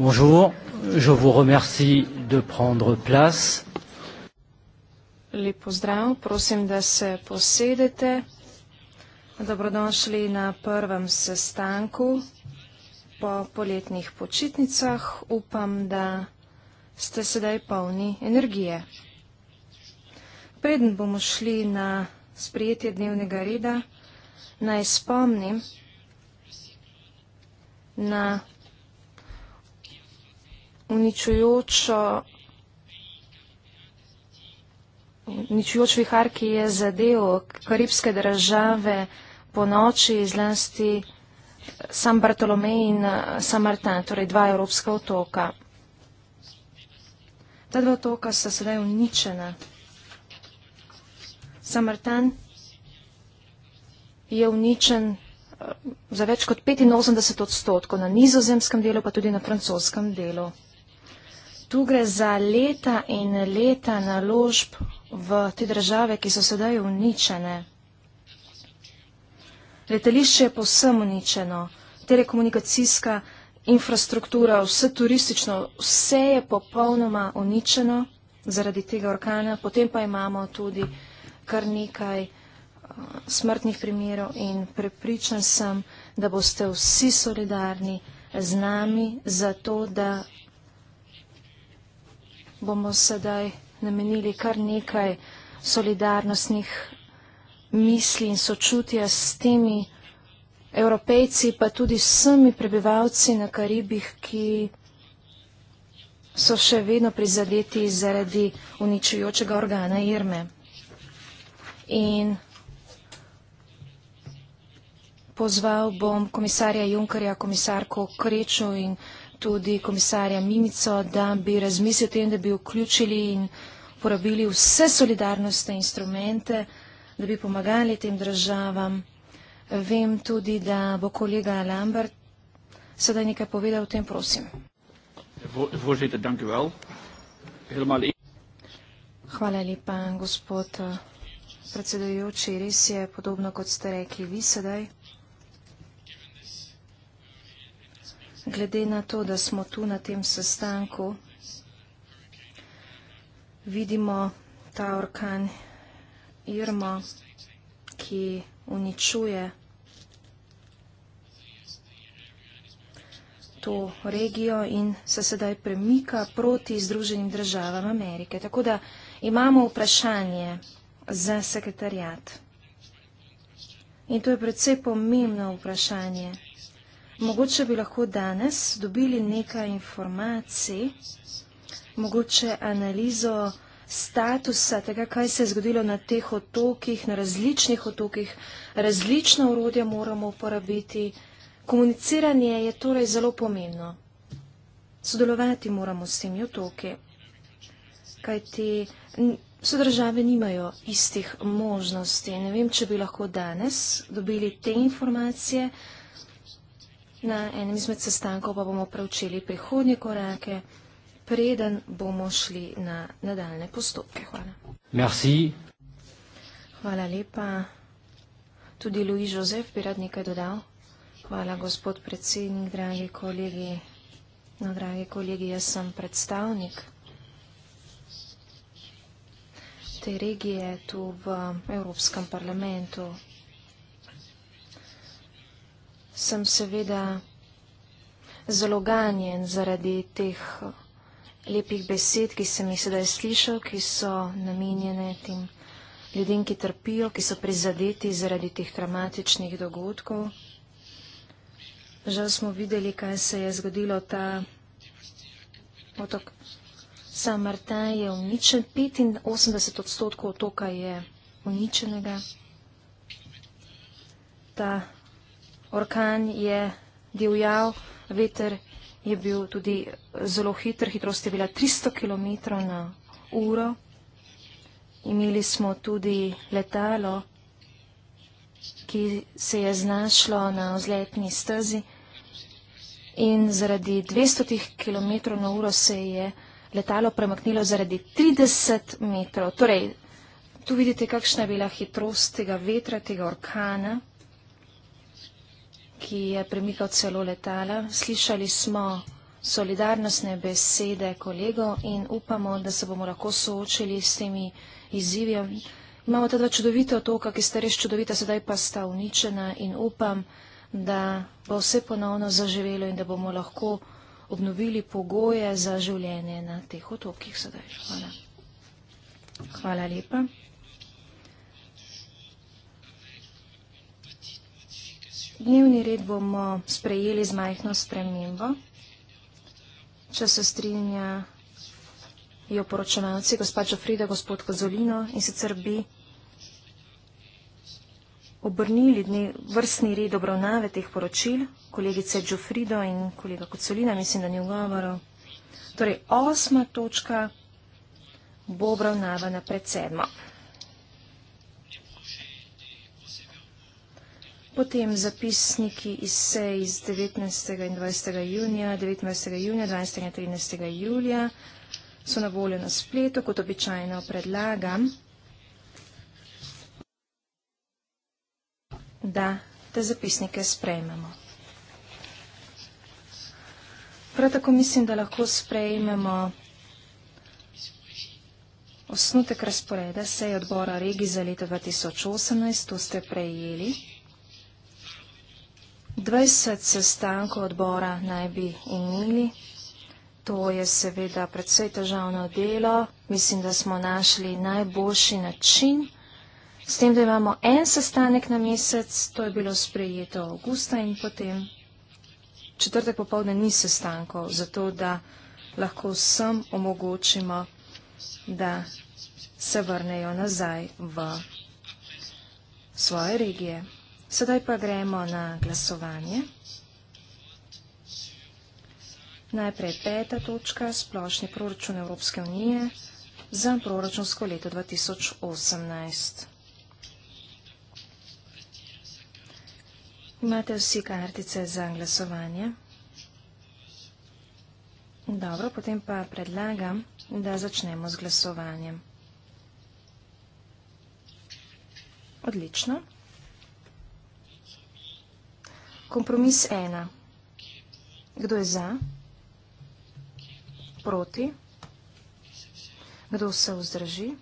Bonjour, je vous remercie de prendre place. Lep pozdrav, prosim, da se posedete. Dobrodošli na prvem sestanku po poletnih počitnicah. Upam, da ste sedaj polni energije. Preden bomo šli na sprijetje dnevnega reda, naj spomnim na uničujočo. Ničujoč vihar, ki je zadev karibske države po noči, zlasti San Bartolomej in eh, San Martin, torej dva evropska otoka. Ta dva otoka sta sedaj uničena. San Martin je uničen eh, za več kot 85 odstotkov na nizozemskem delu, pa tudi na francoskem delu tu gre za leta in leta naložb v te države, ki so sedaj uničene. Letališče je povsem uničeno, telekomunikacijska infrastruktura, vse turistično, vse je popolnoma uničeno zaradi tega orkana, potem pa imamo tudi kar nekaj eh, smrtnih primerov in prepričan sem, da boste vsi solidarni z nami za to, da bomo sedaj namenili kar nekaj solidarnostnih misli in sočutja s temi evropejci, pa tudi s vsemi prebivalci na Karibih, ki so še vedno prizadeti zaradi uničujočega organa Irme. In pozval bom komisarja Junkerja, komisarko Krečo in komisarko tudi komisarja Mimico, da bi razmislil o tem, da bi vključili in porabili vse solidarnostne instrumente, da bi pomagali tem državam. Vem tudi, da bo kolega Lambert sedaj nekaj povedal o tem, prosim. E- Hvala lepa, gospod eh, predsedujoči. Res je podobno, kot ste rekli vi sedaj. glede na to, da smo tu na tem sestanku, vidimo ta orkan Irmo, ki uničuje to regijo in se sedaj premika proti Združenim državam Amerike. Tako da imamo vprašanje za sekretarjat. In to je predvsej pomembno vprašanje. Mogoče bi lahko danes dobili nekaj informacij, mogoče analizo statusa tega, kaj se je zgodilo na teh otokih, na različnih otokih. Različna urodja moramo uporabiti. Komuniciranje je torej zelo pomembno. Sodelovati moramo s temi otoki, kaj te sodržave nimajo istih možnosti. Ne vem, če bi lahko danes dobili te informacije, da bi lahko danes dobili te informacije, Na enem izmed sestankov pa bomo preučili prihodnje korake, preden bomo šli na nadaljne postopke. Hvala. Merci. Hvala lepa. Tudi Louis Joseph bi rad nekaj dodal. Hvala, gospod predsednik, dragi kolegi. No, dragi kolegi, jaz sem predstavnik te regije tu v Evropskem parlamentu sem seveda zelo ganjen zaradi teh eh, lepih besed, ki sem jih sedaj slišal, ki so namenjene tem ljudem, ki trpijo, ki so prizadeti zaradi teh traumatičnih dogodkov. Žal smo videli, kaj se je zgodilo ta otok. Sam Martin je uničen, 85 odstotkov otoka je uničenega. Ta orkan je divjal, veter je bil tudi zelo hiter, hitrost je bila 300 km na uro. Imeli smo tudi letalo, ki se je znašlo na vzletni stezi in zaradi 200 km na uro se je letalo premaknilo zaradi 30 metrov. Torej, tu vidite, kakšna je bila hitrost tega vetra, tega orkana ki je premikal celo letala. Slišali smo solidarnostne besede kolegov in upamo, da se bomo lahko soočili s temi izzivi. Imamo teda čudovito otoka, ki sta res čudovita, sedaj pa sta uničena in upam, da bo vse ponovno zaživelo in da bomo lahko obnovili pogoje za življenje na teh otokih sedaj. Hvala. Hvala lepa. Dnevni red bomo sprejeli z majhno spremembo. Če se strinja jo poročevalci, gospa Čofrida, gospod Kozolino, in sicer bi obrnili dne, vrstni red obravnave teh poročil, kolegice Čofrido in kolega Kozolina, mislim, da ni v govoru. Torej, osma točka bo obravnavana pred sedmo. potem zapisniki iz sej iz 19. in 20. junija, 19. junija, 12. in 13. julija so na voljo na spletu, kot običajno predlagam, da te zapisnike sprejmemo. Prav tako mislim, da lahko sprejmemo osnutek razporeda sej odbora regi za leto 2018, to ste prejeli. 20 sestankov odbora naj bi imeli. To je seveda predvsej težavno delo. Mislim, da smo našli najboljši način. S tem, da imamo en sestanek na mesec, to je bilo sprejeto avgusta in potem četrtek popovdne ni sestankov, zato da lahko vsem omogočimo, da se vrnejo nazaj v svoje regije. Sedaj pa gremo na glasovanje. Najprej peta točka, splošni proračun Evropske unije za proračunsko leto 2018. Imate vsi kartice za glasovanje? Dobro, potem pa predlagam, da začnemo z glasovanjem. Odlično. Odlično. Kompromis ena. Kdo je za? Proti? Kdo se vzdrži?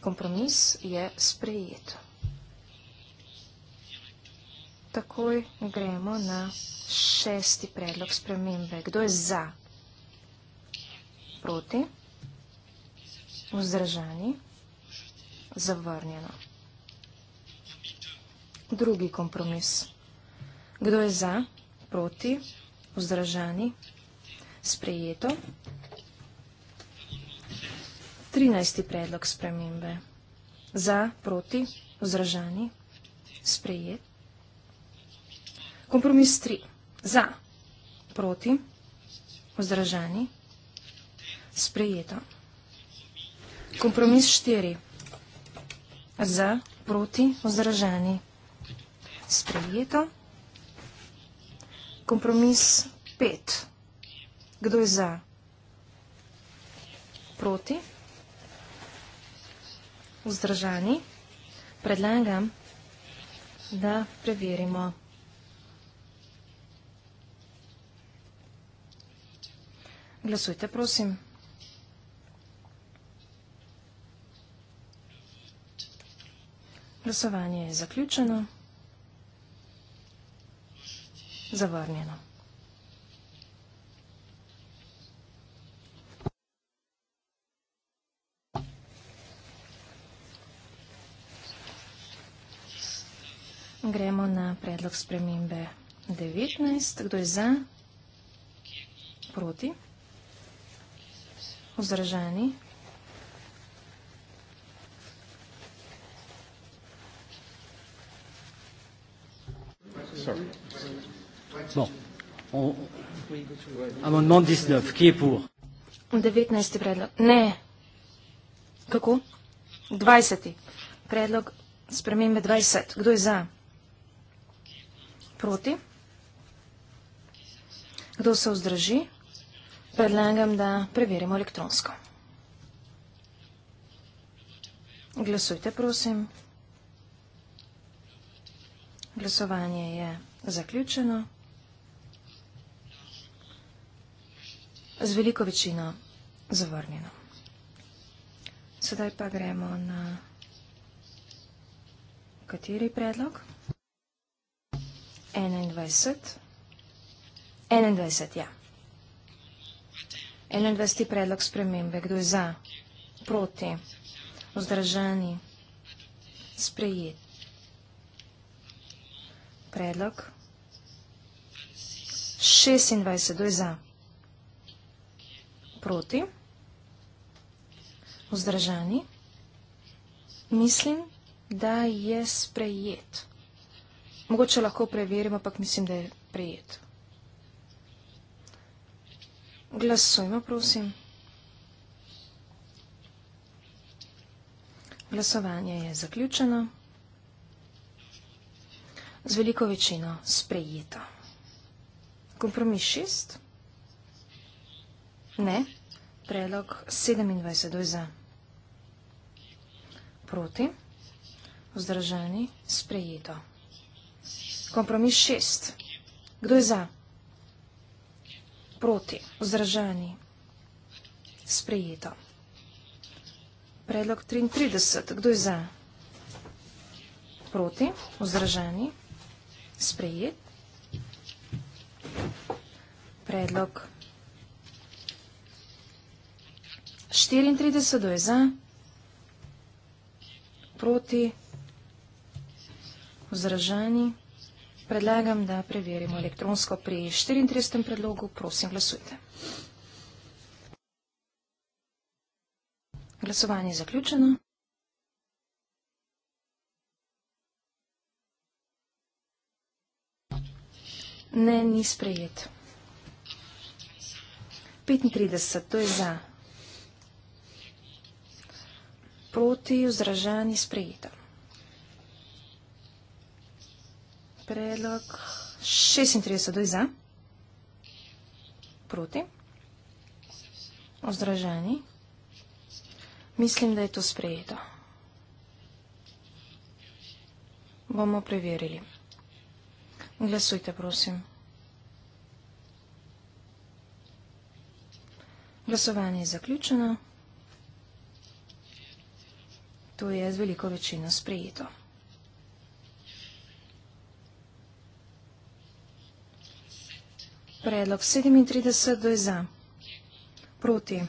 Kompromis je sprejet. Takoj gremo na šesti predlog spremembe. Kdo je za? Proti? Vzdržani? Zavrnjeno. Drugi kompromis. Drugi kompromis. Kdo je za, proti, vzdržani, sprejeto? 13. predlog spremembe. Za, proti, vzdržani, sprejet. Kompromis 3. Za, proti, vzdržani, sprejeto. Kompromis 4. Za, proti, vzdržani, sprejeto. Sprejeto. Kompromis pet. Kdo je za? Proti? Vzdržani? Predlagam, da preverimo. Glasujte, prosim. Glasovanje je zaključeno. Zavrnjeno. Gremo na predlog spremembe 19. Kdo je za? Proti? Vzražani? Sorry. Bon. On... Amendement 19. Qui est pour 19. Predlog. Ne. Kako? 20. Predlog spremembe 20. Kdo je za? Proti? Kdo se vzdrži? Predlagam, da preverimo elektronsko. Glasujte, prosim. Glasovanje je zaključeno. z veliko večino zavrnjeno. Sedaj pa gremo na kateri predlog? 21. 21, ja. 21. predlog spremembe. Kdo je za, proti, vzdržani, sprejet? Predlog 26. Kdo je za? proti, vzdržani, mislim, da je sprejet. Mogoče lahko preverimo, ampak mislim, da je prejet. Glasujmo, prosim. Glasovanje je zaključeno. Z veliko večino sprejeto. Kompromis šest. Ne. Predlog 27. Doj za. Proti. Vzdržani. Sprejeto. Kompromis 6. Kdo je za? Proti. Vzdržani. Sprejeto. Predlog 33. Kdo je za? Proti. Vzdržani. Sprejet. Predlog 33. 34 je za, proti, vzražani. Predlagam, da preverimo elektronsko pri 34. predlogu. Prosim, glasujte. Glasovanje je zaključeno. Ne, ni sprejet. 35, to je za proti vzražanji sprejeta. Predlog 36 je za, proti, vzražanji. Mislim, da je to sprejeto. Bomo preverili. Glasujte, prosim. Glasovanje je zaključeno. To je z veliko večino sprejeto. Predlog 37 do je za, proti,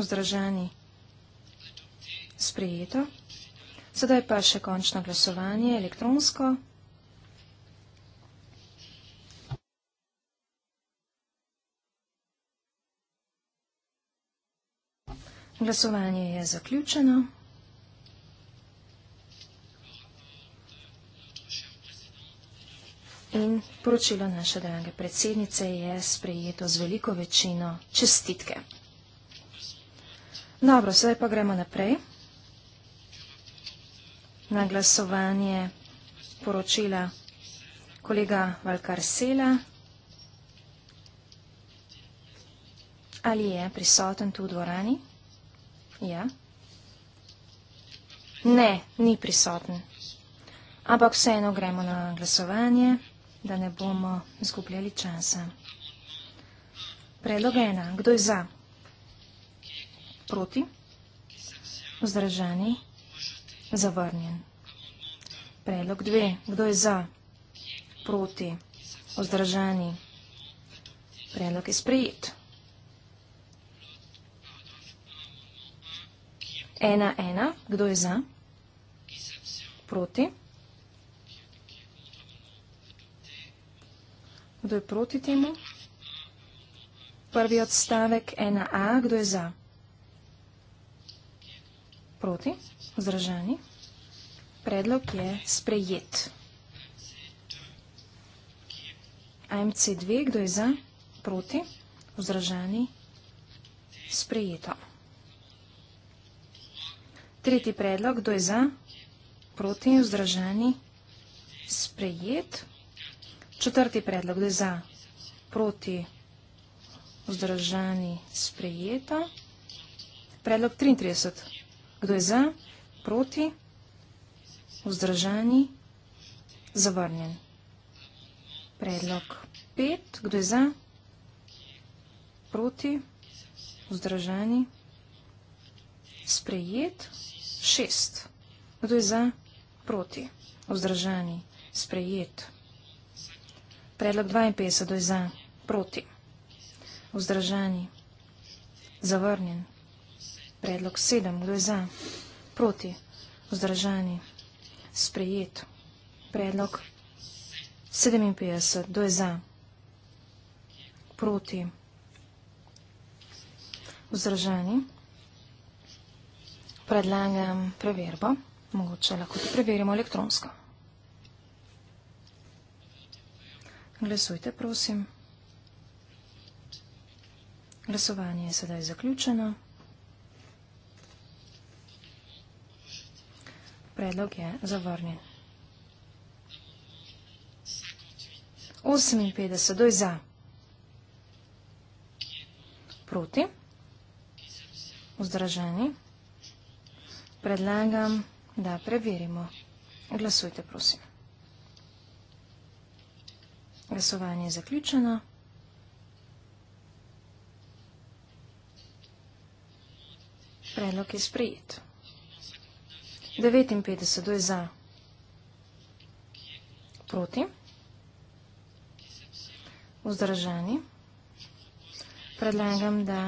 vzdržani, sprejeto. Sedaj pa še končno glasovanje elektronsko. Glasovanje je zaključeno. in poročilo naše drage predsednice je sprejeto z veliko večino čestitke. Dobro, sedaj pa gremo naprej na glasovanje poročila kolega Valkar Sela. Ali je prisoten tu v dvorani? Ja. Ne, ni prisoten. Ampak vseeno gremo na glasovanje da ne bomo izgubljali časa. Predlog ena. Kdo je za? Proti? Vzdržani? Zavrnjen. Predlog dve. Kdo je za? Proti? Vzdržani? Predlog je sprejet. Ena, ena. Kdo je za? Proti? Proti? Kdo je proti temu? Prvi odstavek 1a. Kdo je za? Proti? Zdržani? Predlog je sprejet. AMC2. Kdo je za? Proti? Vzdržani? Sprejeto. Tretji predlog. Kdo je za? Proti? Vzdržani? Sprejeto. Četrti predlog, da je za, proti, vzdržani, sprejeta. Predlog 33. Kdo je za, proti, vzdržani, zavrnjen. Predlog 5. Kdo je za, proti, vzdržani, sprejet. 6. Kdo je za, proti, vzdržani, sprejet. 7. Predlog 52 je za, proti, vzdržani, zavrnjen. Predlog 7, kdo je za, proti, vzdržani, sprejet. Predlog 57, kdo je za, proti, vzdržani. Predlagam preverbo, mogoče lahko to preverimo elektronsko. Glasujte, prosim. Glasovanje je sedaj zaključeno. Predlog je zavrnjen. 58, doj za. Proti. Vzdraženi. Predlagam, da preverimo. Glasujte, prosim. Glasovanje je zaključeno. Predlog je sprejet. 59 je za proti, vzdržani. Predlagam, da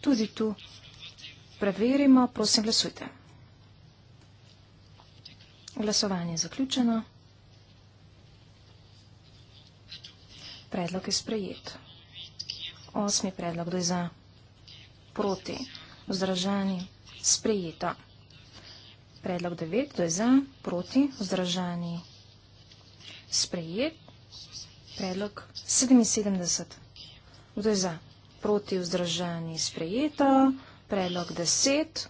tudi tu preverimo. Prosim, glasujte. Glasovanje je zaključeno. Predlog je sprejet. Osmi predlog, kdo je za? Proti. Vzdražani. Sprejeta. Predlog devet, kdo je za? Proti. Vzdražani. Sprejet. Predlog 77. Kdo je za? Proti. Vzdražani. Sprejeta. Predlog 10.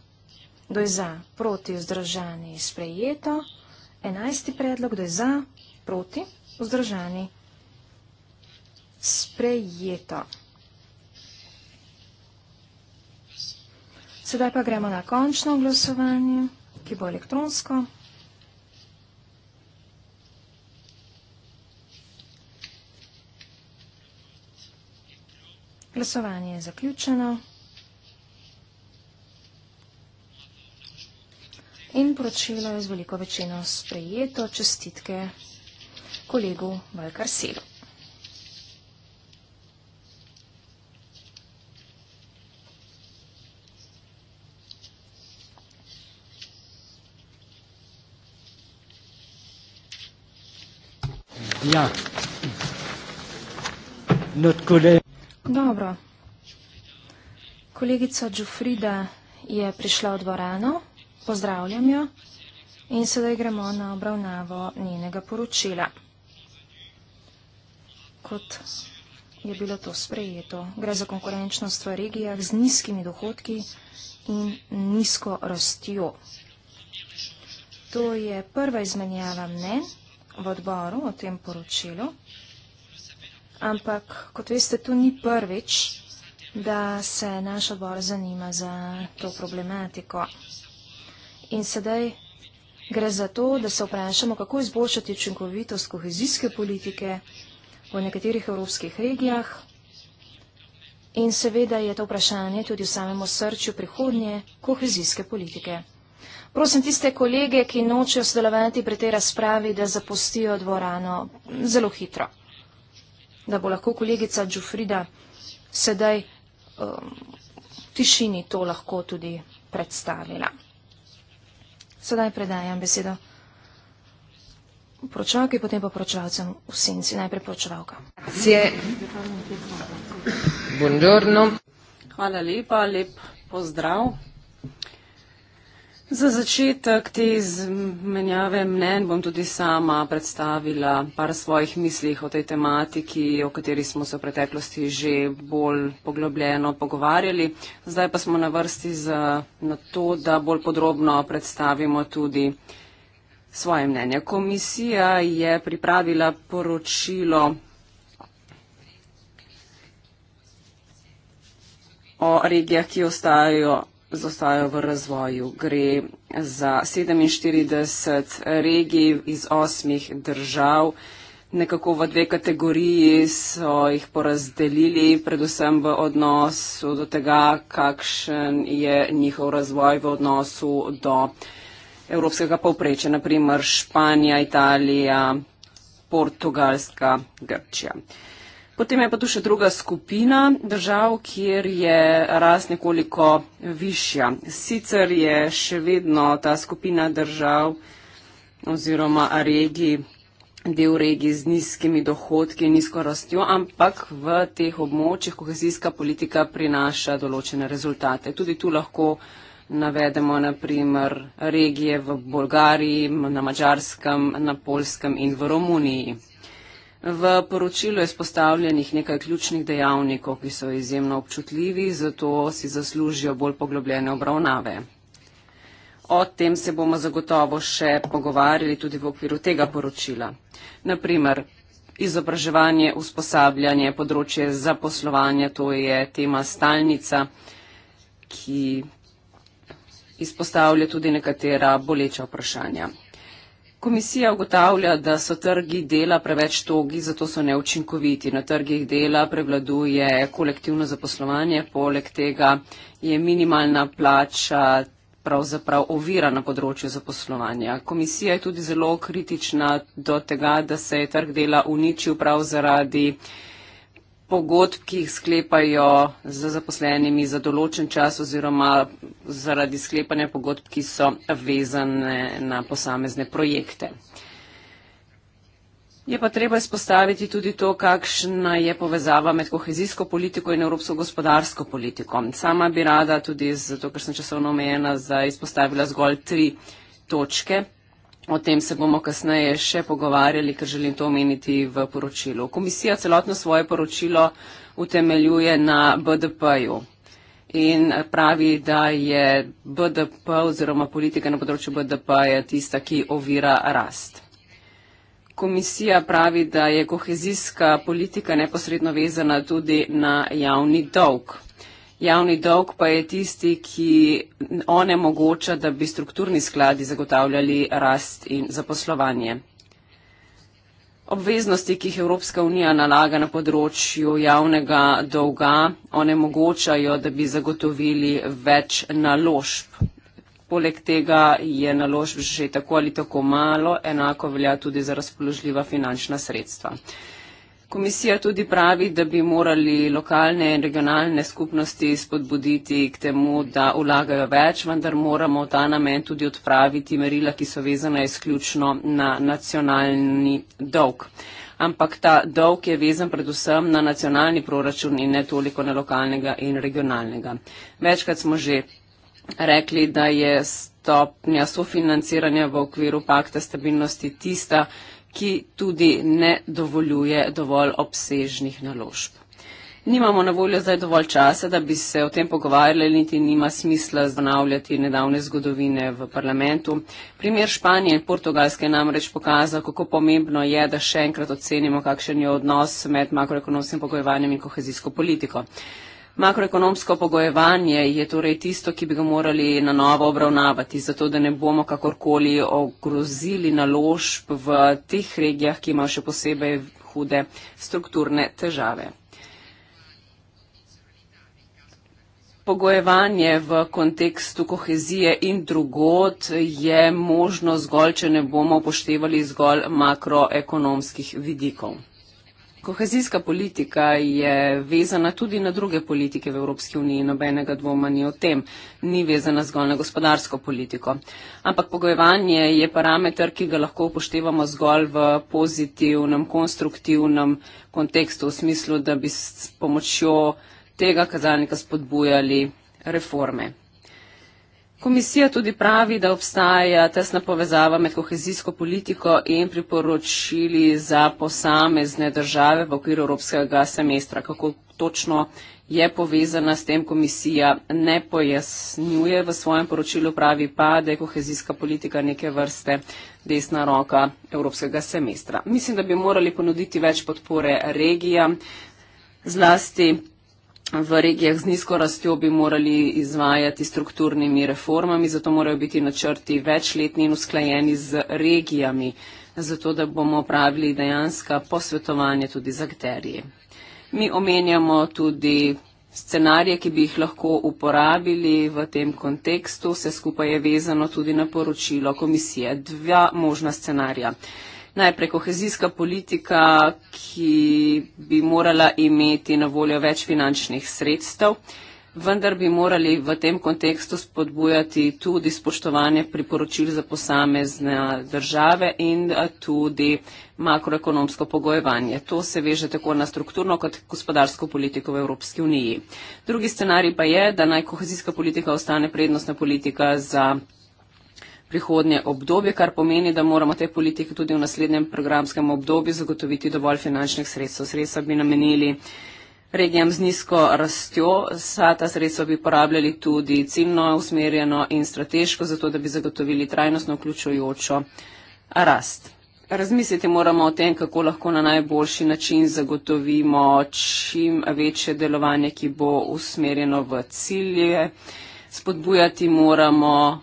Kdo je za? Proti. Vzdražani. Sprejeta. Enajsti predlog, kdo je za? Proti. Vzdržani. Sprejeta sprejeta. Sedaj pa gremo na končno glasovanje, ki bo elektronsko. Glasovanje je zaključeno. In poročilo je z veliko večino sprejeto čestitke kolegu Valkarselu. No, je... Dobro. Kolegica Džufrida je prišla v dvorano, pozdravljam jo in sedaj gremo na obravnavo njenega poročila. Kot je bilo to sprejeto, gre za konkurenčnost v regijah z nizkimi dohodki in nizko rastjo. To je prva izmenjava mnen v odboru o tem poročilu ampak kot veste, to ni prvič, da se naš odbor zanima za to problematiko. In sedaj gre za to, da se vprašamo, kako izboljšati učinkovitost kohezijske politike v nekaterih evropskih regijah. In seveda je to vprašanje tudi v samem srču prihodnje kohezijske politike. Prosim tiste kolege, ki nočejo sodelovati pri tej razpravi, da zapustijo dvorano zelo hitro da bo lahko kolegica Džufrida sedaj um, v tišini to lahko tudi predstavila. Sedaj predajam besedo pročavke, potem pa pročavcem v senci, najprej pročavka. Hvala lepa, lep pozdrav. Za začetek te izmenjave mnen bom tudi sama predstavila par svojih mislih o tej tematiki, o kateri smo se v preteklosti že bolj poglobljeno pogovarjali. Zdaj pa smo na vrsti za, na to, da bolj podrobno predstavimo tudi svoje mnenje. Komisija je pripravila poročilo. o regijah, ki ostajajo zostajajo v razvoju. Gre za 47 regij iz osmih držav. Nekako v dve kategoriji so jih porazdelili, predvsem v odnosu do tega, kakšen je njihov razvoj v odnosu do evropskega povprečja, naprimer Španija, Italija, Portugalska, Grčija. Potem je pa tu še druga skupina držav, kjer je rast nekoliko višja. Sicer je še vedno ta skupina držav oziroma regij, del regij z nizkimi dohodki in nizko rastjo, ampak v teh območjih kohezijska politika prinaša določene rezultate. Tudi tu lahko navedemo naprimer regije v Bolgariji, na Mačarskem, na Polskem in v Romuniji. V poročilu je spostavljenih nekaj ključnih dejavnikov, ki so izjemno občutljivi, zato si zaslužijo bolj poglobljene obravnave. O tem se bomo zagotovo še pogovarjali tudi v okviru tega poročila. Naprimer, izobraževanje, usposabljanje, področje zaposlovanja, to je tema stalnica, ki izpostavlja tudi nekatera boleča vprašanja. Komisija ugotavlja, da so trgi dela preveč togi, zato so neučinkoviti. Na trgih dela prevladuje kolektivno zaposlovanje, poleg tega je minimalna plača pravzaprav ovira na področju zaposlovanja. Komisija je tudi zelo kritična do tega, da se je trg dela uničil prav zaradi pogodb, ki jih sklepajo z zaposlenimi za določen čas oziroma zaradi sklepanja pogodb, ki so vezane na posamezne projekte. Je pa treba izpostaviti tudi to, kakšna je povezava med kohezijsko politiko in evropsko gospodarsko politiko. Sama bi rada tudi, zato ker sem časovno omejena, izpostavila zgolj tri točke. O tem se bomo kasneje še pogovarjali, ker želim to omeniti v poročilu. Komisija celotno svoje poročilo utemeljuje na BDP-ju in pravi, da je BDP oziroma politika na področju BDP-ja tista, ki ovira rast. Komisija pravi, da je kohezijska politika neposredno vezana tudi na javni dolg. Javni dolg pa je tisti, ki onemogoča, da bi strukturni skladi zagotavljali rast in zaposlovanje. Obveznosti, ki jih Evropska unija nalaga na področju javnega dolga, onemogočajo, da bi zagotovili več naložb. Poleg tega je naložb že tako ali tako malo, enako velja tudi za razpoložljiva finančna sredstva. Komisija tudi pravi, da bi morali lokalne in regionalne skupnosti spodbuditi k temu, da vlagajo več, vendar moramo v ta namen tudi odpraviti merila, ki so vezana izključno na nacionalni dolg. Ampak ta dolg je vezan predvsem na nacionalni proračun in ne toliko na lokalnega in regionalnega. Večkrat smo že rekli, da je stopnja sofinanciranja v okviru pakta stabilnosti tista, ki tudi ne dovoljuje dovolj obsežnih naložb. Nimamo na voljo zdaj dovolj časa, da bi se o tem pogovarjali, niti nima smisla zanavljati nedavne zgodovine v parlamentu. Primer Španije in Portugalske je namreč pokazal, kako pomembno je, da še enkrat ocenimo, kakšen je odnos med makroekonomskim pogojevanjem in kohezijsko politiko. Makroekonomsko pogojevanje je torej tisto, ki bi ga morali na novo obravnavati, zato da ne bomo kakorkoli ogrozili naložb v teh regijah, ki imajo še posebej hude strukturne težave. Pogojevanje v kontekstu kohezije in drugot je možno zgolj, če ne bomo upoštevali zgolj makroekonomskih vidikov. Kohezijska politika je vezana tudi na druge politike v Evropski uniji, nobenega dvoma ni o tem, ni vezana zgolj na gospodarsko politiko. Ampak pogojevanje je parameter, ki ga lahko upoštevamo zgolj v pozitivnem, konstruktivnem kontekstu, v smislu, da bi s pomočjo tega kazalnika spodbujali reforme. Komisija tudi pravi, da obstaja tesna povezava med kohezijsko politiko in priporočili za posamezne države v okviru evropskega semestra. Kako točno je povezana s tem, komisija ne pojasnjuje v svojem poročilu, pravi pa, da je kohezijska politika neke vrste desna roka evropskega semestra. Mislim, da bi morali ponuditi več podpore regijam, zlasti v regijah z nizko rastjo bi morali izvajati strukturnimi reformami, zato morajo biti načrti večletni in usklajeni z regijami, zato da bomo pravili dejanska posvetovanje tudi z akterji. Mi omenjamo tudi scenarije, ki bi jih lahko uporabili v tem kontekstu. Vse skupaj je vezano tudi na poročilo komisije. Dva možna scenarija najprej kohezijska politika, ki bi morala imeti na voljo več finančnih sredstev, vendar bi morali v tem kontekstu spodbujati tudi spoštovanje priporočil za posamezne države in tudi makroekonomsko pogojevanje. To se veže tako na strukturno kot gospodarsko politiko v Evropski uniji. Drugi scenarij pa je, da naj kohezijska politika ostane prednostna politika za prihodnje obdobje, kar pomeni, da moramo te politike tudi v naslednjem programskem obdobju zagotoviti dovolj finančnih sredstv. Sredstva bi namenili regijam z nizko rastjo, vsa ta sredstva bi porabljali tudi ciljno, usmerjeno in strateško, zato da bi zagotovili trajnostno vključujočo rast. Razmisliti moramo o tem, kako lahko na najboljši način zagotovimo čim večje delovanje, ki bo usmerjeno v cilje. Spodbujati moramo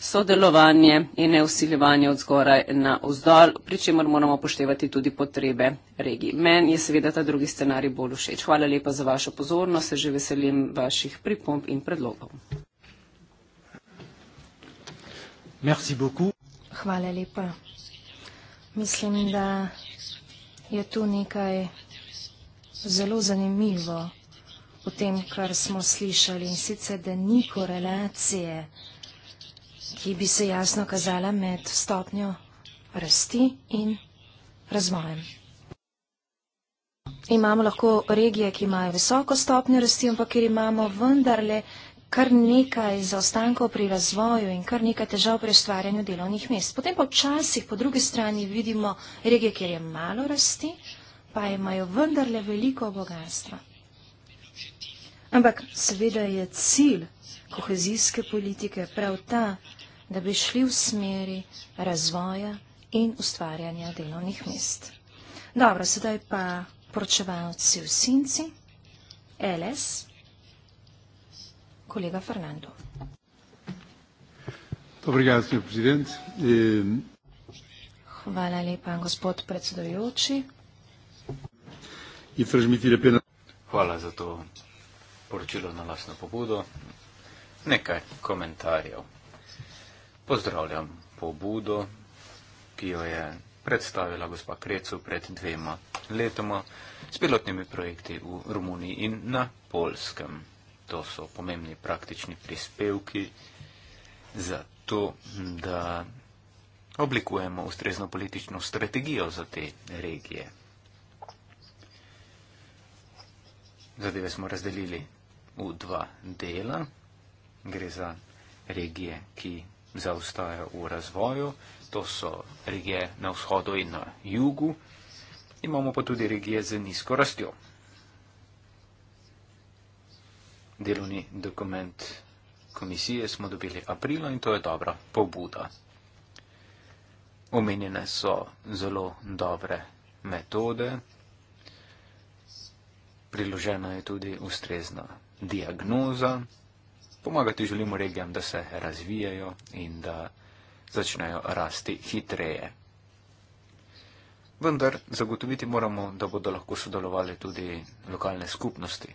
sodelovanje in ne usiljevanje od zgoraj na vzdolj, pri čemer moramo poštevati tudi potrebe regij. Meni je seveda ta drugi scenarij bolj všeč. Hvala lepa za vašo pozornost, se že veselim vaših pripomb in predlogov. Hvala lepa. Mislim, da je tu nekaj zelo zanimivo v tem, kar smo slišali in sicer, da ni korelacije ki bi se jasno kazala med stopnjo rasti in razvojem. Imamo lahko regije, ki imajo visoko stopnjo rasti, ampak ker imamo vendarle kar nekaj zaostankov pri razvoju in kar nekaj težav pri ustvarjanju delovnih mest. Potem pa včasih po drugi strani vidimo regije, kjer je malo rasti, pa imajo vendarle veliko bogatstva. Ampak seveda je cilj kohezijske politike prav ta da bi šli v smeri razvoja in ustvarjanja delovnih mest. Dobro, sedaj pa poročevalci v Sinci, LS, kolega Fernando. Dobro, gospod predsednik. Hvala lepa, gospod predsedujoči. Hvala za to poročilo na lasno pobudo. Nekaj komentarjev pozdravljam pobudo, ki jo je predstavila gospa Krecu pred dvema letoma s pilotnimi projekti v Romuniji in na Polskem. To so pomembni praktični prispevki za to, da oblikujemo ustrezno politično strategijo za te regije. Zadeve smo razdelili v dva dela. Gre za regije, ki zaostaja v razvoju, to so regije na vzhodu in na jugu, imamo pa tudi regije z nizko rastjo. Delovni dokument komisije smo dobili aprila in to je dobra pobuda. Omenjene so zelo dobre metode, priložena je tudi ustrezna diagnoza pomagati želimo regijam, da se razvijajo in da začnejo rasti hitreje. Vendar zagotoviti moramo, da bodo lahko sodelovali tudi lokalne skupnosti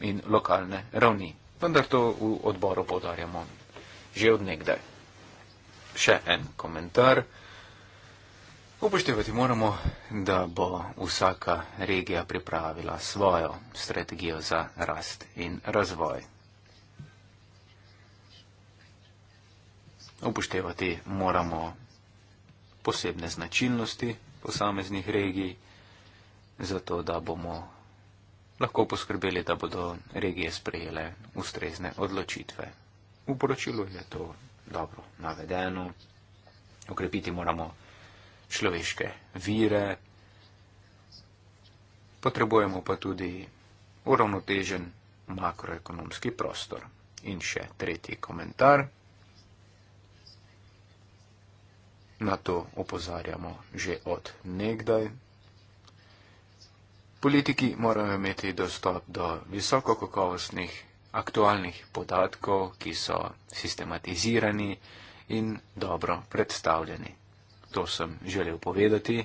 in lokalne ravni. Vendar to v odboru podarjamo že odnegdaj. Še en komentar. Upoštevati moramo, da bo vsaka regija pripravila svojo strategijo za rast in razvoj. Upoštevati moramo posebne značilnosti posameznih regij, zato da bomo lahko poskrbeli, da bodo regije sprejele ustrezne odločitve. V poročilu je to dobro navedeno. Okrepiti moramo človeške vire, potrebujemo pa tudi uravnotežen makroekonomski prostor. In še tretji komentar. Na to opozarjamo že od nekdaj. Politiki morajo imeti dostop do visoko kakovostnih aktualnih podatkov, ki so sistematizirani in dobro predstavljeni to sem želel povedati.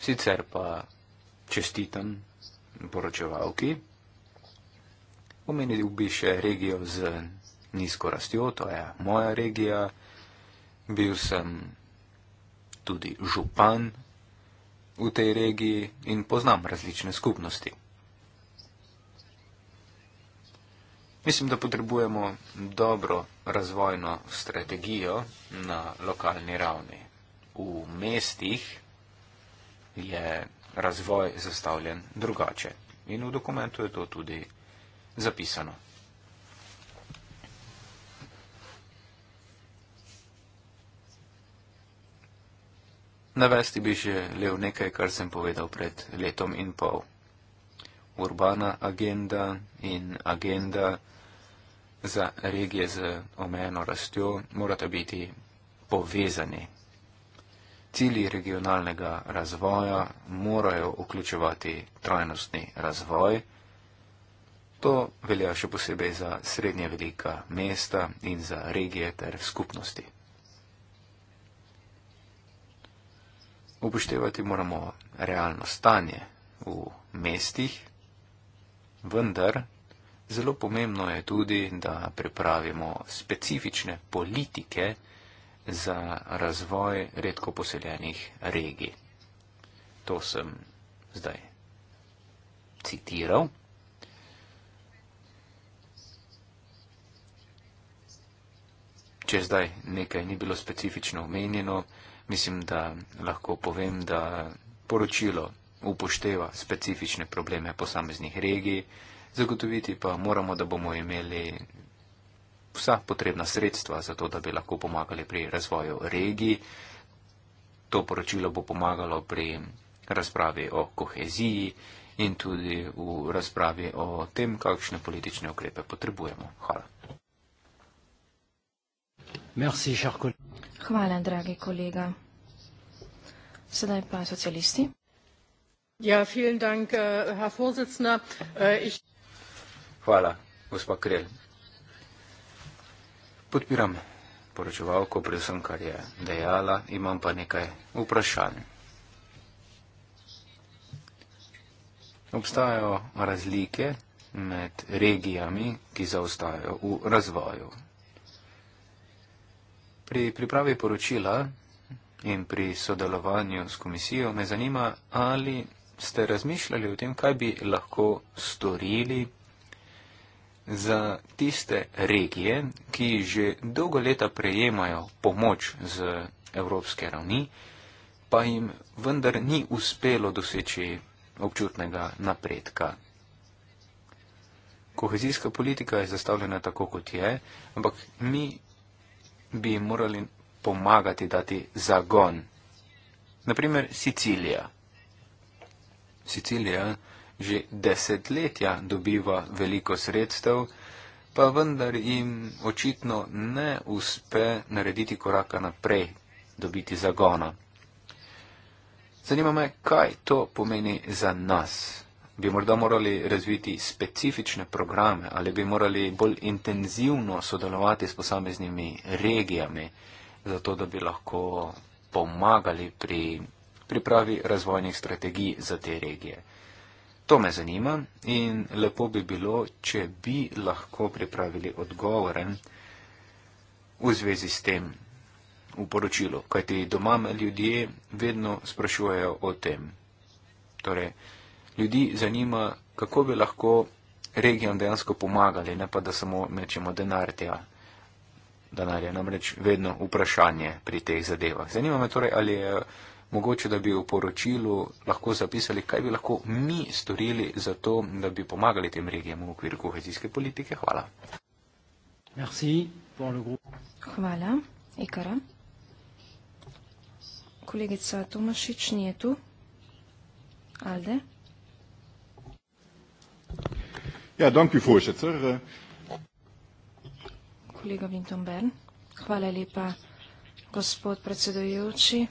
Sicer pa čestitam poročevalki. Omenil bi še regijo z nizko rastjo, to je moja regija. Bil sem tudi župan v tej regiji in poznam različne skupnosti. Mislim, da potrebujemo dobro razvojno strategijo na lokalni ravni. V mestih je razvoj zastavljen drugače in v dokumentu je to tudi zapisano. Navesti bi že le v nekaj, kar sem povedal pred letom in pol. Urbana agenda in agenda za regije z omejeno rastjo morata biti povezani. Cili regionalnega razvoja morajo vključevati trajnostni razvoj. To velja še posebej za srednje velika mesta in za regije ter skupnosti. Upoštevati moramo realno stanje v mestih, vendar Zelo pomembno je tudi, da pripravimo specifične politike za razvoj redko poseljenih regij. To sem zdaj citiral. Če zdaj nekaj ni bilo specifično omenjeno, mislim, da lahko povem, da poročilo upošteva specifične probleme posameznih regij, zagotoviti pa moramo, da bomo imeli vsa potrebna sredstva za to, da bi lahko pomagali pri razvoju regiji. To poročilo bo pomagalo pri razpravi o koheziji in tudi v razpravi o tem, kakšne politične ukrepe potrebujemo. Hvala. Merci, Hvala, dragi kolega. Sedaj pa socialisti. Ja, vielen Dank, uh, Herr Vorsitzender. Uh, ich Hvala, gospod Krel. Podpiram poročevalko, predvsem kar je dejala, imam pa nekaj vprašanj. Obstajajo razlike med regijami, ki zaostajajo v razvoju. Pri pripravi poročila in pri sodelovanju s komisijo me zanima, ali ste razmišljali o tem, kaj bi lahko storili za tiste regije, ki že dolgo leta prejemajo pomoč z evropske ravni, pa jim vendar ni uspelo doseči občutnega napredka. Kohezijska politika je zastavljena tako, kot je, ampak mi bi morali pomagati dati zagon. Naprimer, Sicilija. Sicilija že desetletja dobiva veliko sredstev, pa vendar jim očitno ne uspe narediti koraka naprej, dobiti zagona. Zanima me, kaj to pomeni za nas. Bi morda morali razviti specifične programe ali bi morali bolj intenzivno sodelovati s posameznimi regijami, zato da bi lahko pomagali pri pripravi razvojnih strategij za te regije. To me zanima in lepo bi bilo, če bi lahko pripravili odgovore v zvezi s tem v poročilu, kajti doma me ljudje vedno sprašujejo o tem. Torej, ljudi zanima, kako bi lahko regijam dejansko pomagali, ne pa da samo mečemo denar tja. Denar je namreč vedno vprašanje pri teh zadevah. Zanima me torej, ali je. Uh, mogoče da bi v poročilu lahko zapisali, kaj bi lahko mi storili za to, da bi pomagali tem regijam v okviru kohezijske politike. Hvala. Hvala, Ikara. Kolegica Tomašič ni tu. Alde. Ja, danki fušecer. Kolega Vinton Bern. Hvala lepa, gospod predsedujoči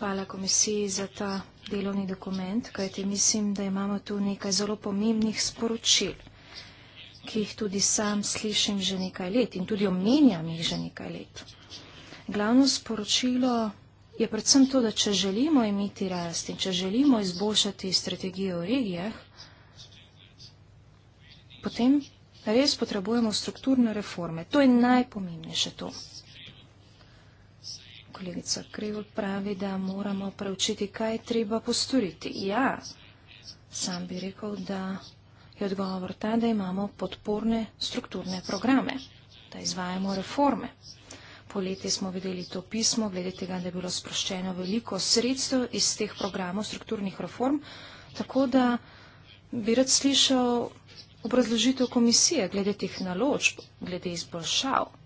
hvala komisiji za ta delovni dokument, kajte mislim, da imamo tu nekaj zelo pomembnih sporočil, ki jih tudi sam slišim že nekaj let in tudi omenjam jih že nekaj let. Glavno sporočilo je predvsem to, da če želimo imeti rast in če želimo izboljšati strategijo v regijah, potem res potrebujemo strukturne reforme. To je najpomembnejše to kolegica Krivl pravi, da moramo preučiti, kaj treba postoriti. Ja, sam bi rekel, da je odgovor ta, da imamo podporne strukturne programe, da izvajamo reforme. Poleti smo videli to pismo, glede tega, da je bilo sproščeno veliko sredstev iz teh programov strukturnih reform, tako da bi rad slišal obrazložitev komisije glede teh naložb, glede izboljšav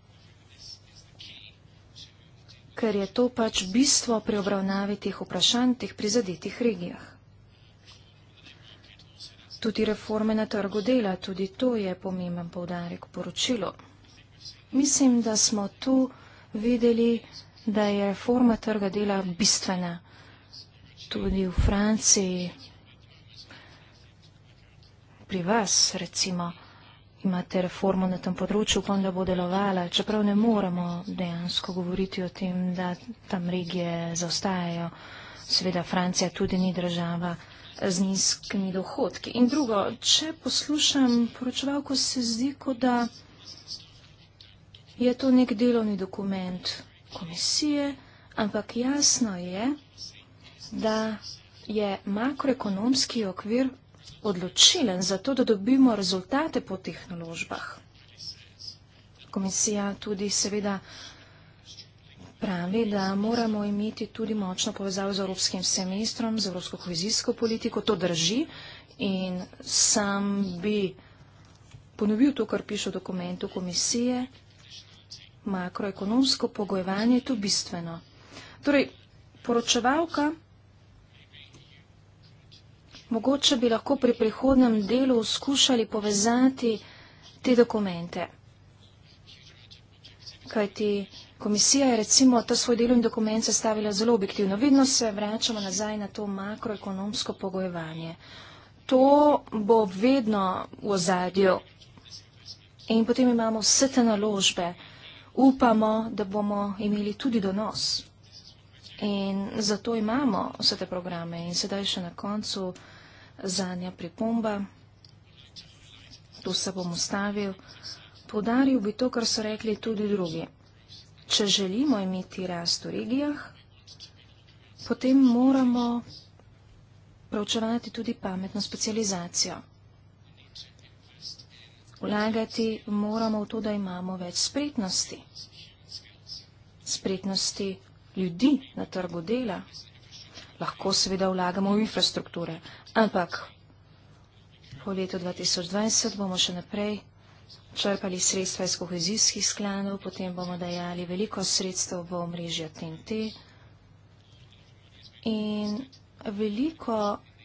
ker je to pač bistvo pri obravnavi teh vprašanj, teh prizadetih regijah. Tudi reforme na trgu dela, tudi to je pomemben povdarek poročilo. Mislim, da smo tu videli, da je reforma trga dela bistvena. Tudi v Franciji, pri vas recimo imate reformo na tem področju, upam, da bo delovala, čeprav ne moremo dejansko govoriti o tem, da tam regije zaostajajo. Seveda Francija tudi ni država z nizkimi dohodki. In drugo, če poslušam poročevalko, se zdi, kot da je to nek delovni dokument komisije, ampak jasno je, da je makroekonomski okvir odločilen za to, da dobimo rezultate po teh naložbah. Komisija tudi seveda pravi, da moramo imeti tudi močno povezavo z evropskim semestrom, z evropsko kohezijsko politiko, to drži in sam bi ponovil to, kar piše v dokumentu komisije, makroekonomsko pogojevanje je tu bistveno. Torej, poročevalka Mogoče bi lahko pri prihodnem delu skušali povezati te dokumente. Kajti komisija je recimo ta svoj delovni dokument sestavila zelo objektivno. Vedno se vračamo nazaj na to makroekonomsko pogojevanje. To bo vedno v ozadju. In potem imamo vse te naložbe. Upamo, da bomo imeli tudi donos. In zato imamo vse te programe. In sedaj še na koncu zanja pripomba. Tu se bom ustavil. Podaril bi to, kar so rekli tudi drugi. Če želimo imeti rast v regijah, potem moramo pravčevati tudi pametno specializacijo. Vlagati moramo v to, da imamo več spretnosti. Spretnosti ljudi na trgu dela. Lahko seveda vlagamo v infrastrukture, Ampak po letu 2020 bomo še naprej črpali sredstva iz kohezijskih sklanov, potem bomo dajali veliko sredstev v omrežje TNT in veliko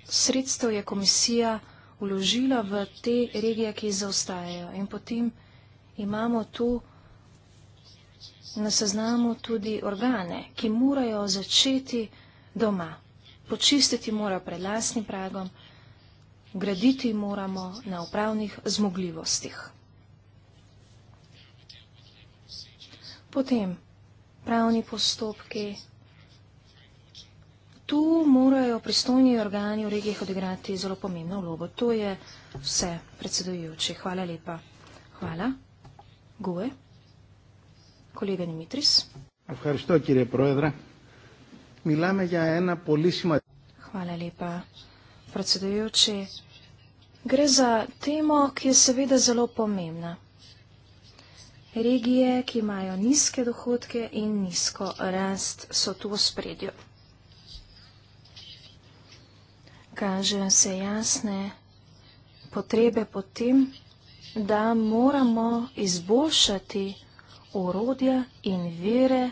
sredstev je komisija uložila v te regije, ki zaostajajo. In potem imamo tu na seznamu tudi organe, ki morajo začeti doma počistiti mora pred lastnim pragom, graditi moramo na upravnih zmogljivostih. Potem, pravni postopki. Tu morajo pristojni organi v regijih odigrati zelo pomembno vlogo. To je vse, predsedujoči. Hvala lepa. Hvala. Gue. Kolega Dimitris. Hvala lepa, predsedujoči. Μιλάμε για ένα πολύ σημαντικό. Hvala lepa, predsedujoči. Gre za temo, ki je seveda zelo pomembna. Regije, ki imajo nizke dohodke in nizko rast, so tu v spredju. Kaže se jasne potrebe po tem, da moramo izboljšati urodja in vire,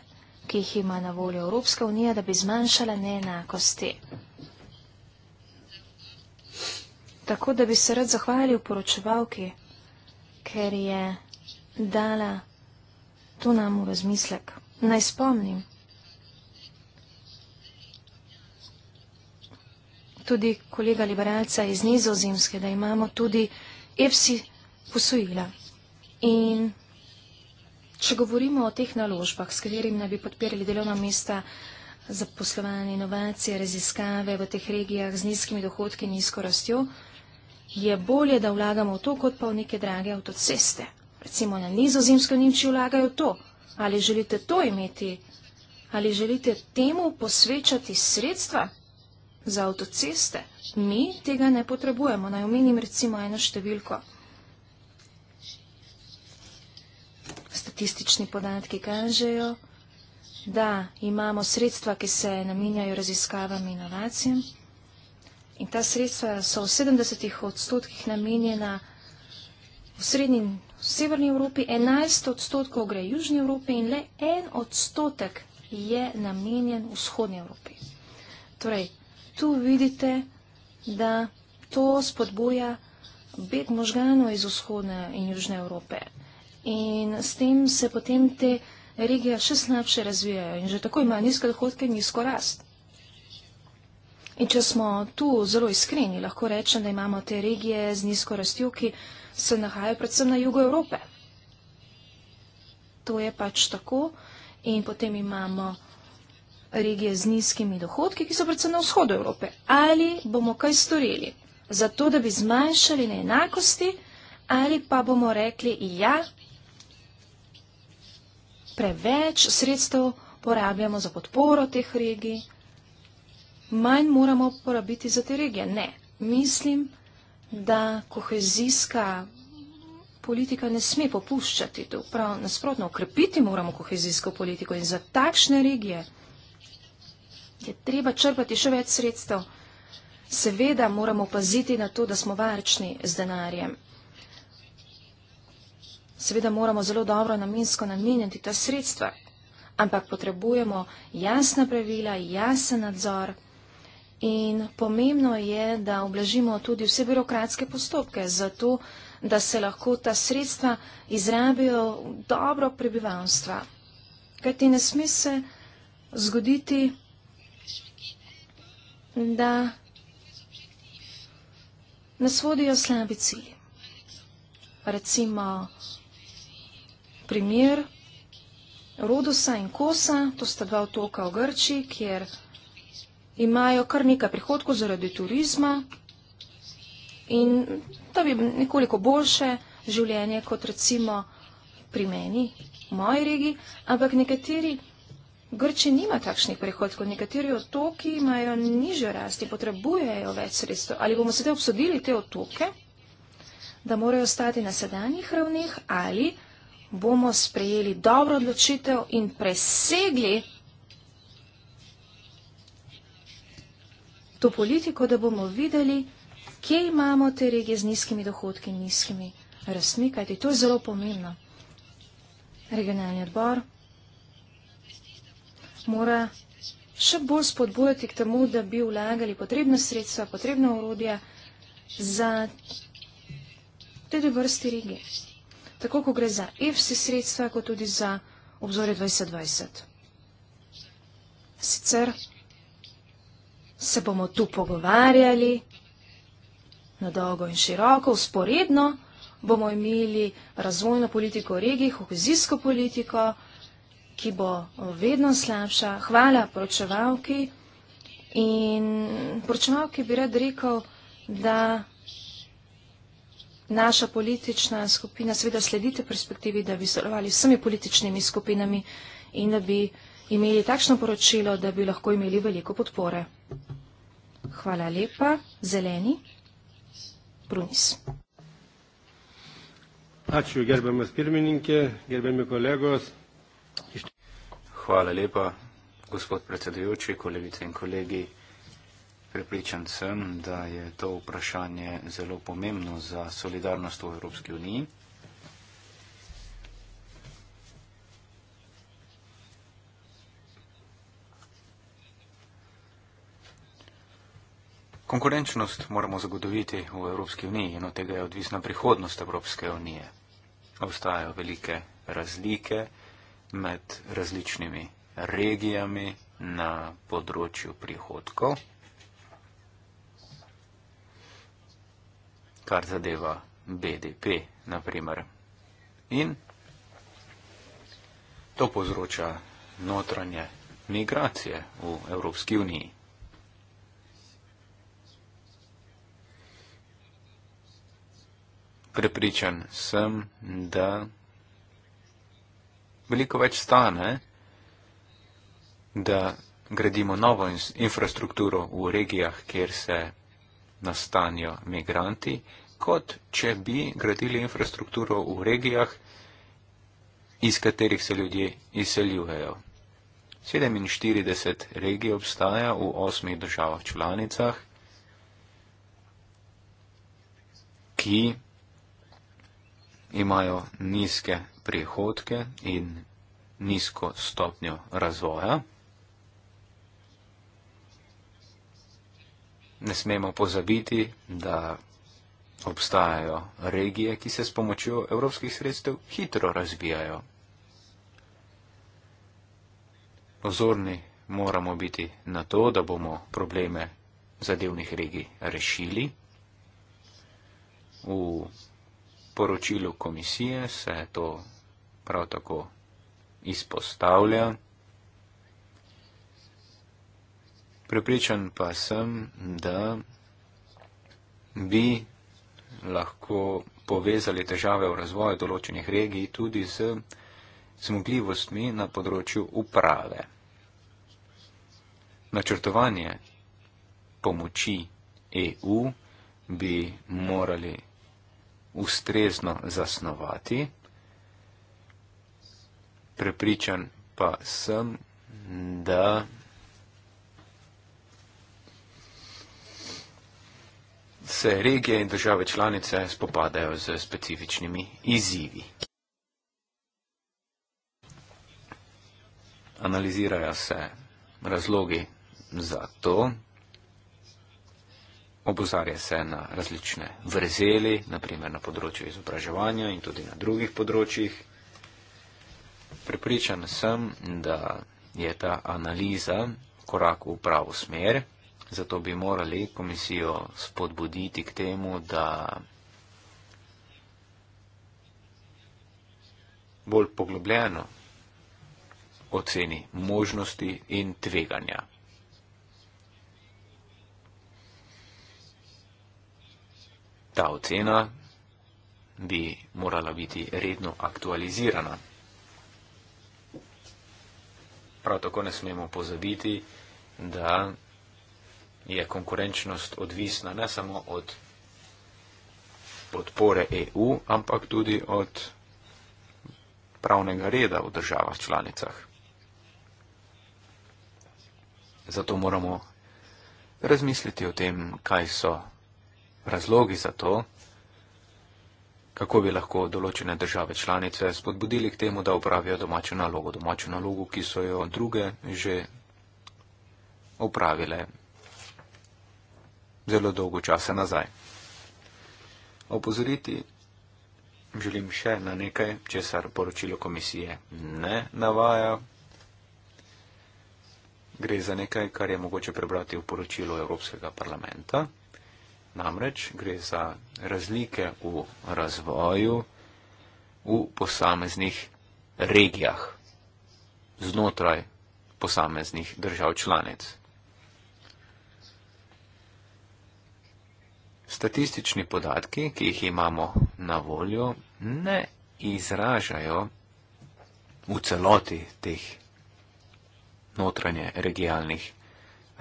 ki jih ima na voljo Evropska unija, da bi zmanjšala neenakosti. Tako da bi se rad zahvalil poročevalki, ker je dala to nam v razmislek. Naj spomnim. Tudi kolega liberalca iz Nizozemske, da imamo tudi EPSI posojila. In Če govorimo o teh naložbah, s katerimi naj bi podpirali delovna mesta, zaposlovanje, inovacije, raziskave v teh regijah z nizkimi dohodki in nizko rastjo, je bolje, da vlagamo v to, kot pa v neke drage avtoceste. Recimo na nizozemsko Nimči vlagajo to. Ali želite to imeti? Ali želite temu posvečati sredstva za avtoceste? Mi tega ne potrebujemo. Naj omenim recimo eno številko statistični podatki kažejo, da imamo sredstva, ki se namenjajo raziskavam in inovacijam. In ta sredstva so v 70 odstotkih namenjena v srednji in severni Evropi, 11 odstotkov gre južni Evropi in le en odstotek je namenjen v vzhodni Evropi. Torej, tu vidite, da to spodboja beg možganov iz vzhodne in južne Evrope in s tem se potem te regije še slabše razvijajo in že tako imajo nizke dohodke in nizko rast. In če smo tu zelo iskreni, lahko rečem, da imamo te regije z nizko rastjo, ki se nahajajo predvsem na jugu Evrope. To je pač tako. In potem imamo regije z nizkimi dohodki, ki so predvsem na vzhodu Evrope. Ali bomo kaj storili za to, da bi zmanjšali neenakosti, ali pa bomo rekli, ja, preveč sredstev porabljamo za podporo teh regij, manj moramo porabiti za te regije. Ne, mislim, da kohezijska politika ne sme popuščati tu. Prav nasprotno, okrepiti moramo kohezijsko politiko in za takšne regije je treba črpati še več sredstev. Seveda moramo paziti na to, da smo varčni z denarjem seveda moramo zelo dobro namensko namenjati ta sredstva, ampak potrebujemo jasna pravila, jasen nadzor in pomembno je, da oblažimo tudi vse birokratske postopke za to, da se lahko ta sredstva izrabijo dobro prebivalstva. Kaj ti ne sme se zgoditi, da nas vodijo slabi cilji. Recimo primer Rodusa in Kosa, to sta dva otoka v Grči, kjer imajo kar nekaj prihodkov zaradi turizma in to bi nekoliko boljše življenje kot recimo pri meni, v moji regiji, ampak nekateri Grči nima takšnih prihodkov, nekateri otoki imajo nižjo rasti, potrebujejo več sredstev. Ali bomo sedaj obsodili te otoke, da morajo stati na sedanjih ravneh ali nekaj, bomo sprejeli dobro odločitev in presegli to politiko, da bomo videli, kje imamo te regije z nizkimi dohodki in nizkimi rastmi, kajti to je zelo pomembno. Regionalni odbor mora še bolj spodbojati k temu, da bi vlagali potrebna sredstva, potrebna urodja za tede vrsti regije tako ko gre za EFSI sredstva, kot tudi za obzorje 2020. Sicer se bomo tu pogovarjali na dolgo in široko, usporedno bomo imeli razvojno politiko v regiji, kohezijsko politiko, ki bo vedno slabša. Hvala poročevalki in poročevalki bi rad rekel, da naša politična skupina seveda sledite perspektivi, da bi sodelovali s vsemi političnimi skupinami in da bi imeli takšno poročilo, da bi lahko imeli veliko podpore. Hvala lepa. Zeleni. Brunis. Ačiū, gerbiamas pirmininkė, gerbiami kolegos. Hvala lepa, gospod predsedujoči, kolegice in kolegi. Prepričan sem, da je to vprašanje zelo pomembno za solidarnost v Evropski uniji. Konkurenčnost moramo zagotoviti v Evropski uniji in od tega je odvisna prihodnost Evropske unije. Obstajajo velike razlike med različnimi regijami na področju prihodkov. kar zadeva BDP, naprimer. In to povzroča notranje migracije v Evropski uniji. Prepričan sem, da veliko več stane, da gradimo novo infrastrukturo v regijah, kjer se nastanijo migranti, kot če bi gradili infrastrukturo v regijah, iz katerih se ljudje izseljujejo. 47 regij obstaja v osmih državah članicah, ki imajo nizke prihodke in nizko stopnjo razvoja. ne smemo pozabiti, da obstajajo regije, ki se s pomočjo evropskih sredstev hitro razvijajo. Ozorni moramo biti na to, da bomo probleme zadevnih regij rešili. V poročilu komisije se to prav tako izpostavlja. Prepričan pa sem, da bi lahko povezali težave v razvoju določenih regij tudi z zmogljivostmi na področju uprave. Načrtovanje pomoči EU bi morali ustrezno zasnovati. Prepričan pa sem, da se regije in države članice spopadajo z specifičnimi izzivi. Analizirajo se razlogi za to, obozarja se na različne vrzeli, naprimer na področju izobraževanja in tudi na drugih področjih. Pripričan sem, da je ta analiza korak v pravo smer. Zato bi morali komisijo spodbuditi k temu, da bolj poglobljeno oceni možnosti in tveganja. Ta ocena bi morala biti redno aktualizirana. Prav tako ne smemo pozabiti, da je konkurenčnost odvisna ne samo od podpore EU, ampak tudi od pravnega reda v državah članicah. Zato moramo razmisliti o tem, kaj so razlogi za to, kako bi lahko določene države članice spodbudili k temu, da upravijo domačo nalogo, domačo nalogo, ki so jo druge že upravile zelo dolgo časa nazaj. Opozoriti želim še na nekaj, česar poročilo komisije ne navaja. Gre za nekaj, kar je mogoče prebrati v poročilu Evropskega parlamenta. Namreč gre za razlike v razvoju v posameznih regijah znotraj posameznih držav članic. Statistični podatki, ki jih imamo na voljo, ne izražajo v celoti teh notranje regionalnih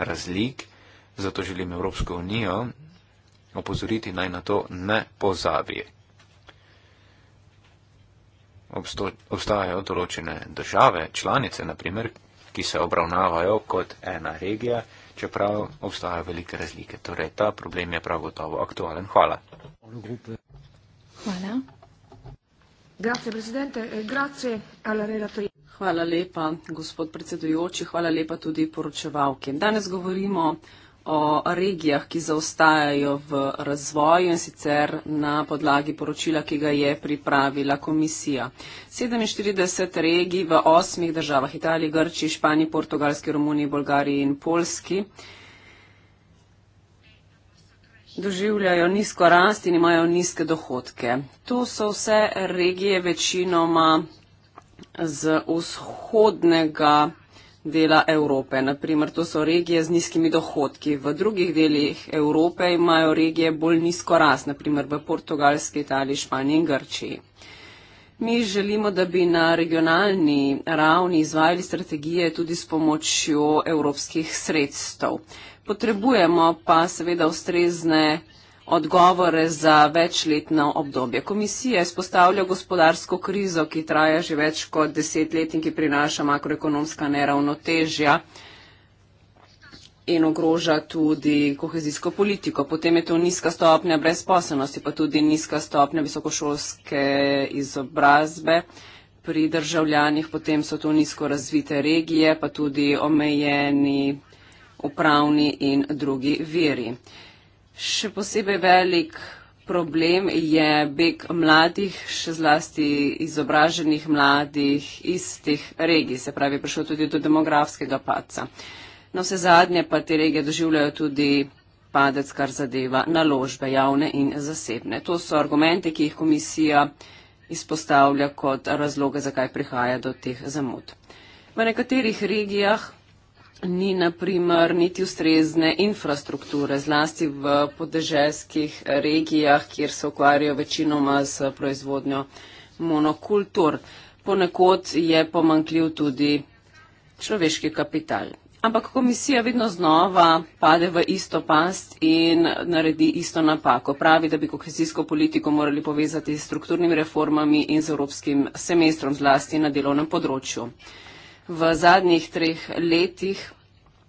razlik, zato želim Evropsko unijo opozoriti naj na to ne pozabi. Obsto, obstajajo določene države, članice naprimer, ki se obravnavajo kot ena regija, čeprav obstajajo velike razlike. Torej, ta problem je prav gotovo aktualen. Hvala. Hvala. Grazie, presidente. E, grazie alla relatrice. Hvala lepa, gospod predsedujoči. Hvala lepa tudi poročevalki. Danes govorimo o regijah, ki zaostajajo v razvoju in sicer na podlagi poročila, ki ga je pripravila komisija. 47 regij v osmih državah Italiji, Grčiji, Španiji, Portugalski, Romuniji, Bolgariji in Polski doživljajo nizko rast in imajo nizke dohodke. To so vse regije večinoma z vzhodnega dela Evrope. Naprimer, to so regije z nizkimi dohodki. V drugih delih Evrope imajo regije bolj nizko rast, naprimer v Portugalski, Italiji, Španiji in Grčiji. Mi želimo, da bi na regionalni ravni izvajali strategije tudi s pomočjo evropskih sredstev. Potrebujemo pa seveda ustrezne odgovore za večletno obdobje. Komisija izpostavlja gospodarsko krizo, ki traja že več kot deset let in ki prinaša makroekonomska neravnotežja in ogroža tudi kohezijsko politiko. Potem je to nizka stopnja brezposobnosti, pa tudi nizka stopnja visokošolske izobrazbe pri državljanih, potem so to nizko razvite regije, pa tudi omejeni upravni in drugi veri. Še posebej velik problem je beg mladih, še zlasti izobraženih mladih iz teh regij, se pravi, prišlo tudi do demografskega paca. No, vse zadnje pa te regije doživljajo tudi padec, kar zadeva naložbe javne in zasebne. To so argumente, ki jih komisija izpostavlja kot razloge, zakaj prihaja do teh zamud. V nekaterih regijah ni na primer niti ustrezne infrastrukture, zlasti v podeželskih regijah, kjer se ukvarjajo večinoma s proizvodnjo monokultur. Ponekod je pomankljiv tudi človeški kapital. Ampak komisija vedno znova pade v isto past in naredi isto napako. Pravi, da bi kohezijsko politiko morali povezati s strukturnimi reformami in z evropskim semestrom, zlasti na delovnem področju. V zadnjih treh letih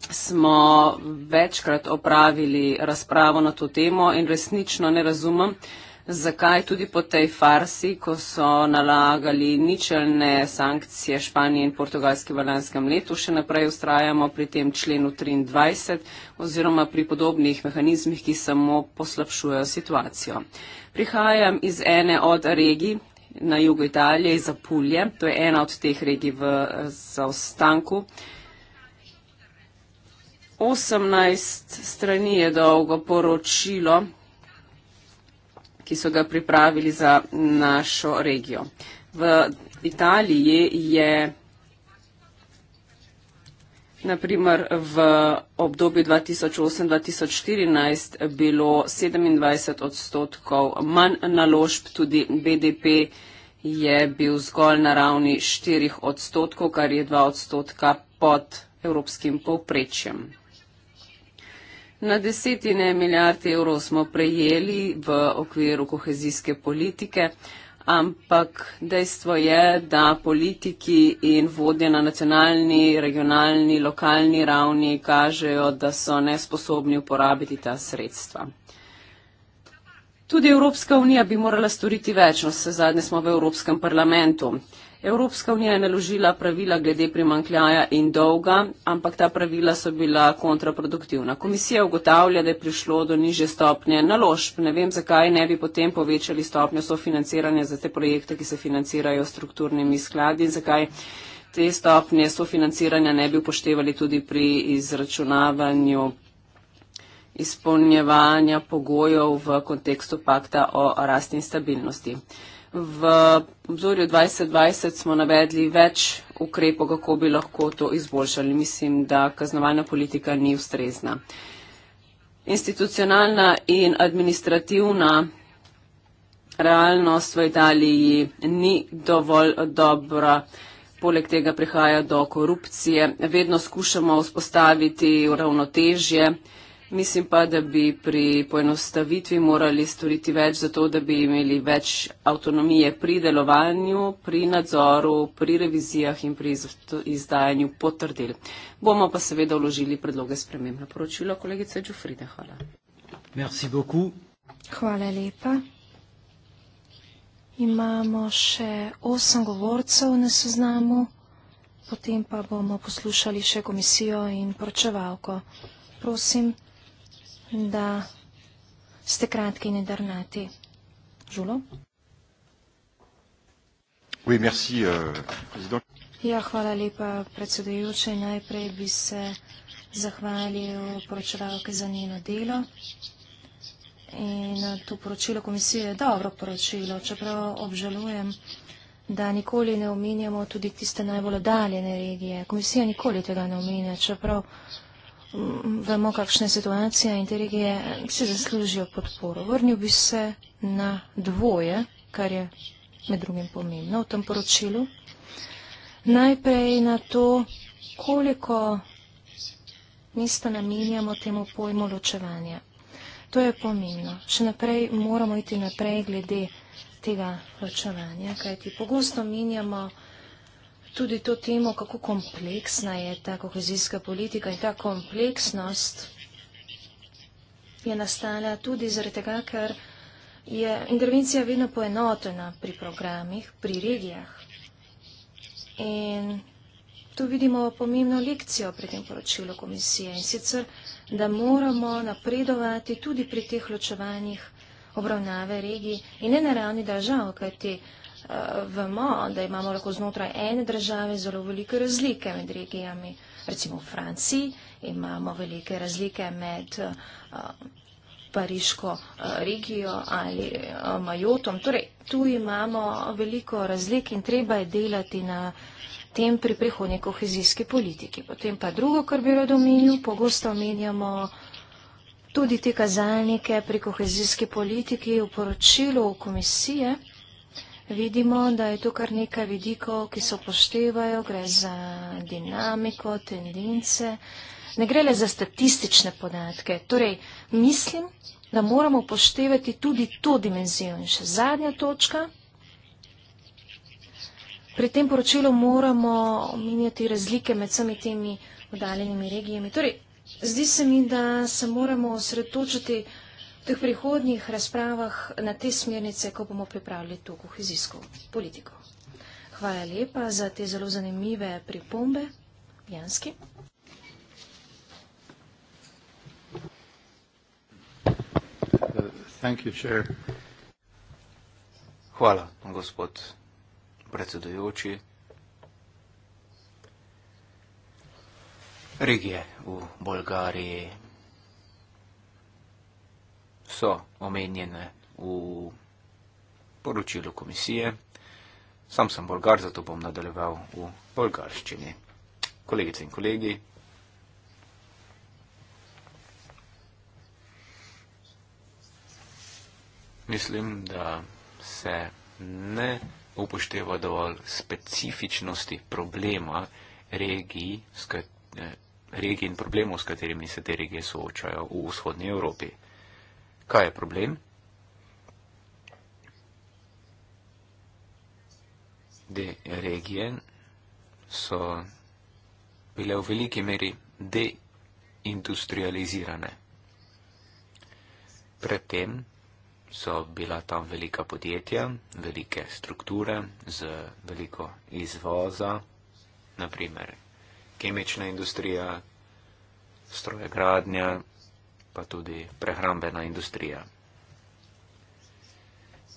smo večkrat opravili razpravo na to temo in resnično ne razumem, zakaj tudi po tej farsi, ko so nalagali ničelne sankcije Španiji in Portugalski v lanskem letu, še naprej ustrajamo pri tem členu 23 oziroma pri podobnih mehanizmih, ki samo poslabšujejo situacijo. Prihajam iz ene od regij, na jugu Italije iz Apulje. To je ena od teh regij v zaostanku. 18 strani je dolgo poročilo, ki so ga pripravili za našo regijo. V Italiji je Naprimer, v obdobju 2008-2014 bilo 27 odstotkov manj naložb, tudi BDP je bil zgolj na ravni 4 odstotkov, kar je 2 odstotka pod evropskim povprečjem. Na desetine milijard evrov smo prejeli v okviru kohezijske politike ampak dejstvo je, da politiki in vodje na nacionalni, regionalni, lokalni ravni kažejo, da so nesposobni uporabiti ta sredstva. Tudi Evropska unija bi morala storiti več, no se zadnje smo v Evropskem parlamentu. Evropska unija je naložila pravila glede primankljaja in dolga, ampak ta pravila so bila kontraproduktivna. Komisija ugotavlja, da je prišlo do niže stopnje naložb. Ne vem, zakaj ne bi potem povečali stopnjo sofinanciranja za te projekte, ki se financirajo strukturnimi skladi in zakaj te stopnje sofinanciranja ne bi upoštevali tudi pri izračunavanju izpolnjevanja pogojev v kontekstu pakta o rasti in stabilnosti. V obzorju 2020 smo navedli več ukrepov, kako bi lahko to izboljšali. Mislim, da kaznovalna politika ni ustrezna. Institucionalna in administrativna realnost v Italiji ni dovolj dobra. Poleg tega prihaja do korupcije. Vedno skušamo vzpostaviti ravnotežje. Mislim pa, da bi pri poenostavitvi morali storiti več za to, da bi imeli več avtonomije pri delovanju, pri nadzoru, pri revizijah in pri izdajanju potrdil. Bomo pa seveda vložili predloge sprememb na poročilo. Kolegica Džufride, hvala. Merci beaucoup. Hvala lepa. Imamo še osem govorcev na seznamu, potem pa bomo poslušali še komisijo in poročevalko. Prosim da ste kratki in jedrnati. Žulo? Oui, merci, euh, ja, hvala lepa, predsedujoči. Najprej bi se zahvalil poročevalke za njeno delo. In to poročilo komisije je dobro poročilo, čeprav obžalujem, da nikoli ne omenjamo tudi tiste najbolj oddaljene regije. Komisija nikoli tega ne omenja, čeprav vemo, kakšna je situacija in te regije si zaslužijo podporo. Vrnil bi se na dvoje, kar je med drugim pomembno v tem poročilu. Najprej na to, koliko mesta namenjamo temu pojmu ločevanja. To je pomembno. Še naprej moramo iti naprej glede tega ločevanja, kajti pogosto menjamo tudi to temo, kako kompleksna je ta kohezijska politika in ta kompleksnost je nastala tudi zaradi tega, ker je intervencija vedno poenotena pri programih, pri regijah. In tu vidimo pomembno lekcijo pri tem poročilu komisije in sicer, da moramo napredovati tudi pri teh ločevanjih obravnave regij in ne na ravni držav, kajti Eh, vemo, da imamo lahko znotraj ene države zelo velike razlike med regijami. Recimo v Franciji imamo velike razlike med uh, Pariško uh, regijo ali uh, Majotom. Torej, tu imamo veliko razlik in treba je delati na tem pri prihodnje kohezijske politike. Potem pa drugo, kar bi rad omenil, pogosto omenjamo tudi te kazalnike pri kohezijske politiki v poročilu komisije vidimo, da je tu kar nekaj vidikov, ki se upoštevajo, gre za dinamiko, tendence, ne gre le za statistične podatke. Torej, mislim, da moramo upoštevati tudi to dimenzijo. In še zadnja točka. Pri tem poročilu moramo omenjati razlike med vsemi temi oddaljenimi regijami. Torej, zdi se mi, da se moramo osredotočiti teh prihodnjih razpravah na te smernice, ko bomo pripravili to kohezijsko politiko. Hvala lepa za te zelo zanimive pripombe. Janski. Hvala, gospod predsedujoči. Regije v Bolgariji so omenjene v poročilu komisije. Sam sem bolgar, zato bom nadaljeval v bolgarščini. Kolegice in kolegi. Mislim, da se ne upošteva dovolj specifičnosti problema regij, skat, eh, regij in problemov, s katerimi se te regije soočajo v vzhodnji Evropi. Kaj je problem? De regije so bile v veliki meri deindustrializirane. Predtem so bila tam velika podjetja, velike strukture z veliko izvoza, naprimer kemična industrija, strojegradnja, pa tudi prehrambena industrija.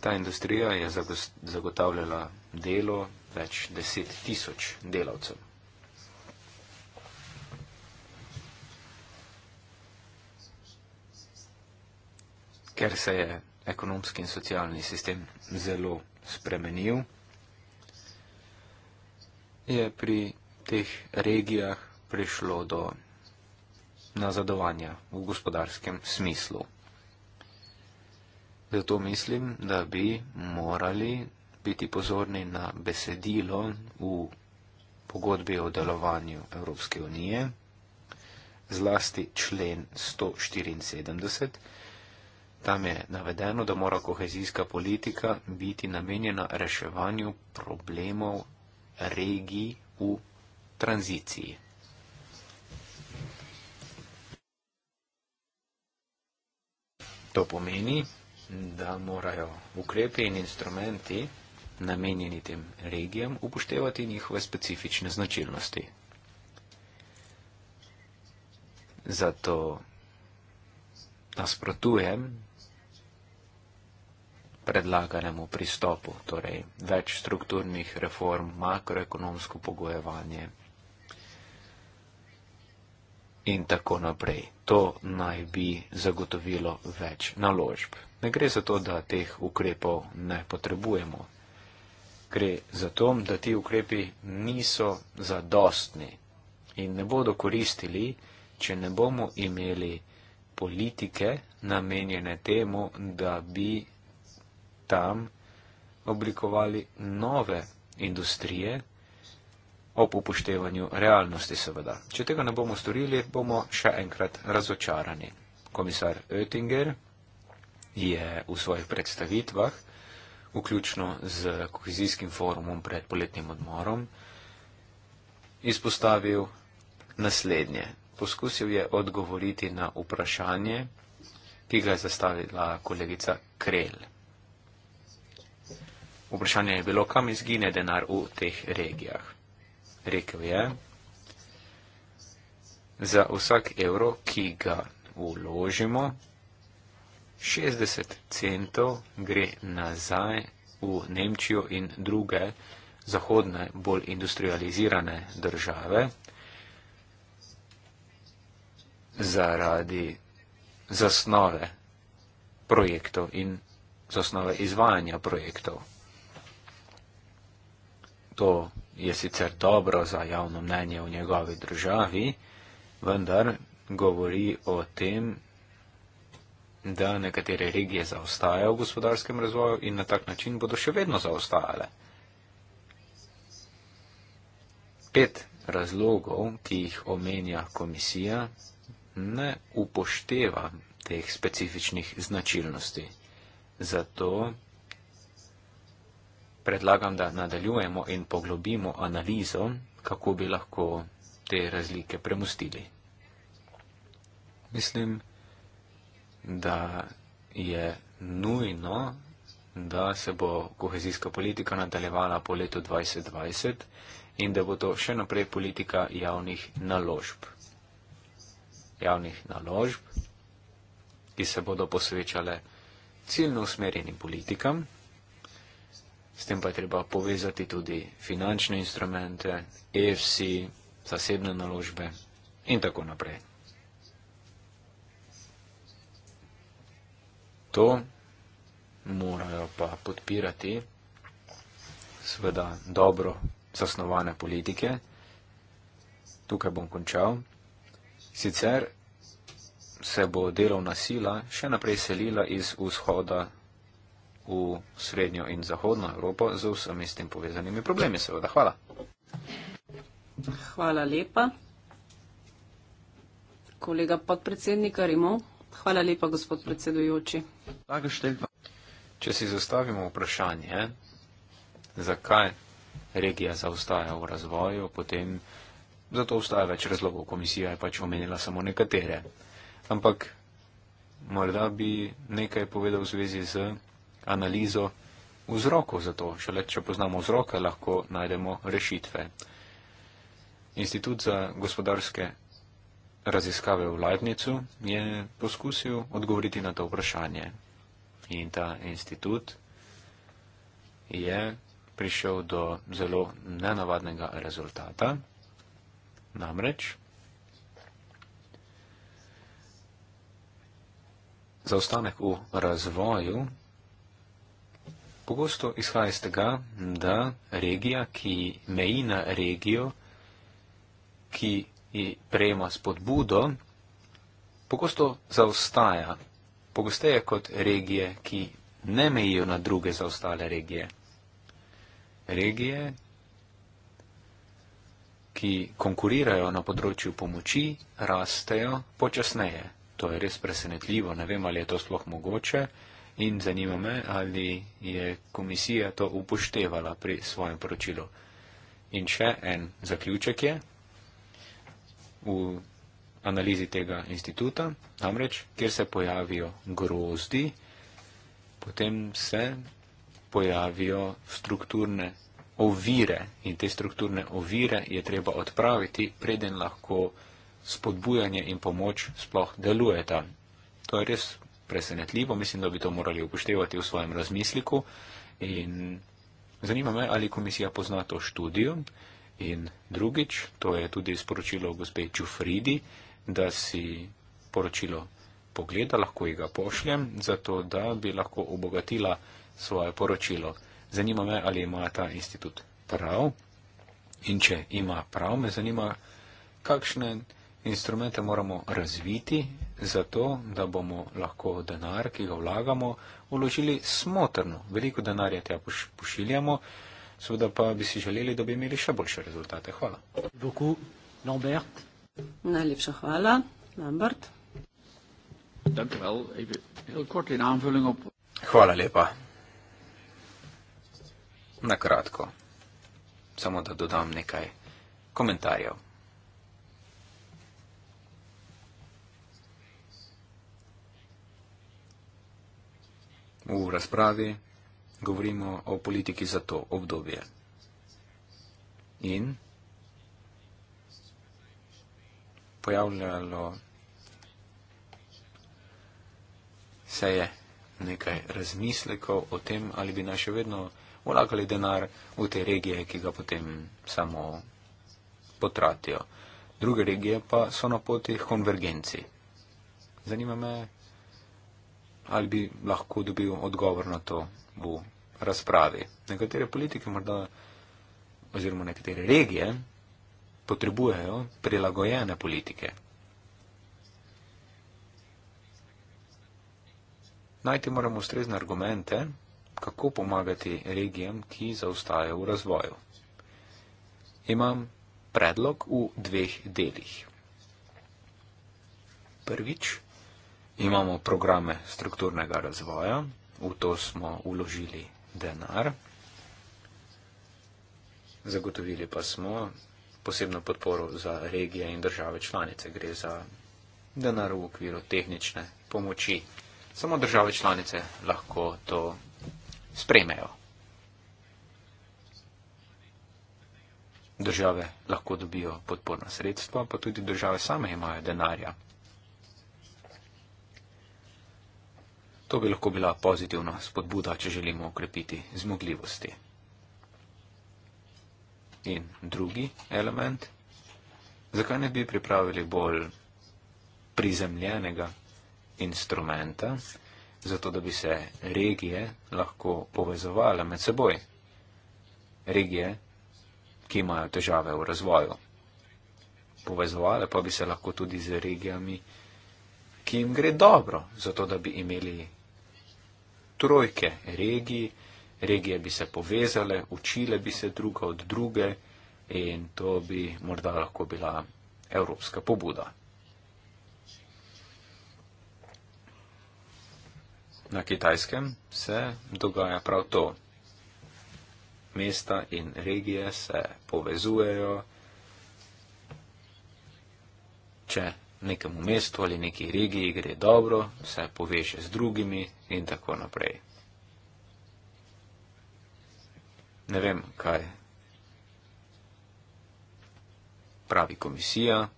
Ta industrija je zagotavljala delo več deset tisoč delavcev. Ker se je ekonomski in socialni sistem zelo spremenil, je pri teh regijah prišlo do nazadovanja v gospodarskem smislu. Zato mislim, da bi morali biti pozorni na besedilo v pogodbi o delovanju Evropske unije, zlasti člen 174. Tam je navedeno, da mora kohezijska politika biti namenjena reševanju problemov regij v tranziciji. To pomeni, da morajo ukrepe in instrumenti namenjeni tem regijam upoštevati njihove specifične značilnosti. Zato nasprotujem predlaganemu pristopu, torej več strukturnih reform, makroekonomsko pogojevanje in tako naprej. To naj bi zagotovilo več naložb. Ne gre za to, da teh ukrepov ne potrebujemo. Gre za to, da ti ukrepi niso zadostni in ne bodo koristili, če ne bomo imeli politike namenjene temu, da bi tam oblikovali nove industrije, ob upoštevanju realnosti seveda. Če tega ne bomo storili, bomo še enkrat razočarani. Komisar Oettinger je v svojih predstavitvah, vključno z kohezijskim forumom pred poletnim odmorom, izpostavil naslednje. Poskusil je odgovoriti na vprašanje, ki ga je zastavila kolegica Krel. Vprašanje je bilo, kam izgine denar v teh regijah. Rekel je, za vsak evro, ki ga uložimo, 60 centov gre nazaj v Nemčijo in druge zahodne, bolj industrializirane države zaradi zasnove projektov in zasnove izvajanja projektov. To je sicer dobro za javno mnenje v njegovi državi, vendar govori o tem, da nekatere regije zaostajajo v gospodarskem razvoju in na tak način bodo še vedno zaostajale. Pet razlogov, ki jih omenja komisija, ne upošteva teh specifičnih značilnosti. Zato predlagam, da nadaljujemo in poglobimo analizo, kako bi lahko te razlike premustili. Mislim, da je nujno, da se bo kohezijska politika nadaljevala po letu 2020 in da bo to še naprej politika javnih naložb. Javnih naložb, ki se bodo posvečale ciljno usmerjenim politikam. S tem pa je treba povezati tudi finančne instrumente, EFSI, zasebne naložbe in tako naprej. To morajo pa podpirati sveda dobro zasnovane politike. Tukaj bom končal. Sicer se bo delovna sila še naprej selila iz vzhoda v srednjo in zahodno Evropo z vsemi s tem povezanimi problemi. Seveda, hvala. Hvala lepa. Kolega podpredsednika Rimov, hvala lepa, gospod predsedujoči. Če si zastavimo vprašanje, zakaj regija zaostaja v razvoju, potem zato obstaja več razlogov. Komisija je pač omenila samo nekatere. Ampak morda bi nekaj povedal v zvezi z analizo vzrokov za to. Šele če poznamo vzroke, lahko najdemo rešitve. Institut za gospodarske raziskave v Leibnicu je poskusil odgovoriti na to vprašanje. In ta institut je prišel do zelo nenavadnega rezultata. Namreč, zaostanek v razvoju pogosto izhaja iz tega, da regija, ki meji na regijo, ki prejema spodbudo, pogosto zaostaja, pogosteje kot regije, ki ne mejijo na druge zaostale regije. Regije, ki konkurirajo na področju pomoči, rastejo počasneje. To je res presenetljivo, ne vem, ali je to sploh mogoče. In zanima me, ali je komisija to upoštevala pri svojem poročilu. In še en zaključek je v analizi tega instituta, namreč, kjer se pojavijo grozdi, potem se pojavijo strukturne ovire in te strukturne ovire je treba odpraviti, preden lahko spodbujanje in pomoč sploh delujeta. To je res presenetljivo, mislim, da bi to morali upoštevati v svojem razmisliku. In zanima me, ali komisija pozna to študijo. In drugič, to je tudi sporočilo gospe Čufridi, da si poročilo pogleda, lahko ji ga pošljem, zato da bi lahko obogatila svoje poročilo. Zanima me, ali ima ta institut prav in če ima prav, me zanima, kakšne instrumente moramo razviti, zato da bomo lahko denar, ki ga vlagamo, uložili smotrno. Veliko denarja tja pošiljamo, seveda pa bi si želeli, da bi imeli še boljše rezultate. Hvala. Najlepša hvala. Lambert. Hvala lepa. Na kratko. Samo da dodam nekaj komentarjev. V razpravi govorimo o politiki za to obdobje. In pojavljalo se je nekaj razmislekov o tem, ali bi naj še vedno vlagali denar v te regije, ki ga potem samo potratijo. Druge regije pa so na poti konvergenci. Zanima me, ali bi lahko dobil odgovor na to v razpravi. Nekatere politike morda oziroma nekatere regije potrebujejo prilagojene politike. Najti moramo ustrezne argumente, kako pomagati regijam, ki zaostajajo v razvoju. Imam predlog v dveh delih. Prvič, Imamo programe strukturnega razvoja, v to smo uložili denar. Zagotovili pa smo posebno podporo za regije in države članice. Gre za denar v okviru tehnične pomoči. Samo države članice lahko to spremejo. Države lahko dobijo podporna sredstva, pa tudi države same imajo denarja. To bi lahko bila pozitivna spodbuda, če želimo okrepiti zmogljivosti. In drugi element, zakaj ne bi pripravili bolj prizemljenega instrumenta, zato da bi se regije lahko povezovale med seboj. Regije, ki imajo težave v razvoju. Povezovale pa bi se lahko tudi z regijami, ki jim gre dobro, zato da bi imeli trojke regij, regije bi se povezale, učile bi se druga od druge in to bi morda lahko bila evropska pobuda. Na kitajskem se dogaja prav to. Mesta in regije se povezujejo. Če nekemu mestu ali neki regiji gre dobro, se poveže z drugimi in tako naprej. Ne vem, kaj pravi komisija.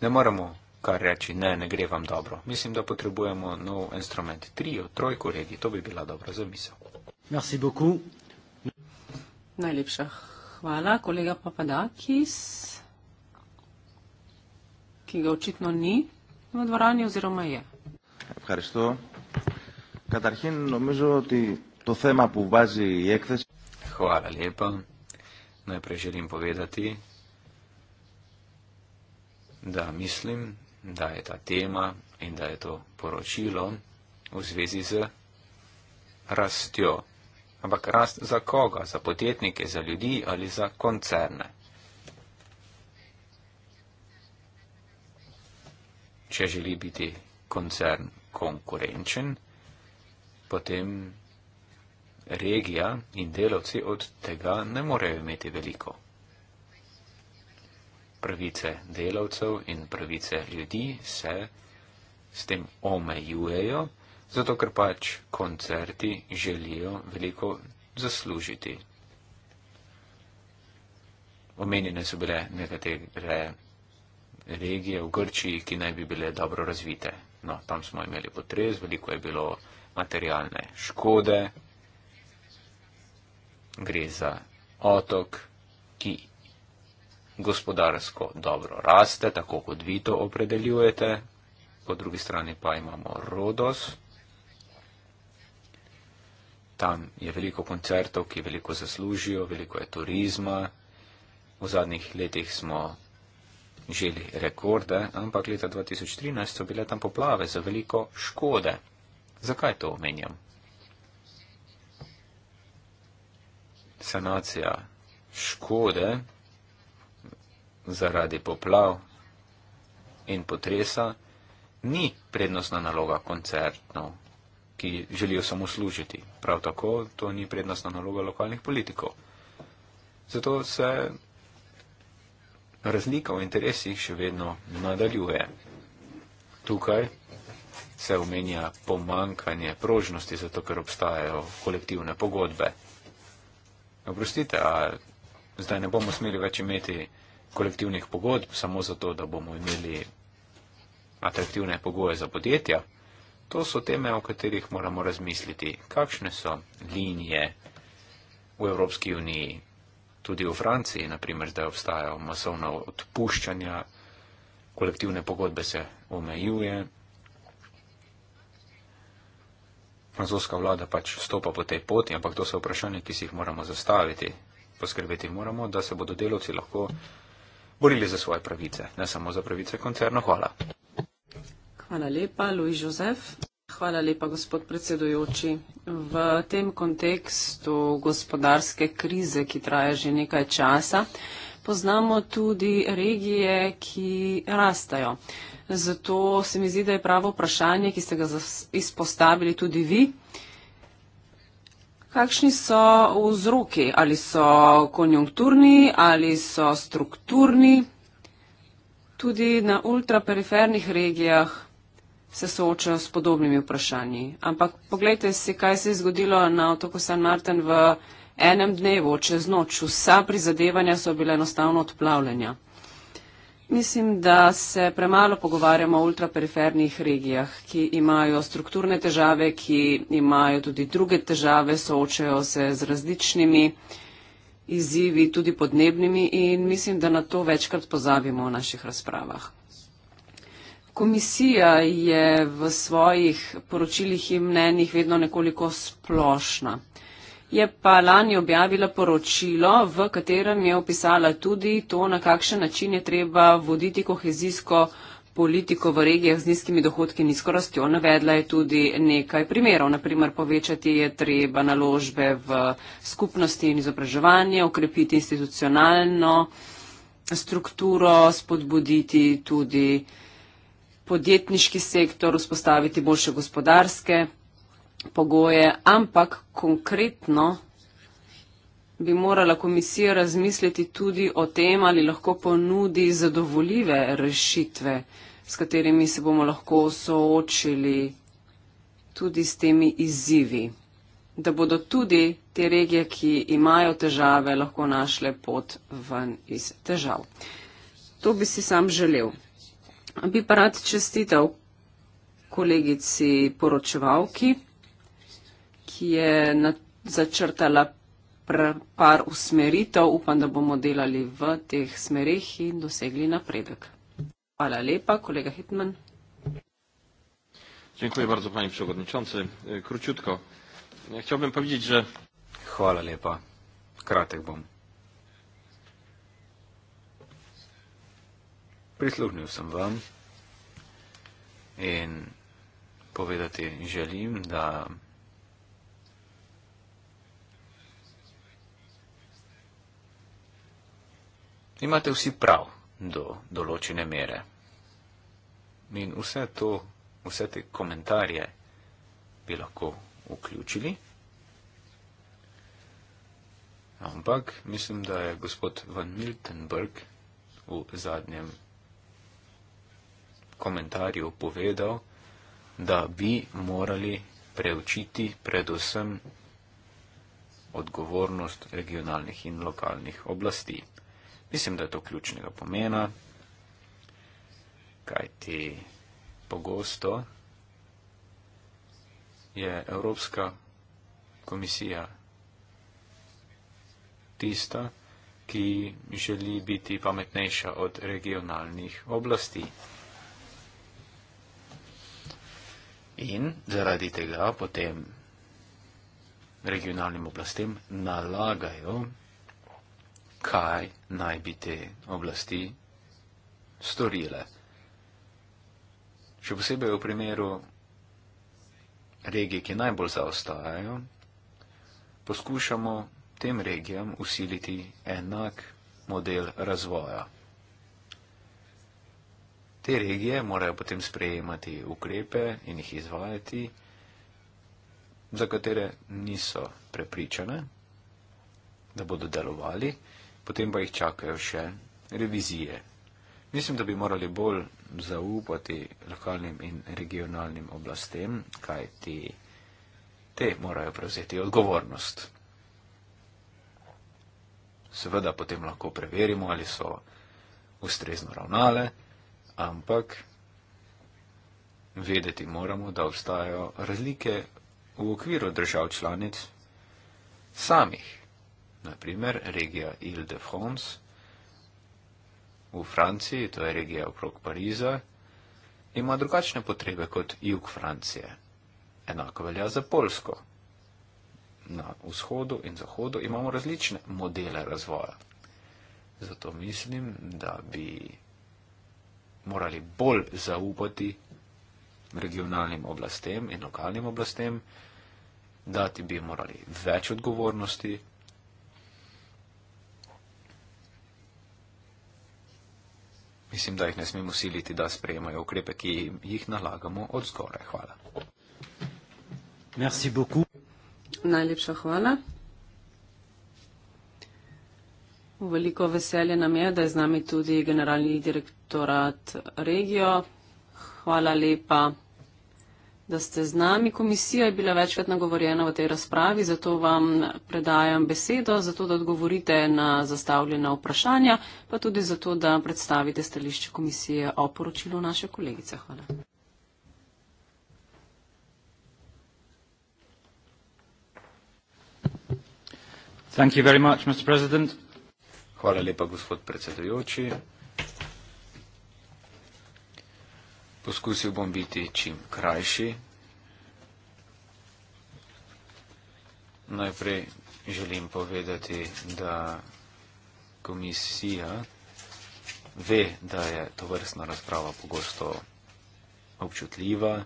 Ne moremo kar reči, ne, ne gre vam dobro. Mislim, da potrebujemo nov instrument. Trijo, trojko regij, to bi bila dobra zamisel. Merci beaucoup. Najlepša hvala, kolega Papadakis ki ga očitno ni v dvorani oziroma je. Hvala lepa. Najprej želim povedati, da mislim, da je ta tema in da je to poročilo v zvezi z rastjo. Ampak rast za koga? Za podjetnike, za ljudi ali za koncerne? če želi biti koncern konkurenčen, potem regija in delavci od tega ne morejo imeti veliko. Pravice delavcev in pravice ljudi se s tem omejujejo, zato ker pač koncerti želijo veliko zaslužiti. Omenjene so bile nekatere regije v Grčiji, ki naj bi bile dobro razvite. No, tam smo imeli potres, veliko je bilo materialne škode. Gre za otok, ki gospodarsko dobro raste, tako kot vi to opredeljujete. Po drugi strani pa imamo Rodos. Tam je veliko koncertov, ki veliko zaslužijo, veliko je turizma. V zadnjih letih smo želi rekorde, ampak leta 2013 so bile tam poplave za veliko škode. Zakaj to omenjam? Sanacija škode zaradi poplav in potresa ni prednostna naloga koncertov, ki želijo samo služiti. Prav tako to ni prednostna naloga lokalnih politikov. Zato se razlika v interesih še vedno nadaljuje. Tukaj se omenja pomankanje prožnosti, zato ker obstajajo kolektivne pogodbe. Oprostite, a zdaj ne bomo smeli več imeti kolektivnih pogodb samo zato, da bomo imeli atraktivne pogoje za podjetja. To so teme, o katerih moramo razmisliti, kakšne so linije v Evropski uniji, Tudi v Franciji, naprimer, zdaj obstajajo masovna odpuščanja, kolektivne pogodbe se omejuje. Francoska vlada pač stopa po tej poti, ampak to so vprašanja, ki si jih moramo zastaviti. Poskrbeti moramo, da se bodo delovci lahko borili za svoje pravice, ne samo za pravice koncerna. Hvala. Hvala lepa, Louis Joseph. Hvala lepa, gospod predsedujoči. V tem kontekstu gospodarske krize, ki traja že nekaj časa, poznamo tudi regije, ki rastajo. Zato se mi zdi, da je pravo vprašanje, ki ste ga izpostavili tudi vi. Kakšni so vzroki? Ali so konjunkturni, ali so strukturni? Tudi na ultraperifernih regijah se soočajo s podobnimi vprašanji. Ampak pogledajte si, kaj se je zgodilo na otoku San Martin v enem dnevu, čez noč. Vsa prizadevanja so bile enostavno odplavljena. Mislim, da se premalo pogovarjamo o ultraperifernih regijah, ki imajo strukturne težave, ki imajo tudi druge težave, soočajo se z različnimi izzivi, tudi podnebnimi in mislim, da na to večkrat pozavimo v naših razpravah. Komisija je v svojih poročilih in mnenjih vedno nekoliko splošna. Je pa lani objavila poročilo, v katerem je opisala tudi to, na kakšen način je treba voditi kohezijsko politiko v regijah z nizkimi dohodki in nizko rastjo. Navedla je tudi nekaj primerov. Naprimer, povečati je treba naložbe v skupnosti in izobraževanje, okrepiti institucionalno strukturo, spodbuditi tudi podjetniški sektor, vzpostaviti boljše gospodarske pogoje, ampak konkretno bi morala komisija razmisliti tudi o tem, ali lahko ponudi zadovoljive rešitve, s katerimi se bomo lahko soočili tudi s temi izzivi, da bodo tudi te regije, ki imajo težave, lahko našle pot ven iz težav. To bi si sam želel bi pa rad čestitev kolegici poročevalki, ki je začrtala par usmeritev. Upam, da bomo delali v teh smerih in dosegli napredek. Hvala lepa, kolega Hitman. Dziękuję bardzo, panie przewodniczący. E, króciutko. Ja chciałbym powiedzieć, że... Hvala lepa. Kratek bom. prisluhnil sem vam in povedati želim, da imate vsi prav do določene mere. In vse to, vse te komentarje bi lahko vključili. Ampak mislim, da je gospod Van Miltenberg v zadnjem komentarjev povedal, da bi morali preučiti predvsem odgovornost regionalnih in lokalnih oblasti. Mislim, da je to ključnega pomena, kajti pogosto je Evropska komisija tista, ki želi biti pametnejša od regionalnih oblasti. in zaradi tega potem regionalnim oblastem nalagajo, kaj naj bi te oblasti storile. Še posebej v primeru regij, ki najbolj zaostajajo, poskušamo tem regijam usiliti enak model razvoja. Te regije morajo potem sprejemati ukrepe in jih izvajati, za katere niso prepričane, da bodo delovali, potem pa jih čakajo še revizije. Mislim, da bi morali bolj zaupati lokalnim in regionalnim oblastem, kaj ti te morajo prevzeti odgovornost. Seveda potem lahko preverimo, ali so ustrezno ravnale ampak vedeti moramo, da obstajajo razlike v okviru držav članic samih. Naprimer, regija Ile-de-France v Franciji, to je regija okrog Pariza, ima drugačne potrebe kot jug Francije. Enako velja za Polsko. Na vzhodu in zahodu imamo različne modele razvoja. Zato mislim, da bi morali bolj zaupati regionalnim oblastem in lokalnim oblastem, dati bi morali več odgovornosti. Mislim, da jih ne smemo siliti, da sprejemajo ukrepe, ki jih nalagamo od zgoraj. Hvala. Merci beaucoup. Najlepša hvala. Veliko veselje nam je, da je z nami tudi generalni direktor direktorat regijo. Hvala lepa, da ste z nami. Komisija je bila večkrat nagovorjena v tej razpravi, zato vam predajam besedo, zato da odgovorite na zastavljena vprašanja, pa tudi zato, da predstavite stališče komisije o poročilu naše kolegice. Hvala. Much, Hvala lepa, gospod predsedujoči. Poskusil bom biti čim krajši. Najprej želim povedati, da komisija ve, da je to vrstna razprava pogosto občutljiva.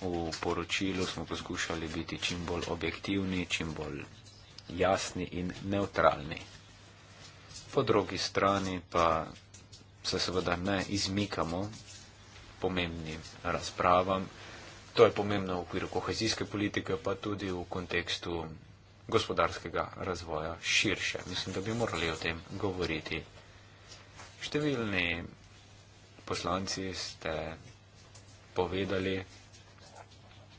V poročilu smo poskušali biti čim bolj objektivni, čim bolj jasni in neutralni. Po drugi strani pa se seveda ne izmikamo pomembnim razpravam. To je pomembno v okviru kohezijske politike, pa tudi v kontekstu gospodarskega razvoja širše. Mislim, da bi morali o tem govoriti. Številni poslanci ste povedali,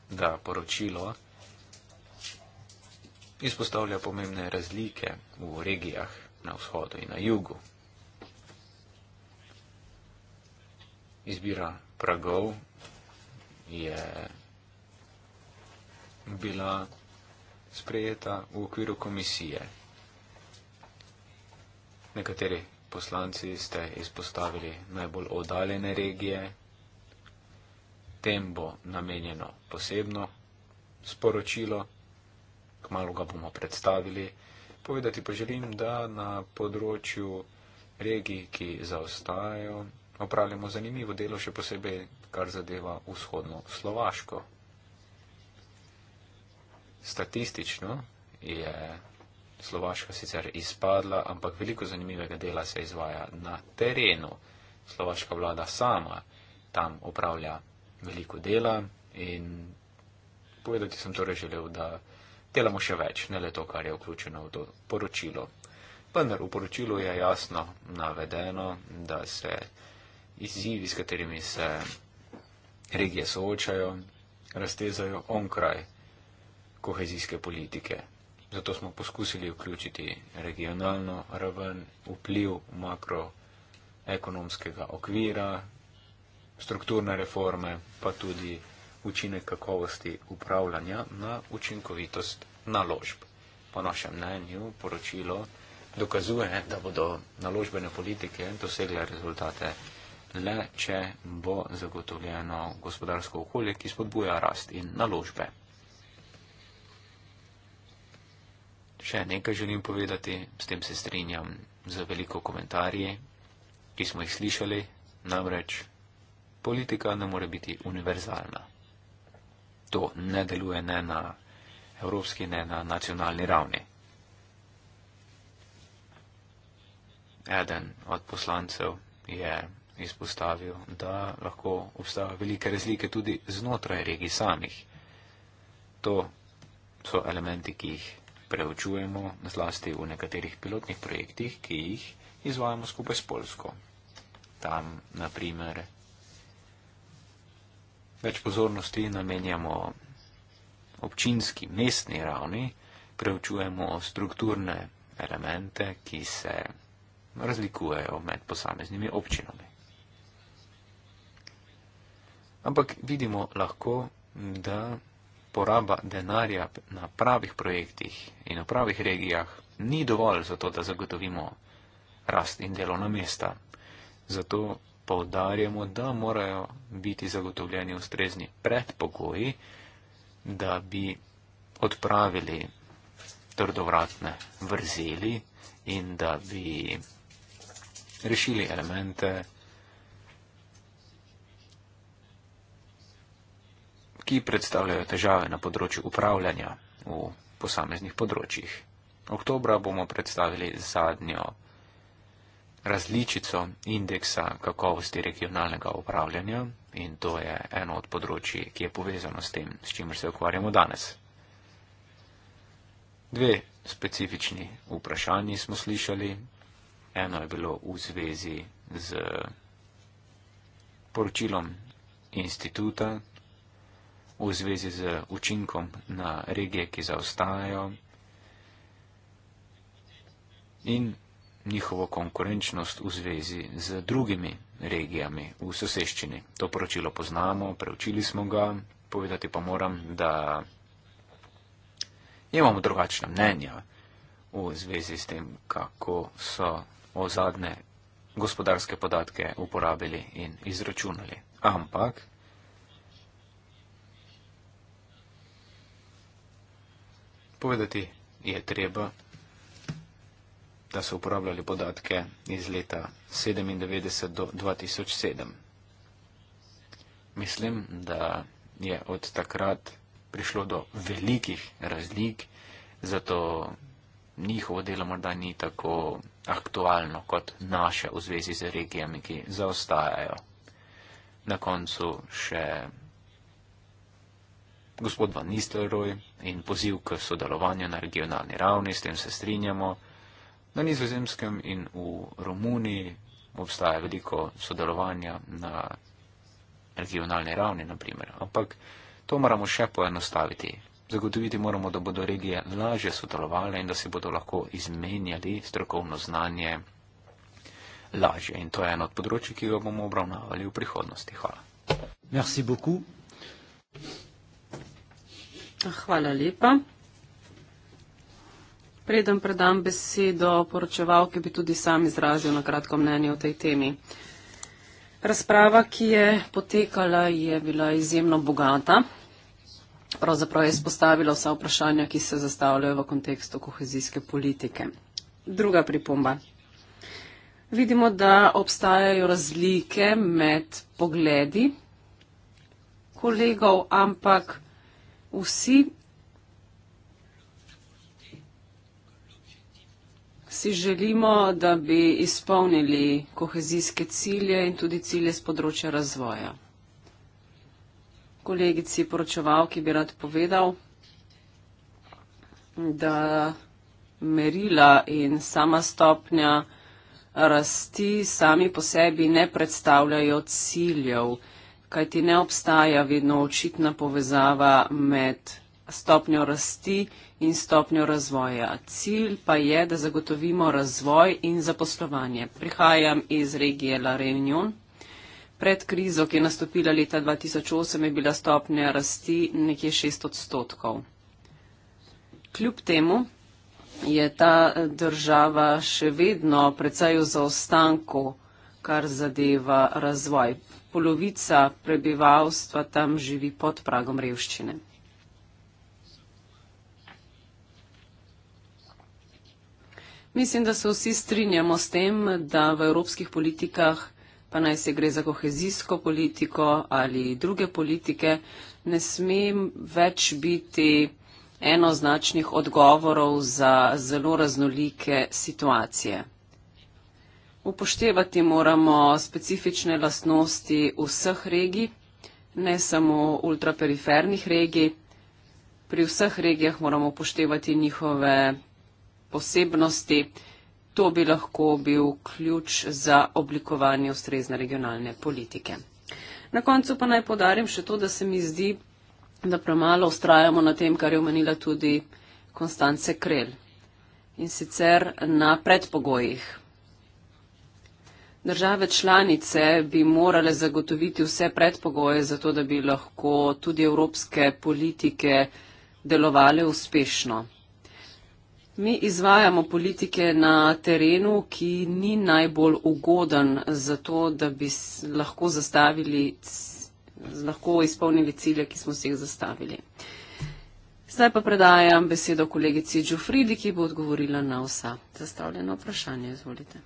da poročilo izpostavlja pomembne razlike v regijah na vzhodu in na jugu. Izbira pragov je bila sprejeta v okviru komisije. Nekateri poslanci ste izpostavili najbolj oddaljene regije, tem bo namenjeno posebno sporočilo, kmalo ga bomo predstavili. Povedati pa želim, da na področju regij, ki zaostajajo, opravljamo zanimivo delo, še posebej, kar zadeva vzhodno Slovaško. Statistično je Slovaška sicer izpadla, ampak veliko zanimivega dela se izvaja na terenu. Slovaška vlada sama tam opravlja veliko dela in povedati sem torej želel, da delamo še več, ne le to, kar je vključeno v to poročilo. Vendar v poročilu je jasno navedeno, da se izzivi, s katerimi se regije soočajo, raztezajo onkraj kohezijske politike. Zato smo poskusili vključiti regionalno raven, vpliv makroekonomskega okvira, strukturne reforme, pa tudi učinek kakovosti upravljanja na učinkovitost naložb. Po našem mnenju poročilo dokazuje, da bodo naložbene politike dosegle rezultate le če bo zagotovljeno gospodarsko okolje, ki spodbuja rast in naložbe. Še nekaj želim povedati, s tem se strinjam za veliko komentarji, ki smo jih slišali, namreč politika ne more biti univerzalna. To ne deluje ne na evropski, ne na nacionalni ravni. Eden od poslancev je izpostavil, da lahko obstaja velike razlike tudi znotraj regij samih. To so elementi, ki jih preučujemo zlasti v nekaterih pilotnih projektih, ki jih izvajamo skupaj s Polsko. Tam, na primer, več pozornosti namenjamo občinski, mestni ravni, preučujemo strukturne elemente, ki se razlikujejo med posameznimi občinami. Ampak vidimo lahko, da poraba denarja na pravih projektih in na pravih regijah ni dovolj za to, da zagotovimo rast in delovna mesta. Zato povdarjamo, da morajo biti zagotovljeni ustrezni predpogoji, da bi odpravili trdovratne vrzeli in da bi rešili elemente ki predstavljajo težave na področju upravljanja v posameznih področjih. Oktobra bomo predstavili zadnjo različico indeksa kakovosti regionalnega upravljanja in to je eno od področji, ki je povezano s tem, s čimer se ukvarjamo danes. Dve specifični vprašanji smo slišali. Eno je bilo v zvezi z poročilom instituta, v zvezi z učinkom na regije, ki zaostajajo in njihovo konkurenčnost v zvezi z drugimi regijami v soseščini. To poročilo poznamo, preučili smo ga, povedati pa moram, da imamo drugačna mnenja v zvezi s tem, kako so o zadnje gospodarske podatke uporabili in izračunali. Ampak Povedati je treba, da so uporabljali podatke iz leta 1997 do 2007. Mislim, da je od takrat prišlo do velikih razlik, zato njihovo delo morda ni tako aktualno kot naše v zvezi z regijami, ki zaostajajo. Na koncu še gospod Van Nistelrooy in poziv k sodelovanju na regionalni ravni, s tem se strinjamo. Na nizozemskem in v Romuniji obstaja veliko sodelovanja na regionalni ravni, naprimer. ampak to moramo še poenostaviti. Zagotoviti moramo, da bodo regije lažje sodelovale in da se bodo lahko izmenjali strokovno znanje lažje. In to je eno od področji, ki ga bomo obravnavali v prihodnosti. Hvala. Merci beaucoup. Hvala lepa. Preden predam besedo poročevalki, bi tudi sam izrazil na kratko mnenje o tej temi. Razprava, ki je potekala, je bila izjemno bogata. Pravzaprav je izpostavila vsa vprašanja, ki se zastavljajo v kontekstu kohezijske politike. Druga pripomba. Vidimo, da obstajajo razlike med pogledi kolegov, ampak vsi si želimo, da bi izpolnili kohezijske cilje in tudi cilje z področja razvoja. Kolegici poročevalki bi rad povedal, da merila in sama stopnja rasti sami po sebi ne predstavljajo ciljev kajti ne obstaja vedno očitna povezava med stopnjo rasti in stopnjo razvoja. Cilj pa je, da zagotovimo razvoj in zaposlovanje. Prihajam iz regije La Reunion. Pred krizo, ki je nastopila leta 2008, je bila stopnja rasti nekje 6 odstotkov. Kljub temu je ta eh, država še vedno precej v zaostanku, kar zadeva razvoj polovica prebivalstva tam živi pod pragom revščine. Mislim, da se vsi strinjamo s tem, da v evropskih politikah, pa naj se gre za kohezijsko politiko ali druge politike, ne sme več biti enoznačnih odgovorov za zelo raznolike situacije. Upoštevati moramo specifične lastnosti vseh regij, ne samo ultrapernih regij. Pri vseh regijah moramo upoštevati njihove posebnosti. To bi lahko bil ključ za oblikovanje ustrezne regionalne politike. Na koncu pa naj podarim še to, da se mi zdi, da premalo ustrajamo na tem, kar je omenila tudi Konstance Krel. In sicer na predpogojih. Države članice bi morale zagotoviti vse predpogoje za to, da bi lahko tudi evropske politike delovale uspešno. Mi izvajamo politike na terenu, ki ni najbolj ugoden za to, da bi lahko, lahko izpolnili cilje, ki smo si jih zastavili. Zdaj pa predajam besedo kolegici Džufridi, ki bo odgovorila na vsa zastavljena vprašanja. Izvolite.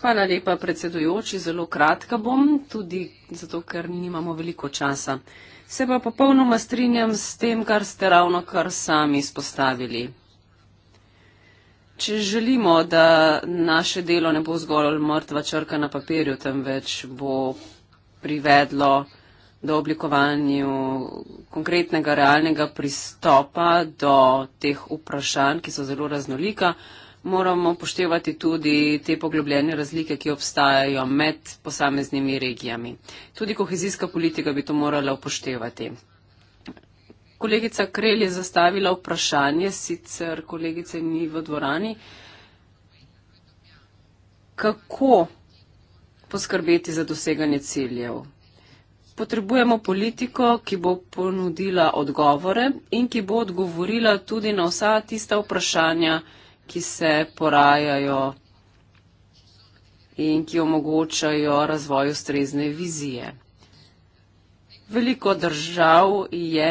Hvala lepa, predsedujoči. Zelo kratka bom, tudi zato, ker nimamo veliko časa. Se pa popolnoma strinjam s tem, kar ste ravno kar sami izpostavili. Če želimo, da naše delo ne bo zgolj mrtva črka na papirju, temveč bo privedlo do oblikovanju konkretnega realnega pristopa do teh vprašanj, ki so zelo raznolika, moramo poštevati tudi te poglobljene razlike, ki obstajajo med posameznimi regijami. Tudi kohezijska politika bi to morala upoštevati. Kolegica Krel je zastavila vprašanje, sicer kolegice ni v dvorani, kako poskrbeti za doseganje ciljev. Potrebujemo politiko, ki bo ponudila odgovore in ki bo odgovorila tudi na vsa tista vprašanja, ki ki se porajajo in ki omogočajo razvoj ustrezne vizije. Veliko držav je,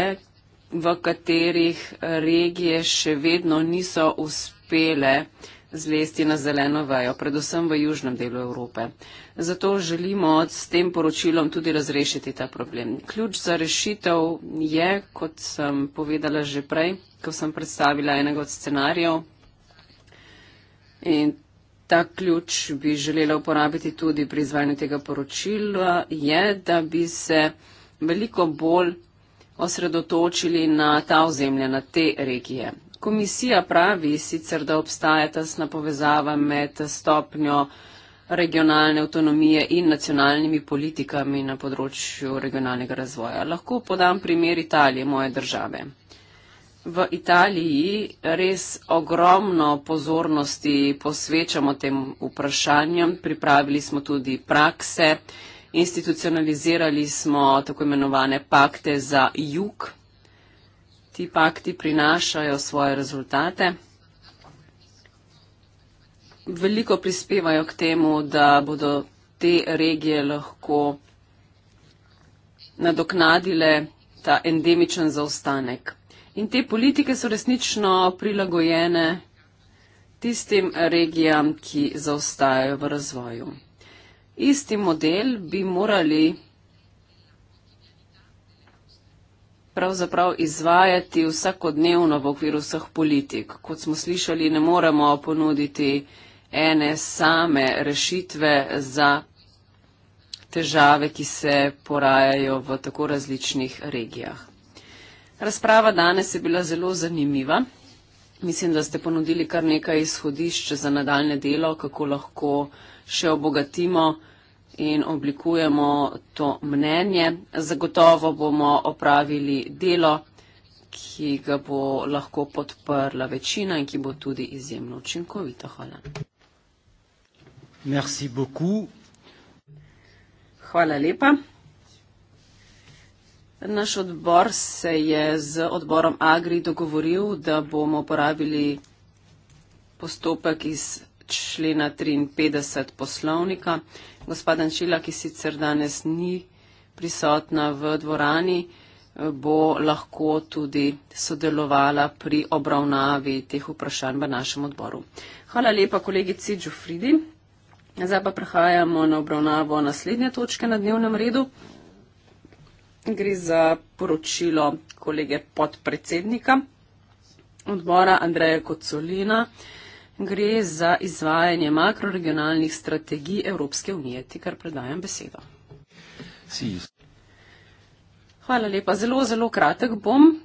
v katerih regije še vedno niso uspele zlesti na zeleno vejo, predvsem v južnem delu Evrope. Zato želimo s tem poročilom tudi razrešiti ta problem. Ključ za rešitev je, kot sem povedala že prej, ko sem predstavila enega od scenarijev, In ta ključ bi želela uporabiti tudi pri izvajanju tega poročila, je, da bi se veliko bolj osredotočili na ta ozemlja, na te regije. Komisija pravi sicer, da obstaja tasna povezava med stopnjo regionalne avtonomije in nacionalnimi politikami na področju regionalnega razvoja. Lahko podam primer Italije, moje države. V Italiji res ogromno pozornosti posvečamo tem vprašanjem. Pripravili smo tudi prakse, institucionalizirali smo tako imenovane pakte za jug. Ti pakti prinašajo svoje rezultate. Veliko prispevajo k temu, da bodo te regije lahko nadoknadile ta endemičen zaostanek. In te politike so resnično prilagojene tistim regijam, ki zaostajajo v razvoju. Isti model bi morali pravzaprav izvajati vsakodnevno v okviru vseh politik. Kot smo slišali, ne moremo ponuditi ene same rešitve za težave, ki se porajajo v tako različnih regijah. Razprava danes je bila zelo zanimiva. Mislim, da ste ponudili kar nekaj izhodišč za nadaljne delo, kako lahko še obogatimo in oblikujemo to mnenje. Zagotovo bomo opravili delo, ki ga bo lahko podprla večina in ki bo tudi izjemno učinkovito. Hvala. Merci beaucoup. Hvala lepa. Naš odbor se je z odborom Agri dogovoril, da bomo uporabili postopek iz člena 53 poslovnika. Gospa Dančila, ki sicer danes ni prisotna v dvorani, bo lahko tudi sodelovala pri obravnavi teh vprašanj v našem odboru. Hvala lepa kolegici Džufridi. Zdaj pa prehajamo na obravnavo naslednje točke na dnevnem redu gre za poročilo kolege podpredsednika odbora Andreja Kocolina. Gre za izvajanje makroregionalnih strategij Evropske unije, ti kar predajam besedo. Hvala lepa. Zelo, zelo kratek bom.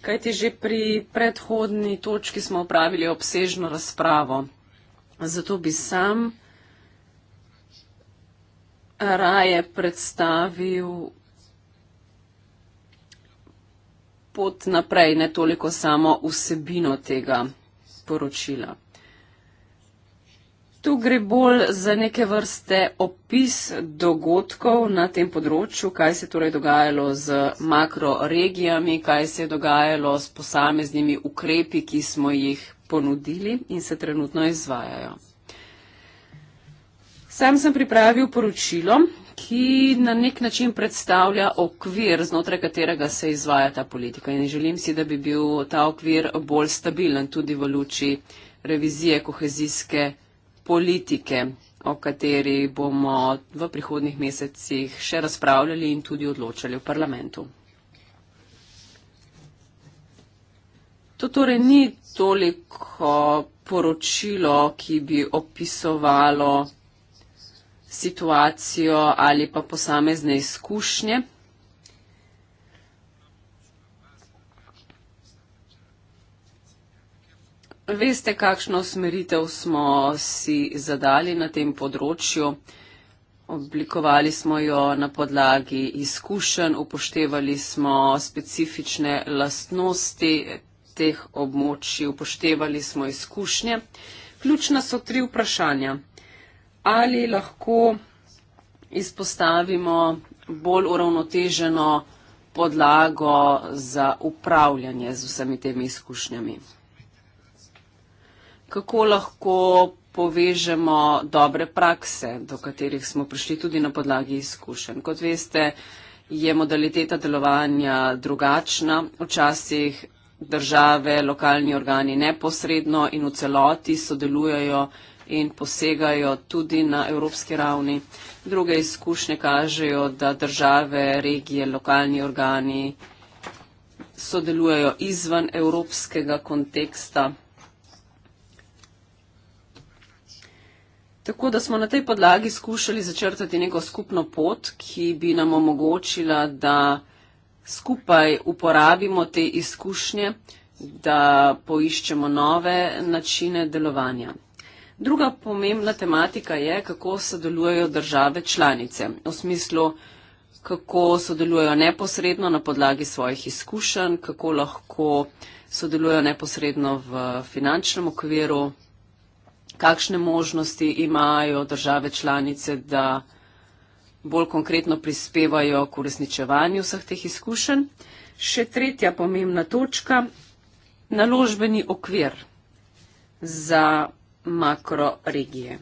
Kaj ti že pri predhodni točki smo upravili obsežno razpravo. Zato bi sam raje predstavil pot naprej, ne toliko samo vsebino tega poročila. Tu gre bolj za neke vrste opis dogodkov na tem področju, kaj se je torej dogajalo z makroregijami, kaj se je dogajalo s posameznimi ukrepi, ki smo jih ponudili in se trenutno izvajajo. Sam sem pripravil poročilo, ki na nek način predstavlja okvir, znotraj katerega se izvaja ta politika. In želim si, da bi bil ta okvir bolj stabilen tudi v luči revizije kohezijske politike, o kateri bomo v prihodnih mesecih še razpravljali in tudi odločali v parlamentu. To torej ni toliko poročilo, ki bi opisovalo situacijo ali pa posamezne izkušnje. Veste, kakšno smeritev smo si zadali na tem področju. Oblikovali smo jo na podlagi izkušenj, upoštevali smo specifične lastnosti teh območij, upoštevali smo izkušnje. Ključna so tri vprašanja ali lahko izpostavimo bolj uravnoteženo podlago za upravljanje z vsemi temi izkušnjami. Kako lahko povežemo dobre prakse, do katerih smo prišli tudi na podlagi izkušenj. Kot veste, je modaliteta delovanja drugačna. Včasih države, lokalni organi neposredno in v celoti sodelujejo in posegajo tudi na evropski ravni. Druge izkušnje kažejo, da države, regije, lokalni organi sodelujejo izven evropskega konteksta. Tako da smo na tej podlagi skušali začrtati neko skupno pot, ki bi nam omogočila, da skupaj uporabimo te izkušnje, da poiščemo nove načine delovanja. Druga pomembna tematika je, kako sodelujejo države članice v smislu, kako sodelujejo neposredno na podlagi svojih izkušenj, kako lahko sodelujejo neposredno v finančnem okviru, kakšne možnosti imajo države članice, da bolj konkretno prispevajo k uresničevanju vseh teh izkušenj. Še tretja pomembna točka, naložbeni okvir za makroregije.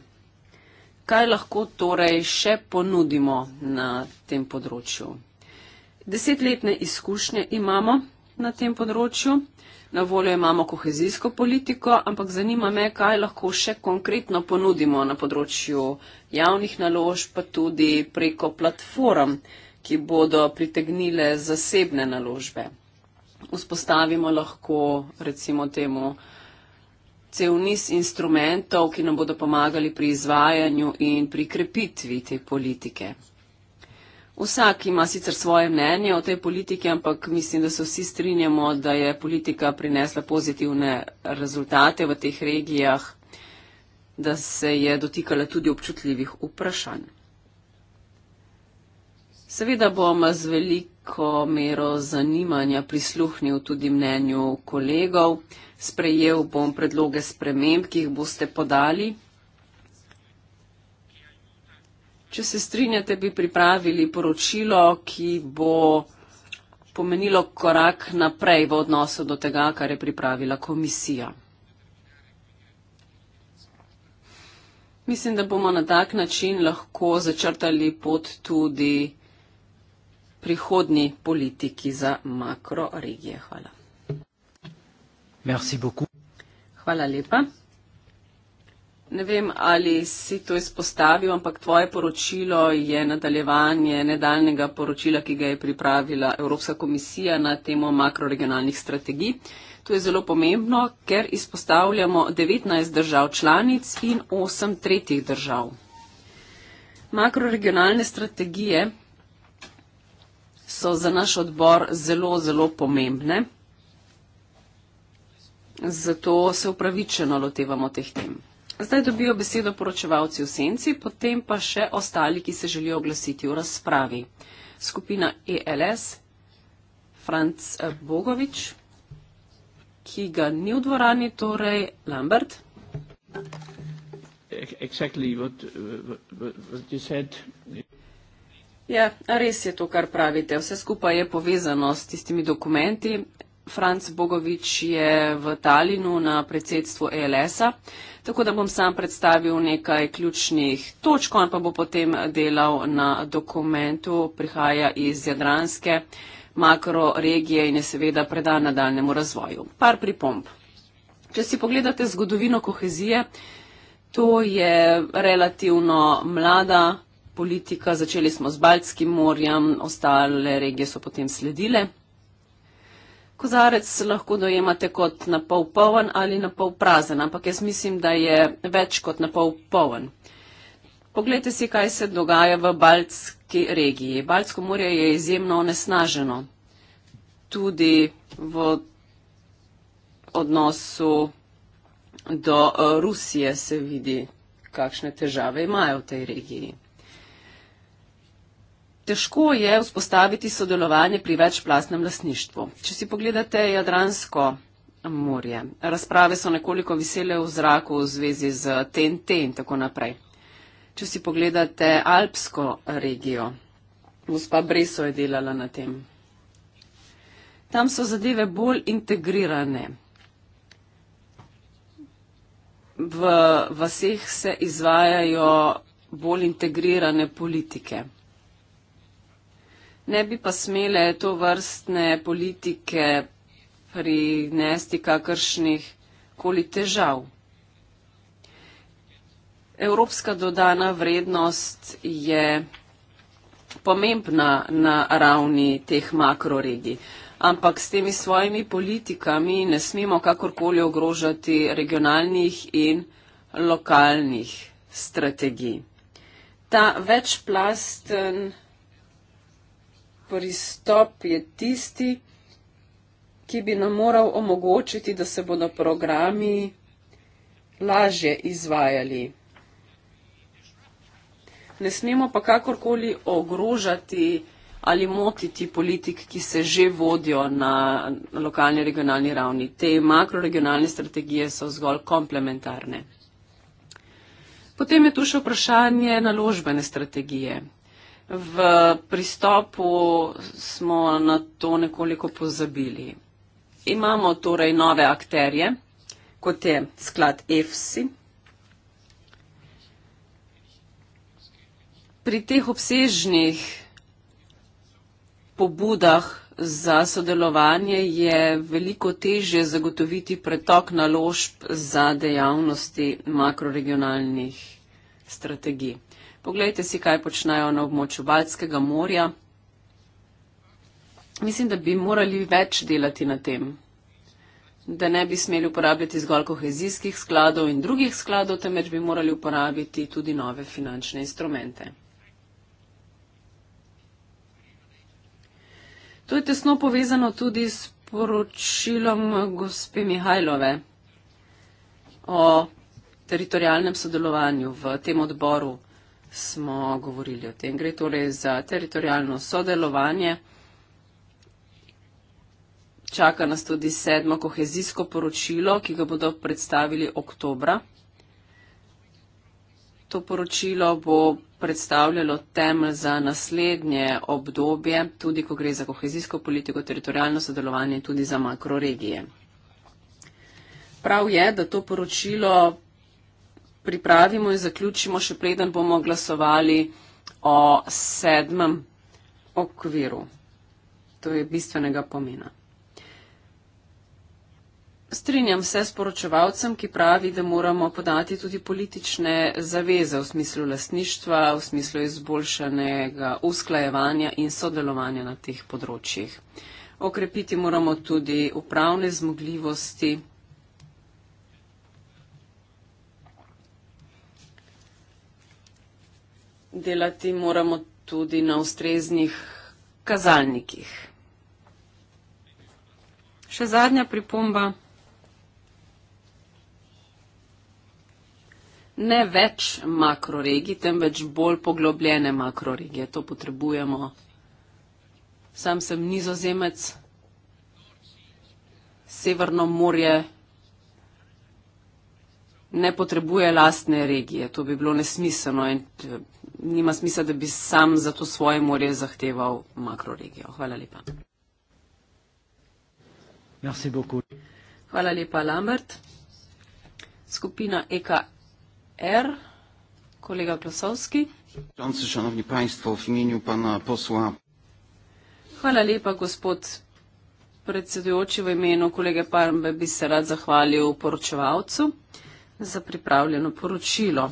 Kaj lahko torej še ponudimo na tem področju? Desetletne izkušnje imamo na tem področju, na voljo imamo kohezijsko politiko, ampak zanima me, kaj lahko še konkretno ponudimo na področju javnih nalož, pa tudi preko platform, ki bodo pritegnile zasebne naložbe. Vzpostavimo lahko recimo temu, cel niz instrumentov, ki nam bodo pomagali pri izvajanju in pri krepitvi te politike. Vsak ima sicer svoje mnenje o tej politiki, ampak mislim, da se vsi strinjamo, da je politika prinesla pozitivne rezultate v teh regijah, da se je dotikala tudi občutljivih vprašanj. Seveda bom z veliko mero zanimanja prisluhnil tudi mnenju kolegov sprejel bom predloge sprememb, ki jih boste podali. Če se strinjate, bi pripravili poročilo, ki bo pomenilo korak naprej v odnosu do tega, kar je pripravila komisija. Mislim, da bomo na tak način lahko začrtali pot tudi prihodni politiki za makroregije. Hvala. Hvala lepa. Ne vem, ali si to izpostavil, ampak tvoje poročilo je nadaljevanje nedaljnega poročila, ki ga je pripravila Evropska komisija na temo makroregionalnih strategij. To je zelo pomembno, ker izpostavljamo 19 držav članic in 8 tretjih držav. Makroregionalne strategije so za naš odbor zelo, zelo pomembne. Zato se upravičeno lotevamo teh tem. Zdaj dobijo besedo poročevalci v senci, potem pa še ostali, ki se želijo oglasiti v razpravi. Skupina ELS, Franc eh, Bogovič, ki ga ni v dvorani, torej Lambert. Exactly what, what you said. Ja, res je to, kar pravite. Vse skupaj je povezano s tistimi dokumenti. Franc Bogovič je v Talinu na predsedstvu ELS-a, tako da bom sam predstavil nekaj ključnih točk, on pa bo potem delal na dokumentu, prihaja iz Jadranske makroregije in je seveda predan nadaljnemu razvoju. Par pripomp. Če si pogledate zgodovino kohezije, to je relativno mlada politika, začeli smo z Baltskim morjem, ostale regije so potem sledile. Kozarec lahko dojemate kot napol poln ali napol prazen, ampak jaz mislim, da je več kot napol poln. Poglejte si, kaj se dogaja v Baltski regiji. Baltsko morje je izjemno onesnaženo, tudi v odnosu do eh, Rusije se vidi, kakšne težave imajo v tej regiji težko je vzpostaviti sodelovanje pri večplastnem lasništvu. Če si pogledate Jadransko morje, razprave so nekoliko visele v zraku v zvezi z TNT in tako naprej. Če si pogledate Alpsko regijo, gospa Breso je delala na tem. Tam so zadeve bolj integrirane. V vseh se izvajajo bolj integrirane politike. Ne bi pa smele to vrstne politike prinesti kakršnih koli težav. Evropska dodana vrednost je pomembna na ravni teh makroregij, ampak s temi svojimi politikami ne smemo kakorkoli ogrožati regionalnih in lokalnih strategij. Ta večplasten pristop je tisti, ki bi nam moral omogočiti, da se bodo programi lažje izvajali. Ne smemo pa kakorkoli ogrožati ali motiti politik, ki se že vodijo na lokalni regionalni ravni. Te makroregionalne strategije so zgolj komplementarne. Potem je tu še vprašanje naložbene strategije. V pristopu smo na to nekoliko pozabili. Imamo torej nove akterje, kot je sklad EFSI. Pri teh obsežnih pobudah za sodelovanje je veliko težje zagotoviti pretok naložb za dejavnosti makroregionalnih strategij. Poglejte si, kaj počnejo na območju Baltskega morja. Mislim, da bi morali več delati na tem, da ne bi smeli uporabljati zgolj kohezijskih skladov in drugih skladov, temveč bi morali uporabiti tudi nove finančne instrumente. To je tesno povezano tudi s poročilom gospe Mihajlove o teritorijalnem sodelovanju v tem odboru smo govorili o tem. Gre torej za teritorijalno sodelovanje. Čaka nas tudi sedmo kohezijsko poročilo, ki ga bodo predstavili oktobra. To poročilo bo predstavljalo temelj za naslednje obdobje, tudi ko gre za kohezijsko politiko, teritorijalno sodelovanje in tudi za makroregije. Prav je, da to poročilo pripravimo in zaključimo, še preden bomo glasovali o sedmem okviru. To je bistvenega pomena. Strinjam se s poročevalcem, ki pravi, da moramo podati tudi politične zaveze v smislu lastništva, v smislu izboljšanega usklajevanja in sodelovanja na teh področjih. Okrepiti moramo tudi upravne zmogljivosti. delati moramo tudi na ustreznih kazalnikih. Še zadnja pripomba. Ne več makroregij, temveč bolj poglobljene makroregije. To potrebujemo. Sam sem nizozemec, Severno morje ne potrebuje lastne regije. To bi bilo nesmiselno. In, nima smisla, da bi sam za to svoje morje zahteval makroregijo. Hvala lepa. Hvala lepa, Lambert. Skupina EKR, er, kolega Klosovski. Šanovni panjstvo, v imenju pa na posla. Hvala lepa, gospod predsedujoči, v imenu kolege Parmbe bi se rad zahvalil poročevalcu za pripravljeno poročilo.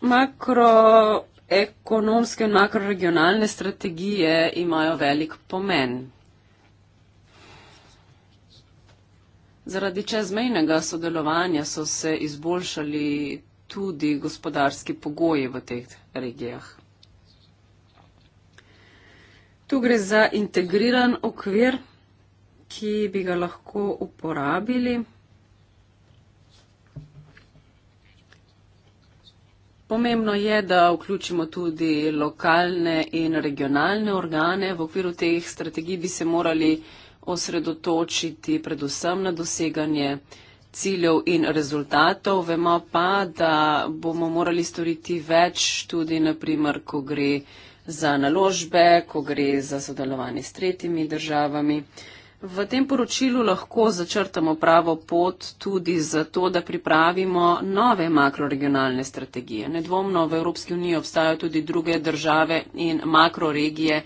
makroekonomske in makroregionalne strategije imajo velik pomen. Zaradi čezmejnega sodelovanja so se izboljšali tudi gospodarski pogoji v teh regijah. Tu gre za integriran okvir, ki bi ga lahko uporabili. Pomembno je, da vključimo tudi lokalne in regionalne organe. V okviru teh strategij bi se morali osredotočiti predvsem na doseganje ciljev in rezultatov. Vemo pa, da bomo morali storiti več tudi, naprimer, ko gre za naložbe, ko gre za sodelovanje s tretjimi državami. V tem poročilu lahko začrtamo pravo pot tudi zato, da pripravimo nove makroregionalne strategije. Nedvomno v Evropski uniji obstajajo tudi druge države in makroregije,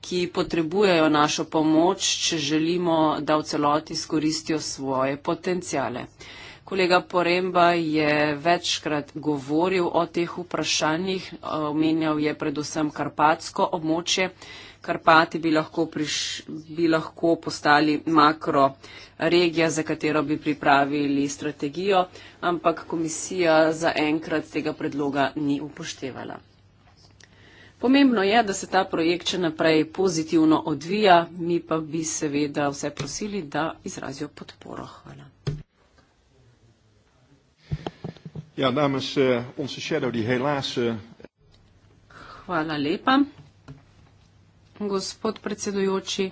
ki potrebujejo našo pomoč, če želimo, da v celoti skoristijo svoje potencijale. Kolega Poremba je večkrat govoril o teh vprašanjih, omenjal je predvsem karpatsko območje. Karpati bi lahko, priš, bi lahko postali makro regija, za katero bi pripravili strategijo, ampak komisija za enkrat tega predloga ni upoštevala. Pomembno je, da se ta projekt še naprej pozitivno odvija, mi pa bi seveda vse prosili, da izrazijo podporo. Hvala. Ja, namens, uh, onze shadow, die helaas, uh... Hvala lepa gospod predsedujoči.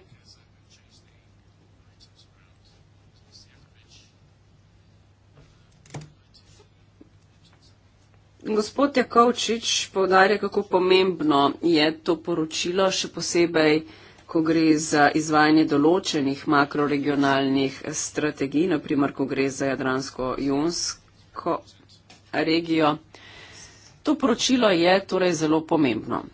Gospod Jakovčič povdarja, kako pomembno je to poročilo, še posebej, ko gre za izvajanje določenih makroregionalnih strategij, naprimer, ko gre za Jadransko-Junsko regijo. To poročilo je torej zelo pomembno.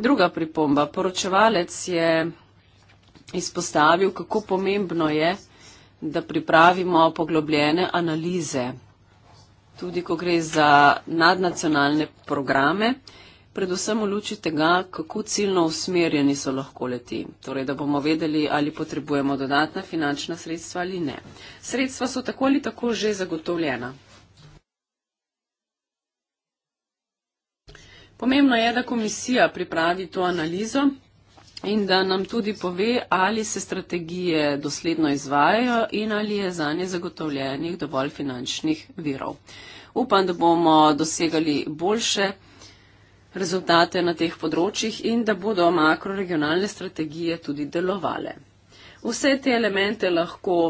Druga pripomba. Poročevalec je izpostavil, kako pomembno je, da pripravimo poglobljene analize, tudi ko gre za nadnacionalne programe, predvsem v luči tega, kako ciljno usmerjeni so lahko leti. Torej, da bomo vedeli, ali potrebujemo dodatna finančna sredstva ali ne. Sredstva so tako ali tako že zagotovljena. Pomembno je, da komisija pripravi to analizo in da nam tudi pove, ali se strategije dosledno izvajajo in ali je za nje zagotovljenih dovolj finančnih virov. Upam, da bomo dosegali boljše rezultate na teh področjih in da bodo makroregionalne strategije tudi delovale. Vse te elemente lahko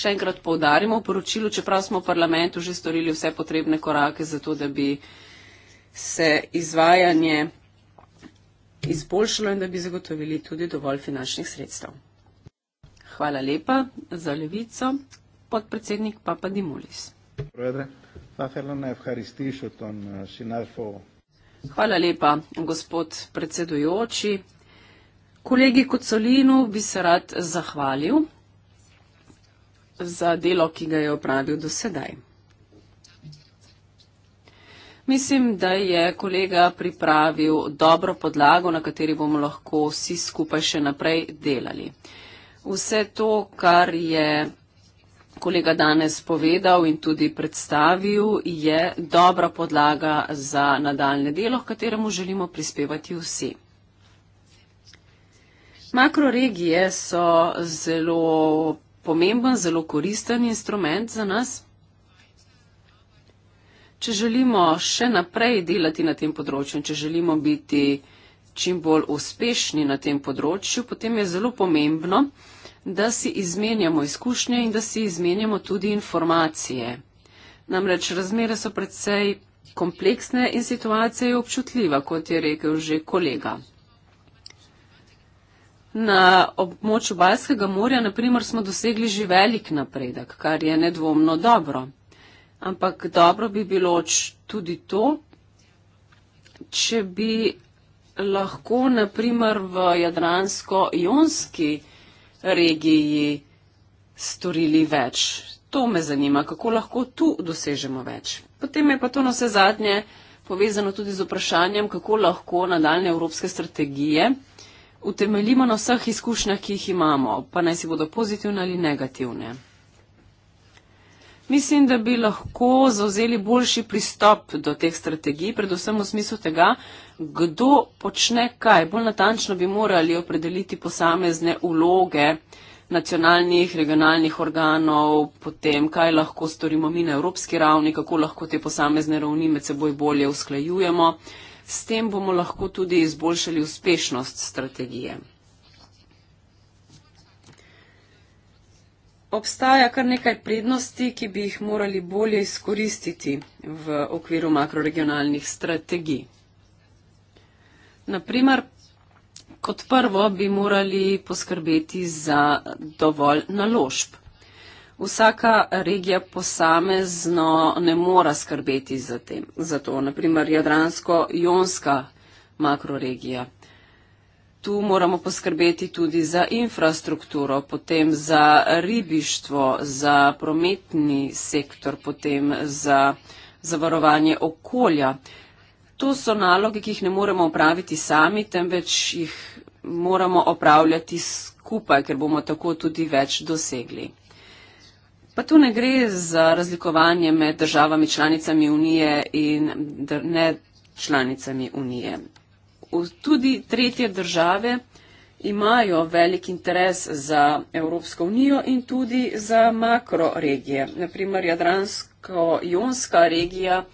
še enkrat poudarimo v poročilu, čeprav smo v parlamentu že storili vse potrebne korake za to, da bi se izvajanje izboljšalo in da bi zagotovili tudi dovolj finančnih sredstev. Hvala lepa za levico, podpredsednik Papa Dimulis. Hvala lepa, gospod predsedujoči. Kolegi Kocolinu bi se rad zahvalil za delo, ki ga je opravil do sedaj. Mislim, da je kolega pripravil dobro podlago, na kateri bomo lahko vsi skupaj še naprej delali. Vse to, kar je kolega danes povedal in tudi predstavil, je dobra podlaga za nadaljne delo, kateremu želimo prispevati vsi. Makroregije so zelo pomemben, zelo koristen instrument za nas če želimo še naprej delati na tem področju in če želimo biti čim bolj uspešni na tem področju, potem je zelo pomembno, da si izmenjamo izkušnje in da si izmenjamo tudi informacije. Namreč razmere so predvsej kompleksne in situacija je občutljiva, kot je rekel že kolega. Na območju Balskega morja, naprimer, smo dosegli že velik napredek, kar je nedvomno dobro ampak dobro bi bilo tudi to, če bi lahko naprimer v Jadransko-Jonski regiji storili več. To me zanima, kako lahko tu dosežemo več. Potem je pa to na vse zadnje povezano tudi z vprašanjem, kako lahko nadaljne evropske strategije utemeljimo na vseh izkušnjah, ki jih imamo, pa naj si bodo pozitivne ali negativne. Mislim, da bi lahko zauzeli boljši pristop do teh strategij, predvsem v smislu tega, kdo počne kaj. Bolj natančno bi morali opredeliti posamezne uloge nacionalnih, regionalnih organov, potem kaj lahko storimo mi na evropski ravni, kako lahko te posamezne ravni med seboj bolje usklajujemo. S tem bomo lahko tudi izboljšali uspešnost strategije. obstaja kar nekaj prednosti, ki bi jih morali bolje izkoristiti v okviru makroregionalnih strategij. Naprimer, kot prvo bi morali poskrbeti za dovolj naložb. Vsaka regija posamezno ne mora skrbeti za, tem, za to. Naprimer, Jadransko-Jonska makroregija tu moramo poskrbeti tudi za infrastrukturo, potem za ribištvo, za prometni sektor, potem za zavarovanje okolja. To so naloge, ki jih ne moremo opraviti sami, temveč jih moramo opravljati skupaj, ker bomo tako tudi več dosegli. Pa tu ne gre za razlikovanje med državami članicami Unije in ne članicami Unije tudi tretje države imajo velik interes za Evropsko unijo in tudi za makroregije. Naprimer, Jadransko-Jonska regija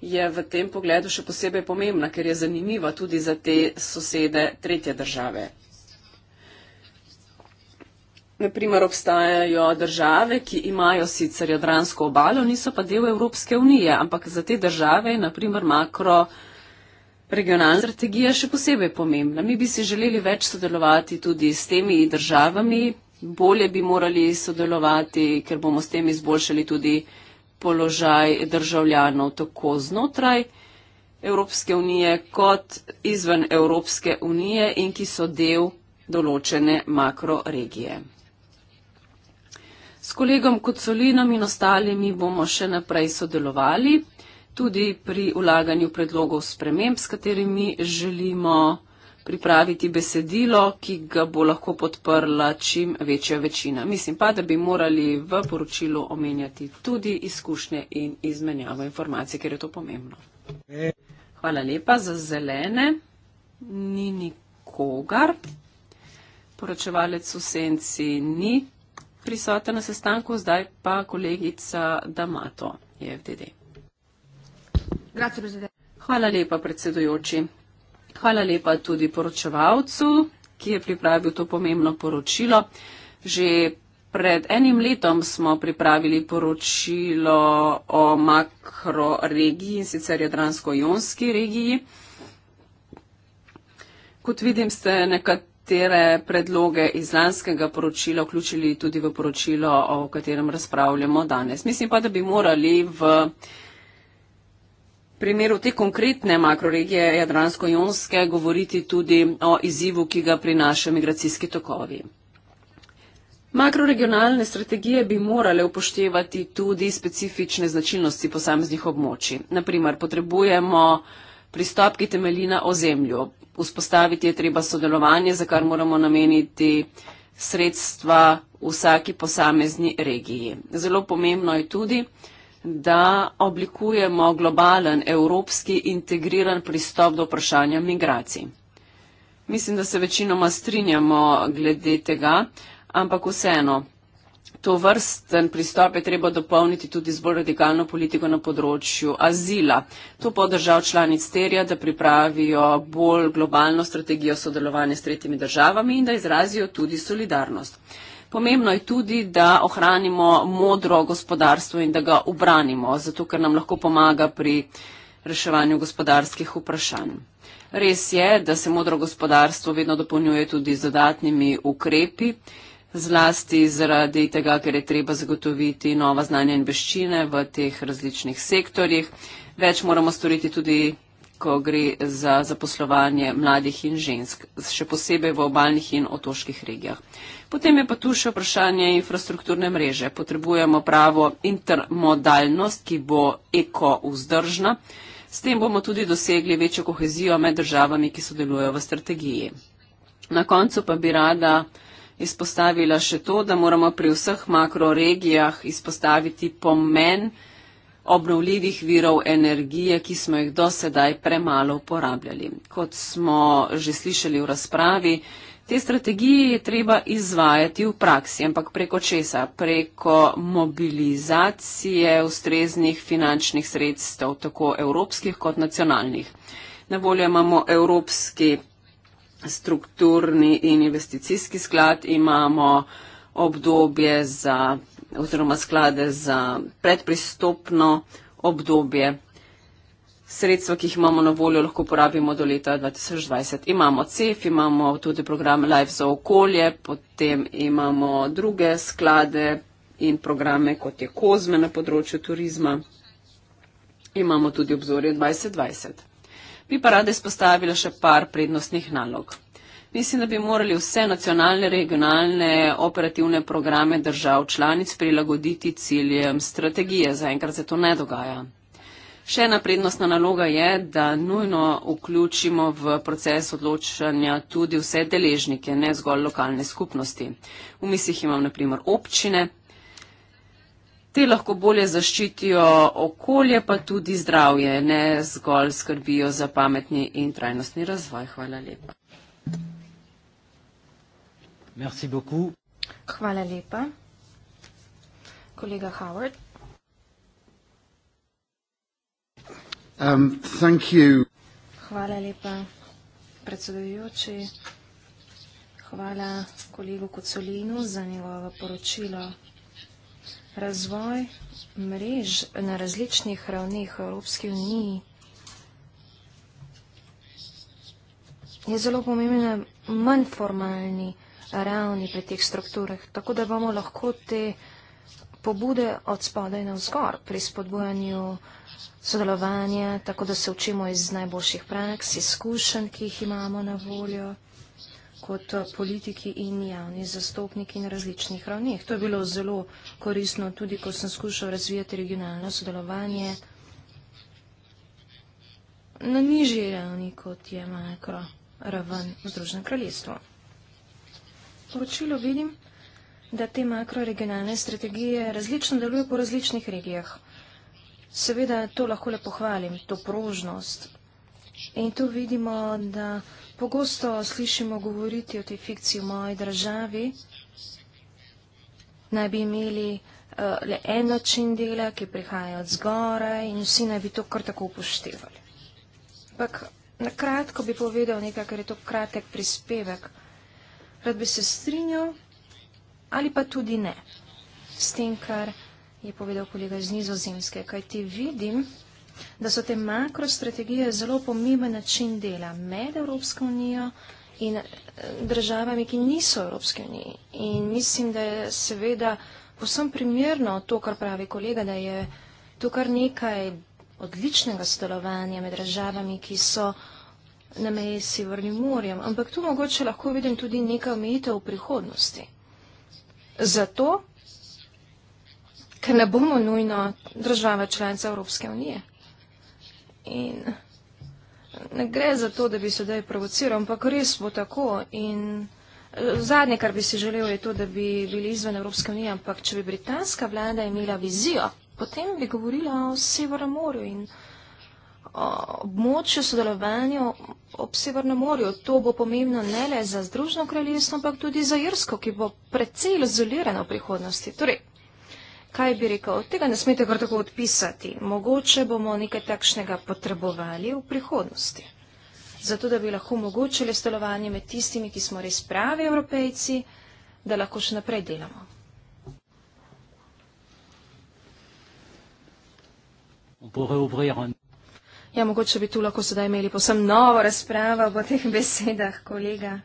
je v tem pogledu še posebej pomembna, ker je zanimiva tudi za te sosede tretje države. Naprimer, obstajajo države, ki imajo sicer Jadransko obalo, niso pa del Evropske unije, ampak za te države je naprimer makroregija regionalna strategija še posebej pomembna. Mi bi si želeli več sodelovati tudi s temi državami, bolje bi morali sodelovati, ker bomo s tem izboljšali tudi položaj državljanov tako znotraj Evropske unije kot izven Evropske unije in ki so del določene makroregije. S kolegom Kocolinom in ostalimi bomo še naprej sodelovali tudi pri ulaganju predlogov sprememb, s katerimi želimo pripraviti besedilo, ki ga bo lahko podprla čim večja večina. Mislim pa, da bi morali v poročilu omenjati tudi izkušnje in izmenjavo informacij, ker je to pomembno. Hvala lepa za zelene. Ni nikogar. Poročevalec v senci ni prisoten na sestanku, zdaj pa kolegica Damato je v DD. Hvala lepa, predsedujoči. Hvala lepa tudi poročevalcu, ki je pripravil to pomembno poročilo. Že pred enim letom smo pripravili poročilo o makroregiji in sicer Jadransko-Jonski regiji. Kot vidim, ste nekatere predloge iz lanskega poročila vključili tudi v poročilo, o katerem razpravljamo danes. Mislim pa, da bi morali v primeru te konkretne makroregije Jadransko-Jonske govoriti tudi o izzivu, ki ga prinašajo migracijski tokovi. Makroregionalne strategije bi morale upoštevati tudi specifične značilnosti posameznih območij. Naprimer, potrebujemo pristop, ki temelji na ozemlju. Vzpostaviti je treba sodelovanje, za kar moramo nameniti sredstva vsaki posamezni regiji. Zelo pomembno je tudi, da oblikujemo globalen evropski integriran pristop do vprašanja migracij. Mislim, da se večinoma strinjamo glede tega, ampak vseeno, to vrsten pristop je treba dopolniti tudi z bolj radikalno politiko na področju azila. To pa držav članic terja, da pripravijo bolj globalno strategijo sodelovanja s tretjimi državami in da izrazijo tudi solidarnost. Pomembno je tudi, da ohranimo modro gospodarstvo in da ga obranimo, zato ker nam lahko pomaga pri reševanju gospodarskih vprašanj. Res je, da se modro gospodarstvo vedno dopolnjuje tudi z dodatnimi ukrepi, zlasti zaradi tega, ker je treba zagotoviti nova znanja in veščine v teh različnih sektorjih. Več moramo storiti tudi, ko gre za zaposlovanje mladih in žensk, še posebej v obaljnih in otoških regijah. Potem je pa tu še vprašanje infrastrukturne mreže. Potrebujemo pravo intermodalnost, ki bo eko vzdržna. S tem bomo tudi dosegli večjo kohezijo med državami, ki sodelujejo v strategiji. Na koncu pa bi rada izpostavila še to, da moramo pri vseh makroregijah izpostaviti pomen obnovljivih virov energije, ki smo jih do sedaj premalo uporabljali. Kot smo že slišali v razpravi, te strategije je treba izvajati v praksi, ampak preko česa? Preko mobilizacije ustreznih finančnih sredstev, tako evropskih kot nacionalnih. Na voljo imamo evropski strukturni in investicijski sklad, imamo obdobje za oziroma sklade za predpristopno obdobje sredstva, ki jih imamo na voljo, lahko porabimo do leta 2020. Imamo CEF, imamo tudi program Life za okolje, potem imamo druge sklade in programe, kot je Kozme na področju turizma. Imamo tudi obzorje 2020. Bi pa rada izpostavila še par prednostnih nalog. Mislim, da bi morali vse nacionalne, regionalne, operativne programe držav članic prilagoditi ciljem strategije. Zaenkrat se to ne dogaja. Še ena prednostna naloga je, da nujno vključimo v proces odločanja tudi vse deležnike, ne zgolj lokalne skupnosti. V mislih imam naprimer občine. Te lahko bolje zaščitijo okolje, pa tudi zdravje, ne zgolj skrbijo za pametni in trajnostni razvoj. Hvala lepa. Hvala lepa. Kolega Howard. Um, Hvala lepa, predsedujoči. Hvala kolegu Kocolinu za njegovo poročilo. Razvoj mrež na različnih ravneh Evropske unije je zelo pomemben na manj formalni ravni pri teh strukturah, tako da bomo lahko te pobude od spodaj na vzgor pri spodbujanju sodelovanja, tako da se učimo iz najboljših praks, izkušenj, ki jih imamo na voljo kot politiki in javni zastopniki na različnih ravneh. To je bilo zelo koristno tudi, ko sem skušal razvijati regionalno sodelovanje na nižji ravni, kot je makro raven v Združenem kraljestvu. Poročilo vidim, da te makroregionalne strategije različno delujejo po različnih regijah. Seveda to lahko le pohvalim, to prožnost. In tu vidimo, da pogosto slišimo govoriti o tej fikciji v moji državi. Naj bi imeli uh, le en način dela, ki prihaja od zgoraj in vsi naj bi to kar tako upoštevali. Ampak na kratko bi povedal nekaj, ker je to kratek prispevek. Rad bi se strinjal ali pa tudi ne s tem, kar je povedal kolega iz nizozemske, kaj ti vidim, da so te makrostrategije zelo pomemben način dela med Evropsko unijo in eh, državami, ki niso Evropske unije. In mislim, da je seveda posem primerno to, kar pravi kolega, da je to kar nekaj odličnega sodelovanja med državami, ki so na meji s Severnim morjem. Ampak tu mogoče lahko vidim tudi nekaj omejitev v prihodnosti. Zato ker ne bomo nujno države članice Evropske unije. In ne gre za to, da bi se daj provociral, ampak res bo tako. In eh, zadnje, kar bi si želel, je to, da bi bili izven Evropske unije, ampak če bi britanska vlada imela vizijo, potem bi govorila o Severnem morju in o območju sodelovanja ob Severnem morju. To bo pomembno ne le za Združeno kraljestvo, ampak tudi za Irsko, ki bo precej izolirana v prihodnosti. Torej, kaj bi rekel, tega ne smete kar tako odpisati. Mogoče bomo nekaj takšnega potrebovali v prihodnosti. Zato, da bi lahko omogočili stolovanje med tistimi, ki smo res pravi evropejci, da lahko še naprej delamo. Ja, mogoče bi tu lahko sedaj imeli posebno novo razpravo po teh besedah, kolega.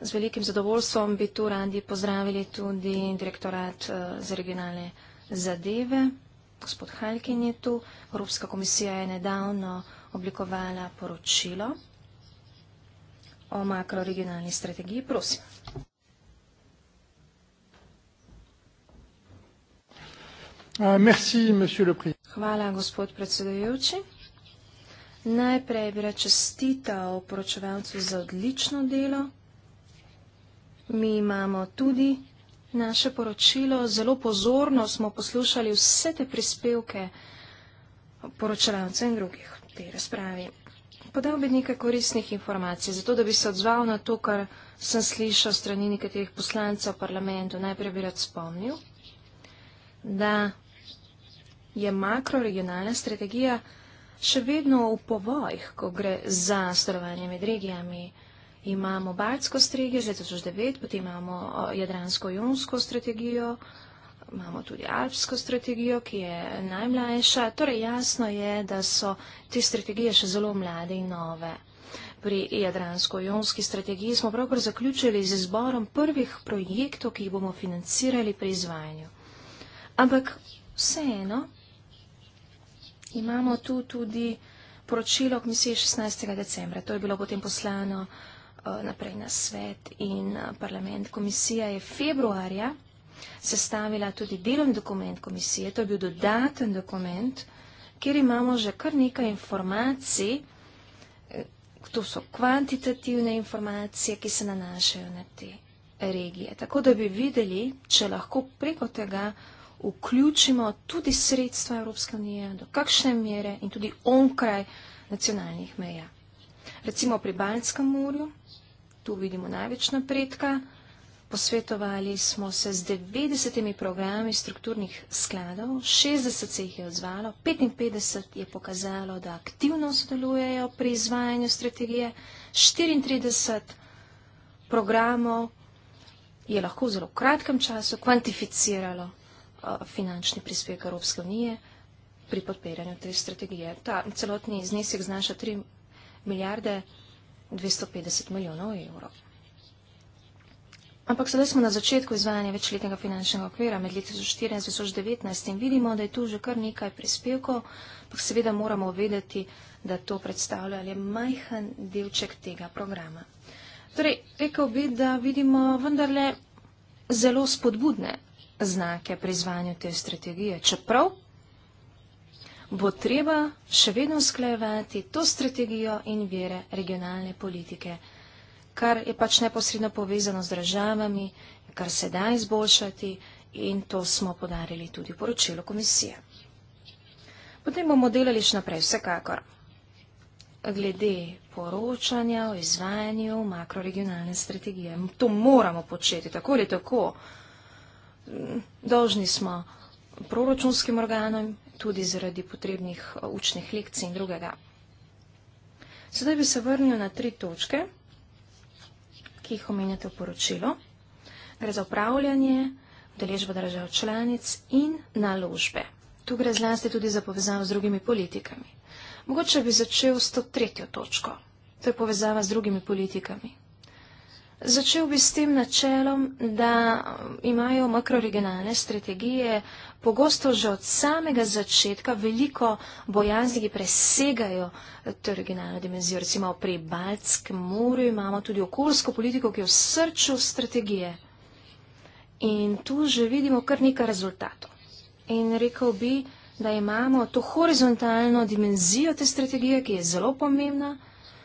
Z velikim zadovoljstvom bi tu radi pozdravili tudi direktorat eh, za regionalne zadeve. Gospod Halkin je tu. Evropska komisija je nedavno oblikovala poročilo o makroregionalni strategiji. Prosim. Ah, Hvala, gospod predsedajoči. Najprej bi rečestitev poročevalcu za odlično delo. Mi imamo tudi naše poročilo. Zelo pozorno smo poslušali vse te prispevke poročalcev in drugih v tej razpravi. Podal bi nekaj koristnih informacij, zato da bi se odzval na to, kar sem slišal strani nekaterih poslancev v parlamentu. Najprej bi rad spomnil, da je makroregionalna strategija še vedno v povojih, ko gre za starovanje med regijami imamo Baltsko strigje, že 2009, potem imamo Jadransko-Jonsko strategijo, imamo tudi Alpsko strategijo, ki je najmlajša. Torej jasno je, da so te strategije še zelo mlade in nove. Pri Jadransko-Jonski strategiji smo pravkar zaključili z izborom prvih projektov, ki jih bomo financirali pri izvajanju. Ampak vseeno imamo tu tudi poročilo komisije 16. decembra. To je bilo potem poslano Eh, naprej na svet in eh, parlament. Komisija je februarja sestavila tudi delovni dokument komisije, to je bil dodaten dokument, kjer imamo že kar nekaj informacij, eh, to so kvantitativne informacije, ki se nanašajo na te regije. Tako da bi videli, če lahko preko tega vključimo tudi sredstva Evropske unije, do kakšne mere in tudi onkraj nacionalnih meja. Recimo pri Baljskem morju, tu vidimo največ napredka. Posvetovali smo se z 90 programi strukturnih skladov, 60 se jih je odzvalo, 55 je pokazalo, da aktivno sodelujejo pri izvajanju strategije, 34 programov je lahko v zelo kratkem času kvantificiralo uh, finančni prispevek Evropske unije pri podpiranju te strategije. Ta celotni znesek znaša 3 milijarde evrov. 250 milijonov evrov. Ampak sedaj smo na začetku izvajanja večletnega finančnega okvira med leti 2014 in 2019 in vidimo, da je tu že kar nekaj prispevkov, pa seveda moramo vedeti, da to predstavlja le majhen delček tega programa. Torej, rekel bi, da vidimo vendarle zelo spodbudne znake pri izvajanju te strategije, čeprav bo treba še vedno sklejevati to strategijo in vere regionalne politike, kar je pač neposredno povezano z državami, kar se da izboljšati in to smo podarili tudi v poročilu komisije. Potem bomo delali še naprej vsekakor. Glede poročanja o izvajanju makroregionalne strategije. To moramo početi, tako ali tako. Dolžni smo proračunskim organom tudi zaradi potrebnih uh, učnih lekcij in drugega. Sedaj bi se vrnil na tri točke, ki jih omenjate v poročilu. Gre za upravljanje, deležbo držav članic in naložbe. Tu gre zlasti tudi za povezavo z drugimi politikami. Mogoče bi začel s to tretjo točko. To je povezava z drugimi politikami. Začel bi s tem načelom, da um, imajo makroregionalne strategije pogosto že od samega začetka veliko bojazni, ki presegajo eh, to originalno dimenzijo. Recimo pri Baltskem morju imamo tudi okoljsko politiko, ki je v srcu strategije. In tu že vidimo kar nekaj rezultatov. In rekel bi, da imamo to horizontalno dimenzijo te strategije, ki je zelo pomembna.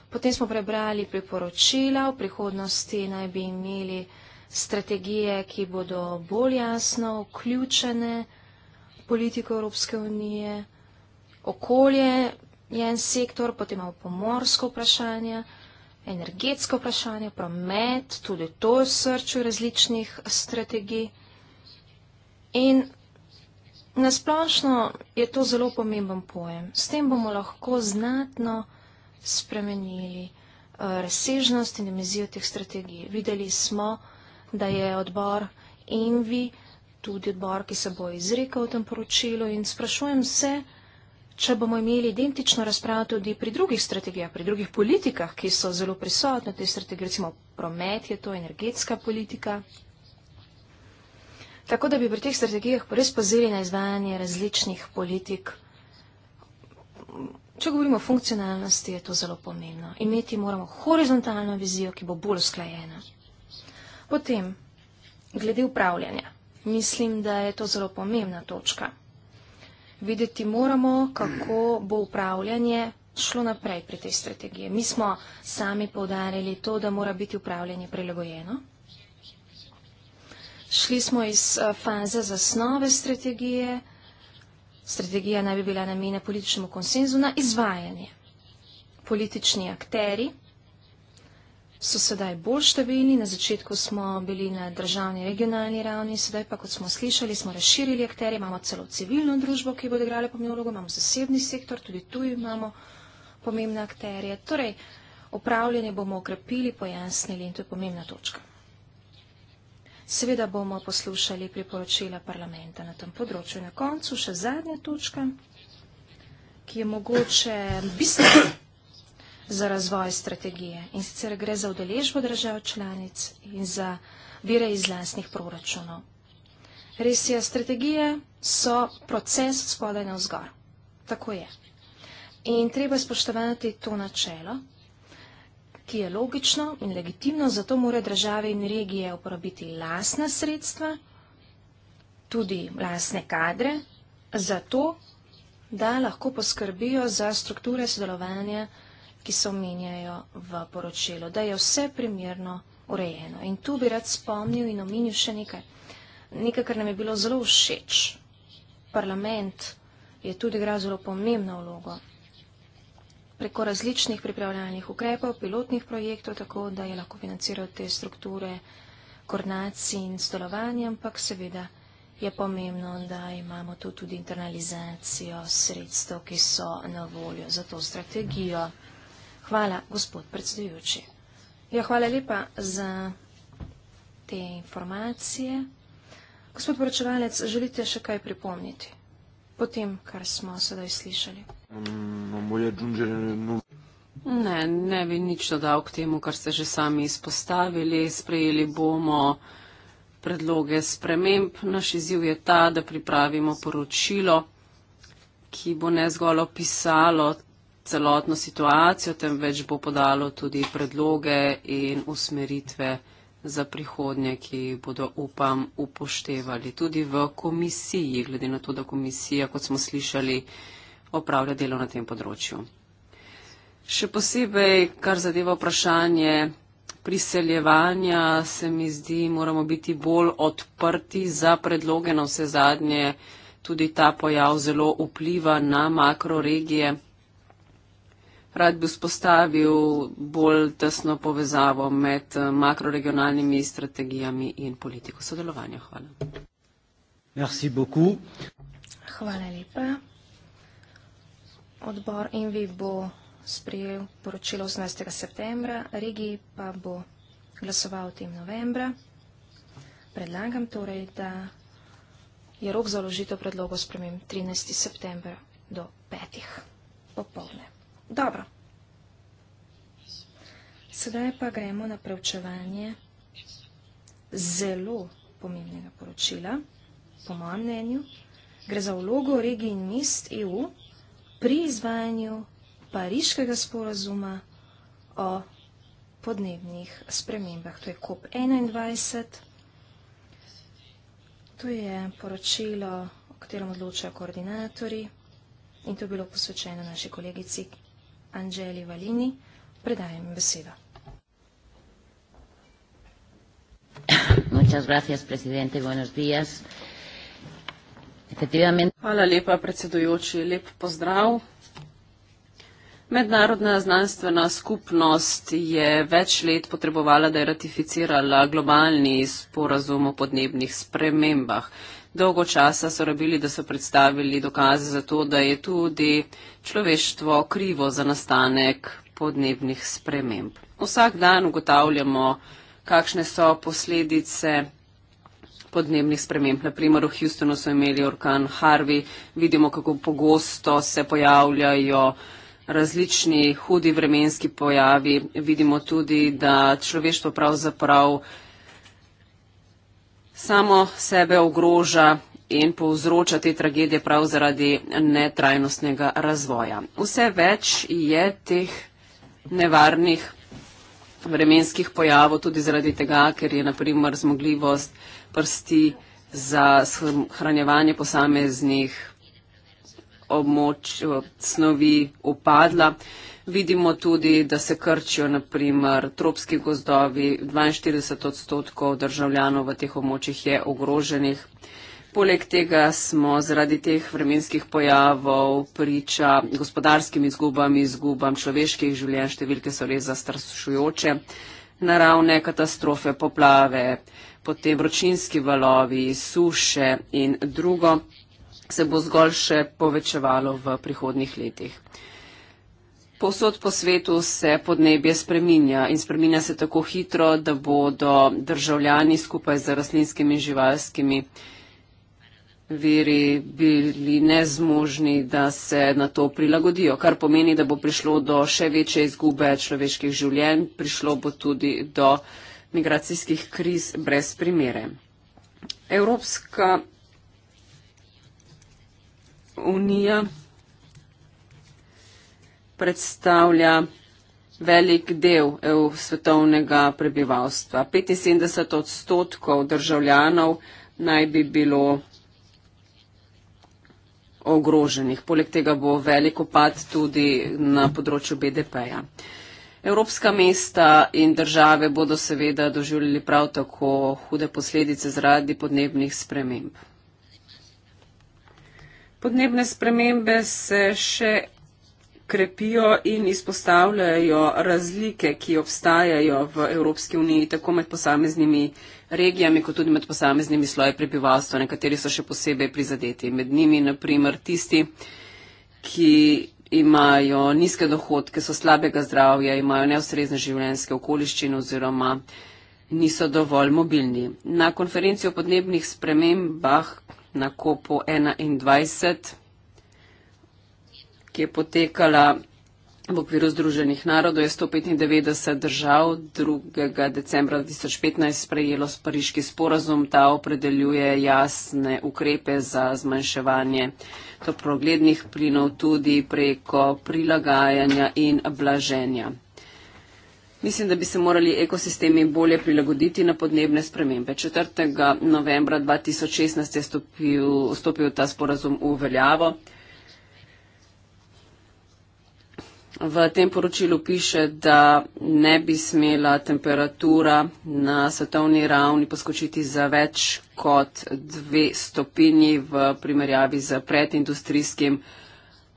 Potem smo prebrali priporočila, v prihodnosti naj bi imeli strategije, ki bodo bolj jasno vključene politiko Evropske unije, okolje je en sektor, potem imamo pomorsko vprašanje, energetsko vprašanje, promet, tudi to je srčjo različnih strategij. In nasplošno je to zelo pomemben pojem. S tem bomo lahko znatno spremenili eh, razsežnost in dimenzijo teh strategij. Videli smo, da je odbor Envi tudi odbor, ki se bo izrekel v tem poročilu in sprašujem se, če bomo imeli identično razpravo tudi pri drugih strategijah, pri drugih politikah, ki so zelo prisotne, te strategije, recimo promet je to, energetska politika. Tako da bi pri teh strategijah res pazili na izvajanje različnih politik. Če govorimo o funkcionalnosti, je to zelo pomembno. Imeti moramo horizontalno vizijo, ki bo bolj usklajena. Potem, glede upravljanja. Mislim, da je to zelo pomembna točka. Videti moramo, kako bo upravljanje šlo naprej pri tej strategiji. Mi smo sami povdarjali to, da mora biti upravljanje prilagojeno. Šli smo iz eh, faze zasnove strategije, strategija naj bi bila namena političnemu konsenzu, na izvajanje. Politični akteri so sedaj bolj številni. Na začetku smo bili na državni regionalni ravni, sedaj pa, kot smo slišali, smo razširili akterje, imamo celo civilno družbo, ki bo odigrala pomembno vlogo, imamo zasebni sektor, tudi tu imamo pomembne akterje. Torej, upravljanje bomo okrepili, pojasnili in to je pomembna točka. Seveda bomo poslušali priporočila parlamenta na tem področju. Na koncu še zadnja točka, ki je mogoče bistvena za razvoj strategije. In sicer gre za udeležbo držav članic in za vire iz lastnih proračunov. Res je, strategije so proces spodaj na vzgor. Tako je. In treba spoštovati to načelo, ki je logično in legitimno, zato morajo države in regije uporabiti lasna sredstva, tudi lasne kadre, zato, da lahko poskrbijo za strukture sodelovanja ki se omenjajo v poročilu, da je vse primerno urejeno. In tu bi rad spomnil in omenil še nekaj, nekaj, kar nam je bilo zelo všeč. Parlament je tudi igral zelo pomembno vlogo preko različnih pripravljalnih ukrepov, pilotnih projektov, tako da je lahko financiral te strukture koordinacij in stolovanja, ampak seveda je pomembno, da imamo tu tudi internalizacijo sredstev, ki so na voljo za to strategijo. Hvala, gospod predsedujoči. Ja, hvala lepa za te informacije. Gospod poročevalec, želite še kaj pripomniti po tem, kar smo sedaj slišali? Ne, ne bi nič dodal k temu, kar ste že sami izpostavili. Sprejeli bomo predloge sprememb. Naš izjiv je ta, da pripravimo poročilo, ki bo ne zgolj opisalo celotno situacijo, temveč bo podalo tudi predloge in usmeritve za prihodnje, ki bodo, upam, upoštevali tudi v komisiji, glede na to, da komisija, kot smo slišali, opravlja delo na tem področju. Še posebej, kar zadeva vprašanje priseljevanja, se mi zdi, moramo biti bolj odprti za predloge na vse zadnje. Tudi ta pojav zelo vpliva na makroregije. Rad bi spostavil bolj tesno povezavo med eh, makroregionalnimi strategijami in politiko sodelovanja. Hvala. Merci beaucoup. Hvala lepa. Odbor Envi bo sprejel poročilo 18. septembra, regiji pa bo glasoval o tem novembra. Predlagam torej, da je rok za ložitev predlogov spremem 13. september do 5. popolne. Dobro. Sedaj pa gremo na preučevanje zelo pomembnega poročila, po mojem mnenju. Gre za vlogo regij in mest EU pri izvajanju pariškega sporazuma o podnebnih spremembah. To je COP21. To je poročilo, o katerem odločajo koordinatori in to je bilo posvečeno naši kolegici Anželi Valini, predajem besedo. Hvala lepa, predsedujoči. Lep pozdrav. Mednarodna znanstvena skupnost je več let potrebovala, da je ratificirala globalni sporazum o podnebnih spremembah dolgo časa so rabili, da so predstavili dokaze za to, da je tudi človeštvo krivo za nastanek podnebnih sprememb. Vsak dan ugotavljamo, kakšne so posledice podnebnih sprememb. Naprimer v Houstonu so imeli orkan Harvey, vidimo, kako pogosto se pojavljajo različni hudi vremenski pojavi. Vidimo tudi, da človeštvo pravzaprav prav samo sebe ogroža in povzroča te tragedije prav zaradi netrajnostnega razvoja. Vse več je teh nevarnih vremenskih pojavov tudi zaradi tega, ker je naprimer zmogljivost prsti za shranjevanje posameznih območ, snovi upadla. Vidimo tudi, da se krčijo naprimer tropski gozdovi, 42 odstotkov državljanov v teh območjih je ogroženih. Poleg tega smo zaradi teh vremenskih pojavov priča gospodarskim izgubam, izgubam človeških življenj, številke so res zastrašujoče, naravne katastrofe, poplave, potem vročinski valovi, suše in drugo se bo zgolj še povečevalo v prihodnjih letih. Posod po svetu se podnebje spreminja in spreminja se tako hitro, da bodo državljani skupaj z rastlinskimi in živalskimi viri bili nezmožni, da se na to prilagodijo, kar pomeni, da bo prišlo do še večje izgube človeških življenj, prišlo bo tudi do migracijskih kriz brez primere. Evropska unija predstavlja velik del EU svetovnega prebivalstva. 75 odstotkov državljanov naj bi bilo ogroženih. Poleg tega bo velik upad tudi na področju BDP-ja. Evropska mesta in države bodo seveda doživljali prav tako hude posledice zaradi podnebnih sprememb. Podnebne spremembe se še krepijo in izpostavljajo razlike, ki obstajajo v Evropski uniji, tako med posameznimi regijami, kot tudi med posameznimi sloji prebivalstva. Nekateri so še posebej prizadeti. Med njimi, naprimer, tisti, ki imajo nizke dohodke, so slabega zdravja, imajo neustrezne življenjske okoliščine oziroma niso dovolj mobilni. Na konferenci o podnebnih spremembah na kopu 21 ki je potekala v okviru Združenih narodov, je 195 držav 2. decembra 2015 sprejelo s Pariški sporazum. Ta opredeljuje jasne ukrepe za zmanjševanje toproglednih plinov tudi preko prilagajanja in blaženja. Mislim, da bi se morali ekosistemi bolje prilagoditi na podnebne spremembe. 4. novembra 2016 je stopil, stopil ta sporazum v veljavo. V tem poročilu piše, da ne bi smela temperatura na svetovni ravni poskočiti za več kot dve stopinji v primerjavi z predindustrijskim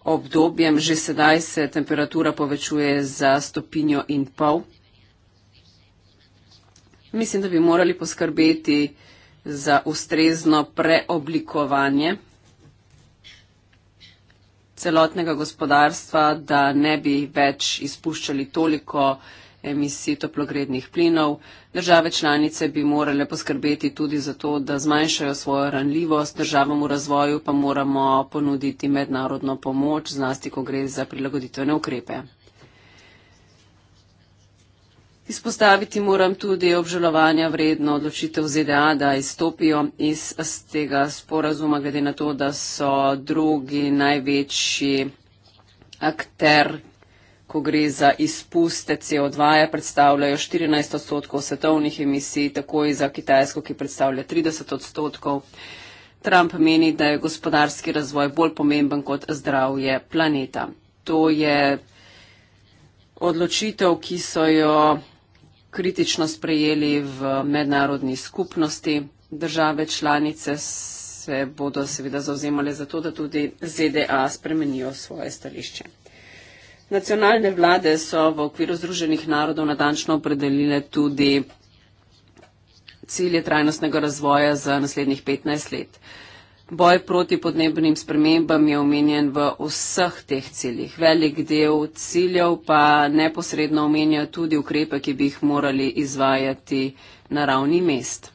obdobjem. Že sedaj se temperatura povečuje za stopinjo in pol. Mislim, da bi morali poskrbeti za ustrezno preoblikovanje celotnega gospodarstva, da ne bi več izpuščali toliko emisij toplogrednih plinov. Države članice bi morale poskrbeti tudi za to, da zmanjšajo svojo ranljivost, državam v razvoju pa moramo ponuditi mednarodno pomoč, zlasti, ko gre za prilagoditevne ukrepe. Izpostaviti moram tudi obžalovanja vredno odločitev ZDA, da izstopijo iz tega sporazuma, glede na to, da so drugi največji akter, ko gre za izpuste CO2, ja, predstavljajo 14 odstotkov svetovnih emisij, takoj za Kitajsko, ki predstavlja 30 odstotkov. Trump meni, da je gospodarski razvoj bolj pomemben kot zdravje planeta. To je odločitev, ki so jo kritično sprejeli v mednarodni skupnosti. Države članice se bodo seveda zauzemale za to, da tudi ZDA spremenijo svoje stališče. Nacionalne vlade so v okviru Združenih narodov natančno opredelile tudi cilje trajnostnega razvoja za naslednjih 15 let. Boj proti podnebnim spremembam je omenjen v vseh teh ciljih. Velik del ciljev pa neposredno omenja tudi ukrepe, ki bi jih morali izvajati na ravni mest.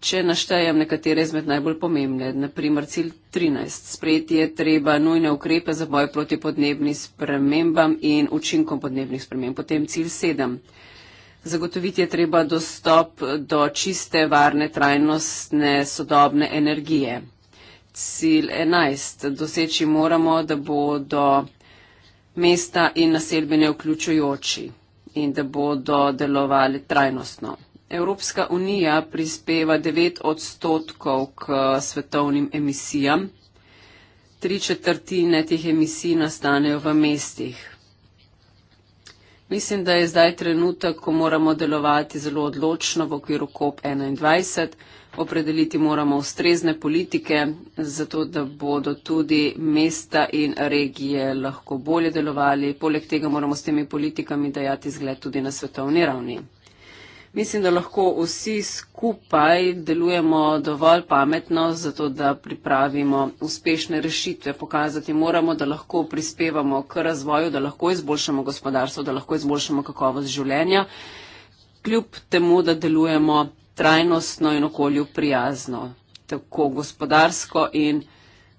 Če naštejem nekatere izmed najbolj pomembne, naprimer cilj 13, sprejeti je treba nujne ukrepe za boj proti podnebnim spremembam in učinkom podnebnih sprememb, potem cilj 7. Zagotoviti je treba dostop do čiste, varne, trajnostne, sodobne energije. Cilj 11. Doseči moramo, da bodo mesta in naselbene vključujoči in da bodo delovali trajnostno. Evropska unija prispeva 9 odstotkov k svetovnim emisijam. Tri četrtine teh emisij nastanejo v mestih. Mislim, da je zdaj trenutek, ko moramo delovati zelo odločno v okviru COP21. Opredeliti moramo ustrezne politike, zato da bodo tudi mesta in regije lahko bolje delovali. Poleg tega moramo s temi politikami dajati zgled tudi na svetovni ravni. Mislim, da lahko vsi skupaj delujemo dovolj pametno, zato da pripravimo uspešne rešitve. Pokazati moramo, da lahko prispevamo k razvoju, da lahko izboljšamo gospodarstvo, da lahko izboljšamo kakovost življenja, kljub temu, da delujemo trajnostno in okolju prijazno, tako gospodarsko in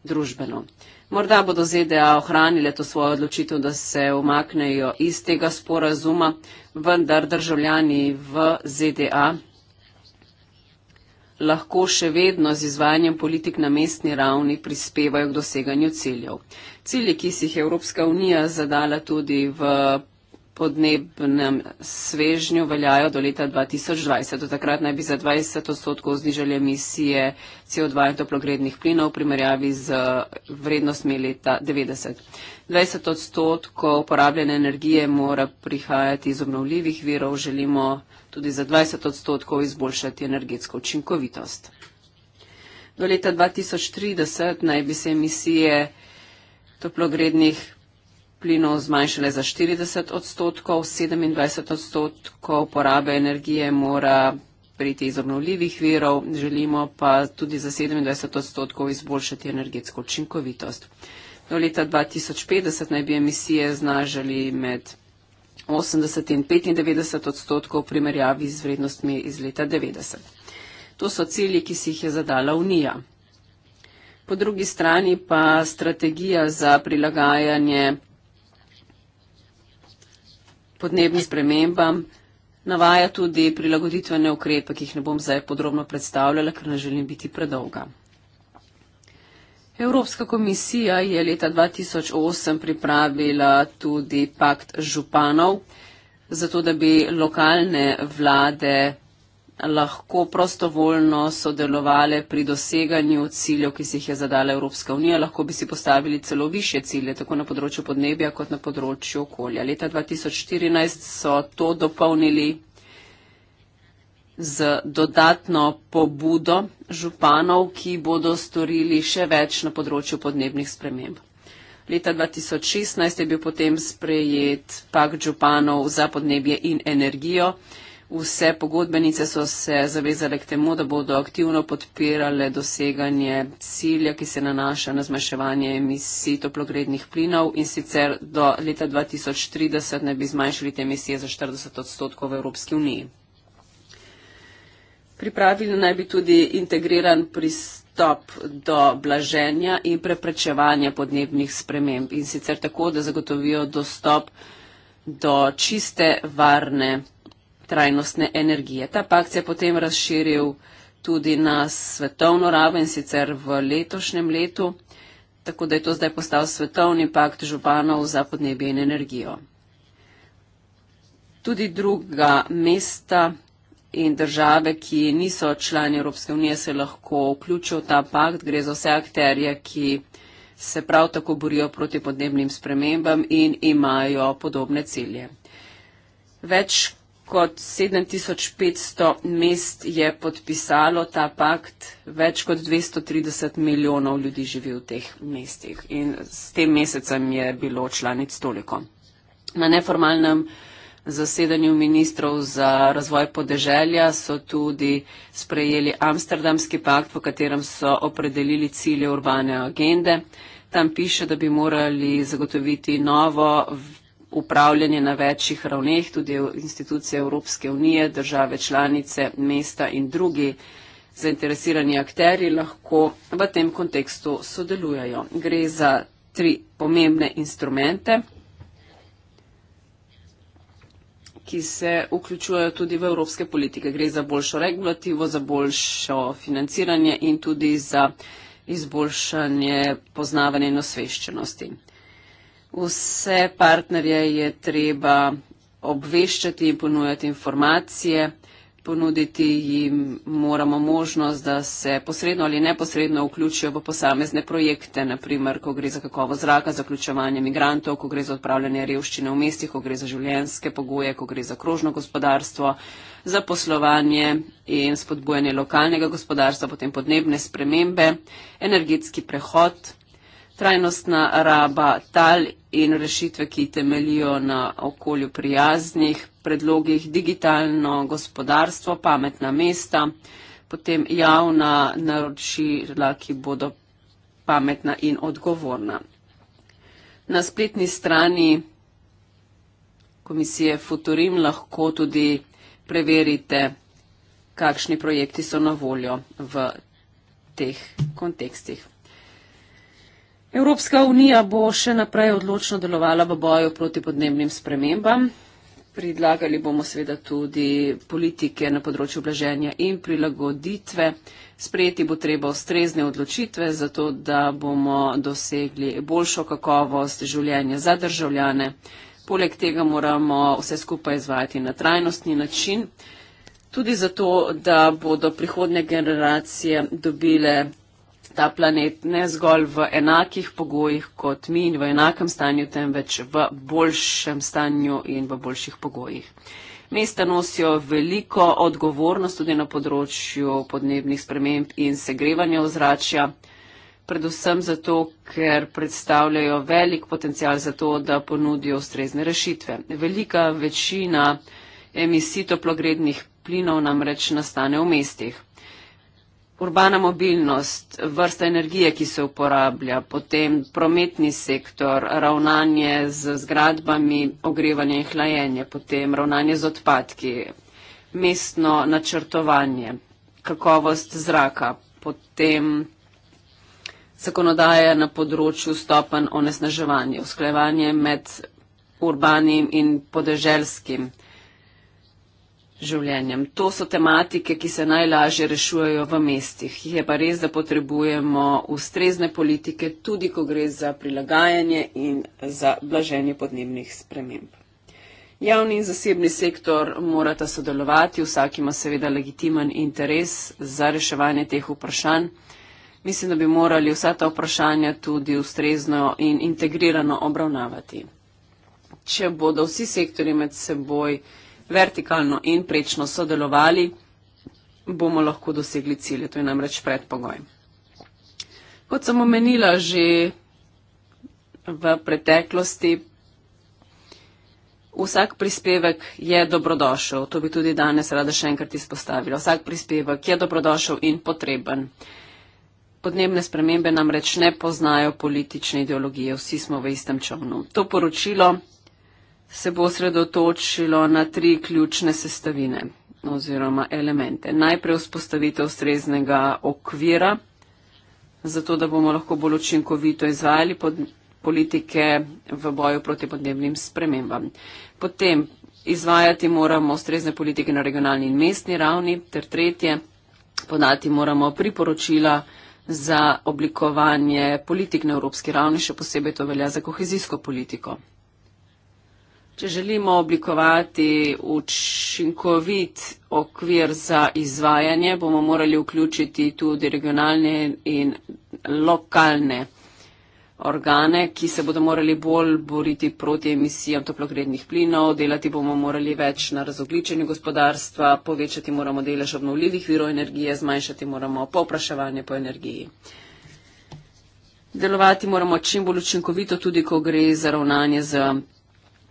družbeno. Morda bodo ZDA ohranile to svojo odločitev, da se umaknejo iz tega sporazuma vendar državljani v ZDA lahko še vedno z izvajanjem politik na mestni ravni prispevajo k doseganju ciljev. Cilje, ki si jih Evropska unija zadala tudi v podnebnem svežnju veljajo do leta 2020. Do takrat naj bi za 20 odstotkov znižali emisije CO2 in toplogrednih plinov v primerjavi z vrednostmi leta 90. 20 odstotkov porabljene energije mora prihajati iz obnovljivih virov. Želimo tudi za 20 odstotkov izboljšati energetsko učinkovitost. Do leta 2030 naj bi se emisije toplogrednih plinov zmanjšale za 40 odstotkov, 27 odstotkov porabe energije mora priti iz obnovljivih virov, želimo pa tudi za 27 odstotkov izboljšati energetsko učinkovitost. Do leta 2050 naj bi emisije znažali med 80 in 95 odstotkov v primerjavi z vrednostmi iz leta 90. To so cilji, ki si jih je zadala Unija. Po drugi strani pa strategija za prilagajanje podnebnim spremembam, navaja tudi prilagoditvene ukrepe, ki jih ne bom zdaj podrobno predstavljala, ker ne želim biti predolga. Evropska komisija je leta 2008 pripravila tudi pakt županov, zato da bi lokalne vlade lahko prostovoljno sodelovali pri doseganju ciljev, ki si jih je zadala Evropska unija. Lahko bi si postavili celo više cilje, tako na področju podnebja kot na področju okolja. Leta 2014 so to dopolnili z dodatno pobudo županov, ki bodo storili še več na področju podnebnih sprememb. Leta 2016 je bil potem sprejet pakt županov za podnebje in energijo. Vse pogodbenice so se zavezale k temu, da bodo aktivno podpirale doseganje cilja, ki se nanaša na zmanjševanje emisij toplogrednih plinov in sicer do leta 2030 ne bi zmanjšali te emisije za 40 odstotkov v Evropski uniji. Pripravili naj bi tudi integriran pristop do blaženja in preprečevanja podnebnih sprememb in sicer tako, da zagotovijo dostop do čiste, varne trajnostne energije. Ta pakt se je potem razširil tudi na svetovno raven, sicer v letošnjem letu, tako da je to zdaj postal svetovni pakt županov za podnebje in energijo. Tudi druga mesta in države, ki niso člani Evropske unije, se lahko vključijo v ta pakt. Gre za vse akterje, ki se prav tako borijo proti podnebnim spremembam in imajo podobne cilje. Več kot 7500 mest je podpisalo ta pakt, več kot 230 milijonov ljudi živi v teh mestih in s tem mesecem je bilo članic toliko. Na neformalnem zasedanju ministrov za razvoj podeželja so tudi sprejeli Amsterdamski pakt, v katerem so opredelili cilje urbane agende. Tam piše, da bi morali zagotoviti novo upravljanje na večjih ravneh, tudi institucije Evropske unije, države članice, mesta in drugi zainteresirani akteri lahko v tem kontekstu sodelujajo. Gre za tri pomembne instrumente, ki se vključujejo tudi v evropske politike. Gre za boljšo regulativo, za boljšo financiranje in tudi za izboljšanje poznavanja in osveščenosti vse partnerje je treba obveščati in ponujati informacije, ponuditi jim moramo možnost, da se posredno ali neposredno vključijo v posamezne projekte, naprimer, ko gre za kakovo zraka, za vključevanje migrantov, ko gre za odpravljanje revščine v mestih, ko gre za življenjske pogoje, ko gre za krožno gospodarstvo, za poslovanje in spodbujanje lokalnega gospodarstva, potem podnebne spremembe, energetski prehod trajnostna raba tal in rešitve, ki temelijo na okolju prijaznih predlogih, digitalno gospodarstvo, pametna mesta, potem javna naročila, ki bodo pametna in odgovorna. Na spletni strani komisije Futurim lahko tudi preverite, kakšni projekti so na voljo v teh kontekstih. Evropska unija bo še naprej odločno delovala v boju proti podnebnim spremembam. Predlagali bomo seveda tudi politike na področju blaženja in prilagoditve. Sprejeti bo treba ustrezne odločitve, zato da bomo dosegli boljšo kakovost življenja za državljane. Poleg tega moramo vse skupaj izvajati na trajnostni način. Tudi zato, da bodo prihodne generacije dobile ta planet ne zgolj v enakih pogojih kot mi in v enakem stanju, temveč v boljšem stanju in v boljših pogojih. Mesta nosijo veliko odgovornost tudi na področju podnebnih sprememb in segrevanja ozračja, predvsem zato, ker predstavljajo velik potencial za to, da ponudijo ustrezne rešitve. Velika večina emisij toplogrednih plinov namreč nastane v mestih urbana mobilnost, vrsta energije, ki se uporablja, potem prometni sektor, ravnanje z zgradbami, ogrevanje in hlajenje, potem ravnanje z odpadki, mestno načrtovanje, kakovost zraka, potem zakonodaje na področju stopen onesnaževanja, usklajevanje med urbanim in podeželskim življenjem. To so tematike, ki se najlažje rešujejo v mestih. Je pa res, da potrebujemo ustrezne politike, tudi ko gre za prilagajanje in za blaženje podnebnih sprememb. Javni in zasebni sektor morata sodelovati, vsak ima seveda legitimen interes za reševanje teh vprašanj. Mislim, da bi morali vsa ta vprašanja tudi ustrezno in integrirano obravnavati. Če bodo vsi sektori med seboj vertikalno in prečno sodelovali, bomo lahko dosegli cilje. To je namreč predpogoj. Kot sem omenila že v preteklosti, vsak prispevek je dobrodošel. To bi tudi danes rada še enkrat izpostavila. Vsak prispevek je dobrodošel in potreben. Podnebne spremembe namreč ne poznajo politične ideologije. Vsi smo v istem čovnu. To poročilo se bo osredotočilo na tri ključne sestavine oziroma elemente. Najprej vzpostavitev ustreznega okvira, zato da bomo lahko bolj učinkovito izvajali pod politike v boju proti podnebnim spremembam. Potem izvajati moramo ustrezne politike na regionalni in mestni ravni, ter tretje, podati moramo priporočila za oblikovanje politik na evropski ravni, še posebej to velja za kohezijsko politiko. Če želimo oblikovati učinkovit okvir za izvajanje, bomo morali vključiti tudi regionalne in lokalne organe, ki se bodo morali bolj boriti proti emisijam toplogrednih plinov, delati bomo morali več na razogličenju gospodarstva, povečati moramo delež obnovljivih virov energije, zmanjšati moramo popraševanje po energiji. Delovati moramo čim bolj učinkovito, tudi ko gre za ravnanje z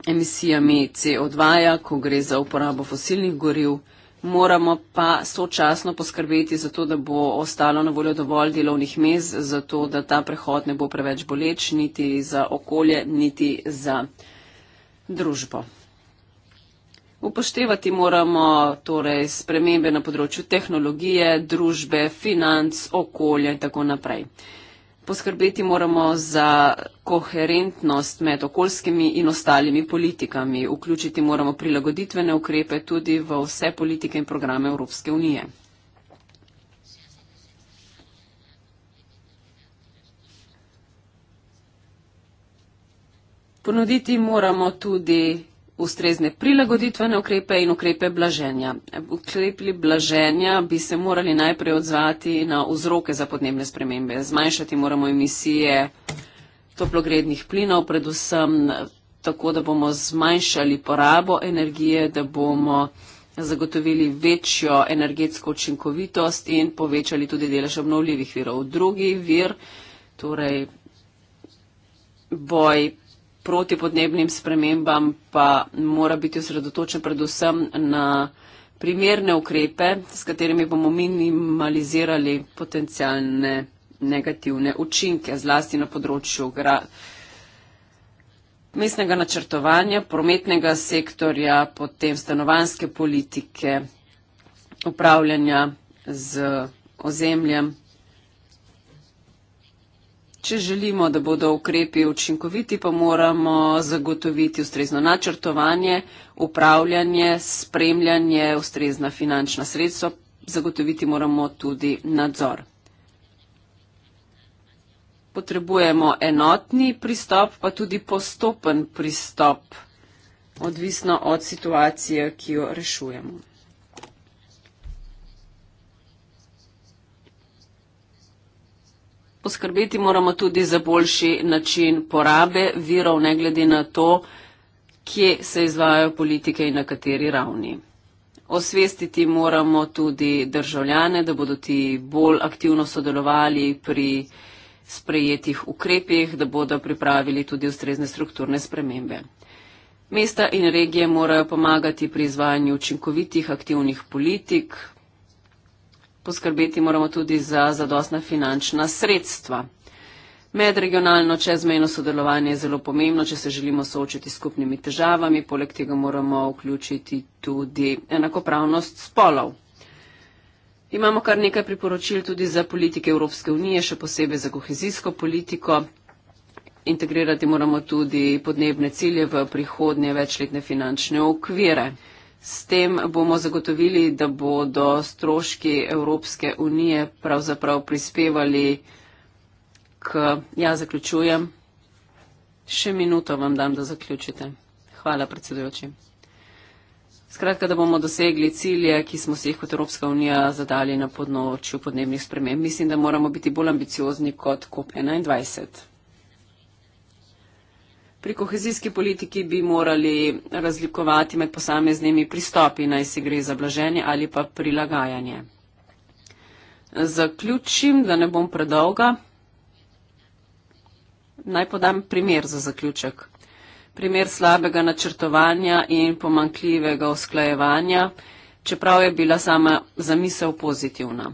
emisijami CO2, -ja, ko gre za uporabo fosilnih goriv, moramo pa sočasno poskrbeti za to, da bo ostalo na voljo dovolj delovnih mest, zato da ta prehod ne bo preveč boleč niti za okolje, niti za družbo. Upoštevati moramo torej spremembe na področju tehnologije, družbe, financ, okolja in tako naprej. Poskrbeti moramo za koherentnost med okoljskimi in ostalimi politikami. Vključiti moramo prilagoditvene ukrepe tudi v vse politike in programe Evropske unije. Ponuditi moramo tudi ustrezne prilagoditvene ukrepe in ukrepe blaženja. Ukrepi blaženja bi se morali najprej odzvati na vzroke za podnebne spremembe. Zmanjšati moramo emisije toplogrednih plinov, predvsem tako, da bomo zmanjšali porabo energije, da bomo zagotovili večjo energetsko učinkovitost in povečali tudi delež obnovljivih virov. Drugi vir, torej boj proti podnebnim spremembam, pa mora biti osredotočen predvsem na primerne ukrepe, s katerimi bomo minimalizirali potencialne negativne učinke, zlasti na področju mestnega načrtovanja, prometnega sektorja, potem stanovanske politike, upravljanja z ozemljem. Če želimo, da bodo ukrepi učinkoviti, pa moramo zagotoviti ustrezno načrtovanje, upravljanje, spremljanje, ustrezna finančna sredstva, zagotoviti moramo tudi nadzor. Potrebujemo enotni pristop, pa tudi postopen pristop, odvisno od situacije, ki jo rešujemo. poskrbeti moramo tudi za boljši način porabe virov, ne glede na to, kje se izvajajo politike in na kateri ravni. Osvestiti moramo tudi državljane, da bodo ti bolj aktivno sodelovali pri sprejetih ukrepih, da bodo pripravili tudi ustrezne strukturne spremembe. Mesta in regije morajo pomagati pri izvajanju učinkovitih aktivnih politik, poskrbeti moramo tudi za zadostna finančna sredstva. Medregionalno čezmejno sodelovanje je zelo pomembno, če se želimo soočiti s skupnimi težavami, poleg tega moramo vključiti tudi enakopravnost spolov. Imamo kar nekaj priporočil tudi za politike Evropske unije, še posebej za kohezijsko politiko. Integrirati moramo tudi podnebne cilje v prihodnje večletne finančne okvire. S tem bomo zagotovili, da bodo stroški Evropske unije pravzaprav prispevali k, ja, zaključujem. Še minuto vam dam, da zaključite. Hvala, predsedujoči. Skratka, da bomo dosegli cilje, ki smo si jih kot Evropska unija zadali na področju podnebnih sprememb. Mislim, da moramo biti bolj ambiciozni kot COP21 pri kohezijski politiki bi morali razlikovati med posameznimi pristopi, naj si gre za blaženje ali pa prilagajanje. Zaključim, da ne bom predolga. Naj podam primer za zaključek. Primer slabega načrtovanja in pomankljivega usklajevanja, čeprav je bila sama zamisel pozitivna.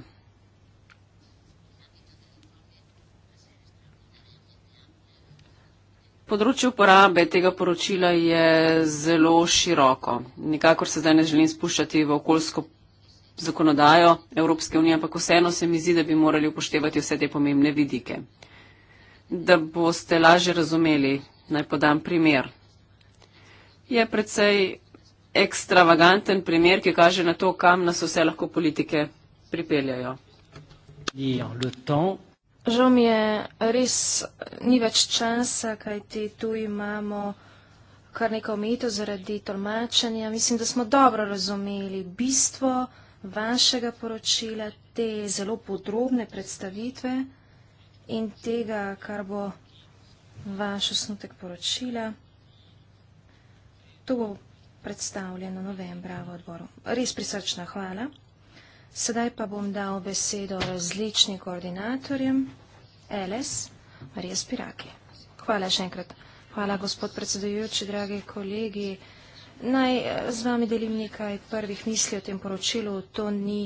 Področje uporabe tega poročila je zelo široko. Nikakor se zdaj ne želim spuščati v okoljsko zakonodajo Evropske unije, ampak vseeno se mi zdi, da bi morali upoštevati vse te pomembne vidike. Da boste lažje razumeli, naj podam primer. Je precej ekstravaganten primer, ki kaže na to, kam nas vse lahko politike pripeljajo. Žal mi je, res ni več časa, kajti tu imamo kar nekaj omejitev zaradi tolmačenja. Mislim, da smo dobro razumeli bistvo vašega poročila, te zelo podrobne predstavitve in tega, kar bo vaš osnutek poročila. To bo predstavljeno novembra v odboru. Res prisrčna hvala. Sedaj pa bom dal besedo različnim koordinatorjem. Eles, Marija Spiraki. Hvala še enkrat. Hvala, gospod predsedujoči, dragi kolegi. Naj eh, z vami delim nekaj prvih misli o tem poročilu. To ni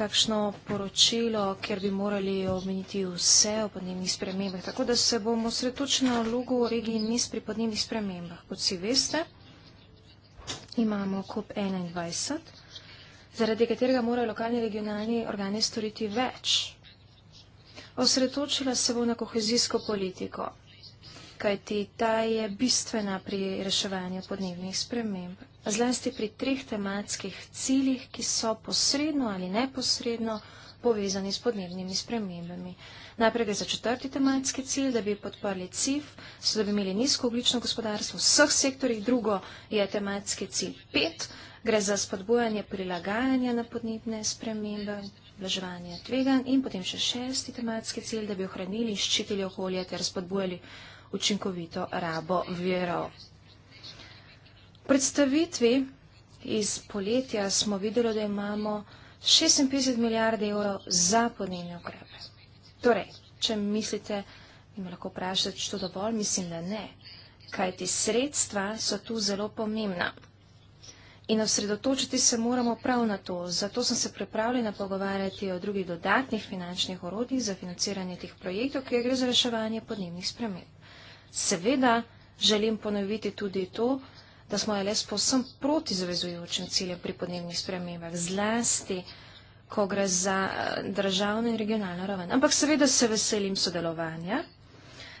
takšno poročilo, ker bi morali omeniti vse o podnebnih spremembah. Tako da se bomo osredotočili na vlogo regije Nis pri podnebnih spremembah. Kot si veste, imamo COP21, zaradi katerega morajo lokalni regionalni organi storiti več. Osredotočila se bo na kohezijsko politiko, kajti ta je bistvena pri reševanju podnebnih sprememb, zlasti pri treh tematskih ciljih, ki so posredno ali neposredno povezani s podnebnimi spremembami. Najprej gre za četrti tematski cilj, da bi podprli CIF, so da bi imeli nizkooglično gospodarstvo v vseh sektorjih, drugo je tematski cilj 5 gre za spodbujanje prilagajanja na podnebne spremembe, blaževanje tvegan in potem še šesti tematski cilj, da bi ohranili ščitili okolje ter spodbujali učinkovito rabo virov. Predstavitvi iz poletja smo videli, da imamo 56 milijard evrov za podnebne ukrepe. Torej, če mislite, in me lahko vprašate, če to dovolj, mislim, da ne. Kaj ti sredstva so tu zelo pomembna. In osredotočiti se moramo prav na to. Zato sem se pripravljena pogovarjati o drugih dodatnih finančnih orodjih za financiranje teh projektov, ki je gre za reševanje podnebnih sprememb. Seveda želim ponoviti tudi to, da smo LS posem proti zavezujočim ciljem pri podnebnih spremembah, zlasti, ko gre za eh, državno in regionalno raven. Ampak seveda se veselim sodelovanja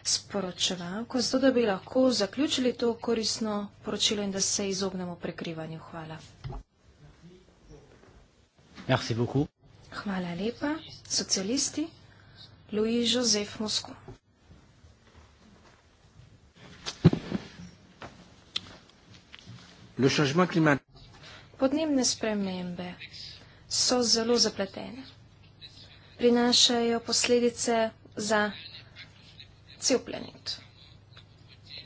sporočevalko, zato da bi lahko zaključili to koristno poročilo in da se izognemo prekrivanju. Hvala. Merci beaucoup. Hvala lepa. Socialisti, Louis Joseph Moscou. Podnebne spremembe so zelo zapletene. Prinašajo posledice za cel planet.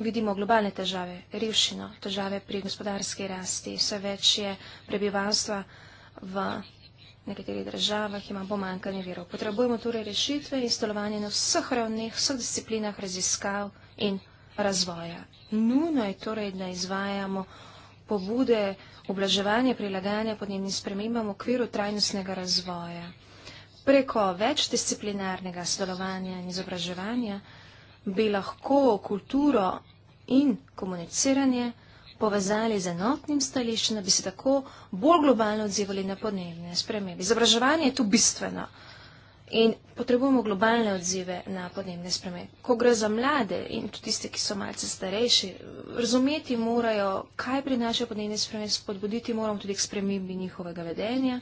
Vidimo globalne težave, revščino, težave pri gospodarski rasti, vse več je prebivalstva v nekaterih državah, ima pomankanje virov. Potrebujemo torej rešitve in stolovanje na vseh ravneh, vseh disciplinah raziskav in razvoja. Nuno je torej, da izvajamo pobude oblaževanja, prilagajanja podnebnim spremembam v okviru trajnostnega razvoja. Preko večdisciplinarnega sodelovanja in izobraževanja, bi lahko kulturo in komuniciranje povezali z enotnim stališčem, da bi se tako bolj globalno odzivali na podnebne spremembe. Izobraževanje je tu bistveno in potrebujemo globalne odzive na podnebne spremembe. Ko gre za mlade in tudi tiste, ki so malce starejši, razumeti morajo, kaj prinašajo podnebne spremembe, spodbuditi moramo tudi k spremembi njihovega vedenja.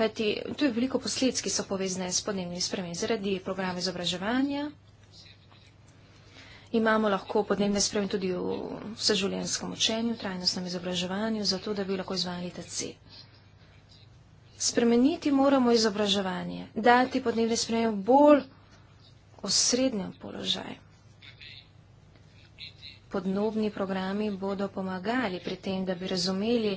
Kajti tu je veliko posledic, ki so povezane s podnebnimi spremembami zaradi programa izobraževanja, imamo lahko podnebne spremembe tudi v vseživljenjskem učenju, trajnostnem izobraževanju, zato da bi lahko izvajali ta cilj. Spremeniti moramo izobraževanje, dati podnebne spremembe bolj v srednjem položaju. Podnobni programi bodo pomagali pri tem, da bi razumeli,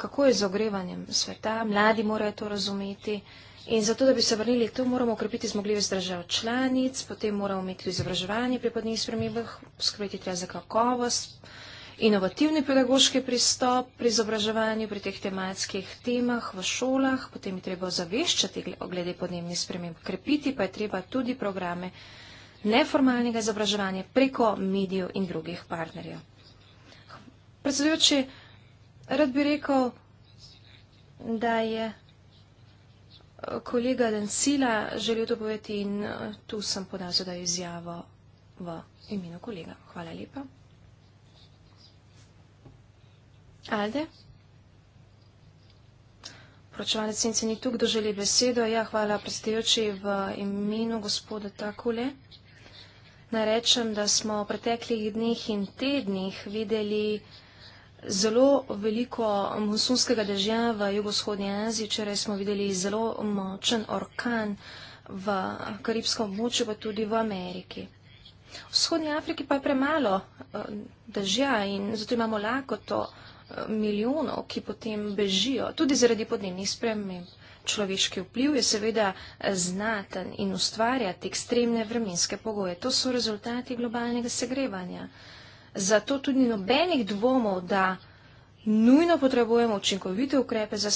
kako je z ogrevanjem sveta. Mladi morajo to razumeti. In zato, da bi se vrnili tu, moramo okrepiti zmogljivost držav članic, potem moramo imeti izobraževanje pri podnebnih spremembah, skrbeti treba za kakovost, inovativni pedagoški pristop pri izobraževanju, pri teh tematskih temah v šolah, potem je treba ozaveščati glede podnebnih sprememb, krepiti pa je treba tudi programe neformalnega izobraževanja preko medijev in drugih partnerjev. Predsedujoči, rad bi rekel, da je kolega Densila želel to povedati in eh, tu sem podal sedaj izjavo v imenu kolega. Hvala lepa. Alde? Pročevanec Sence ni tu, kdo želi besedo. Ja, hvala predsedujoči v imenu gospoda Takule. Narečem, da smo v preteklih dneh in tednih videli, zelo veliko monsunskega dežja v jugovzhodnji Aziji. Včeraj smo videli zelo močen orkan v karibskem območju, pa tudi v Ameriki. V vzhodnji Afriki pa je premalo eh, dežja in zato imamo lakoto eh, milijonov, ki potem bežijo, tudi zaradi podnebnih sprememb. Človeški vpliv je seveda eh, znaten in ustvarjati ekstremne vremenske pogoje. To so rezultati globalnega segrevanja. Zato tudi ni nobenih dvomov, da nujno potrebujemo učinkovite ukrepe za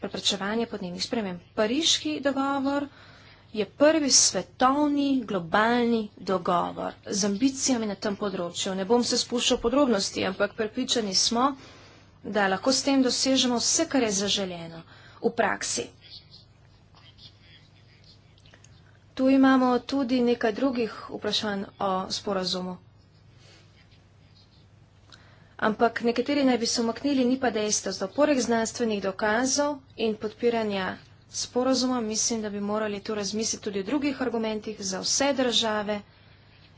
preprečevanje podnebnih sprememb. Pariški dogovor je prvi svetovni globalni dogovor z ambicijami na tem področju. Ne bom se spuščal podrobnosti, ampak prepričani smo, da lahko s tem dosežemo vse, kar je zaželeno v praksi. Tu imamo tudi nekaj drugih vprašanj o sporazumu ampak nekateri naj bi se umaknili, ni pa dejstvo. Zdaj, poleg znanstvenih dokazov in podpiranja sporozuma, mislim, da bi morali tu razmisliti tudi o drugih argumentih za vse države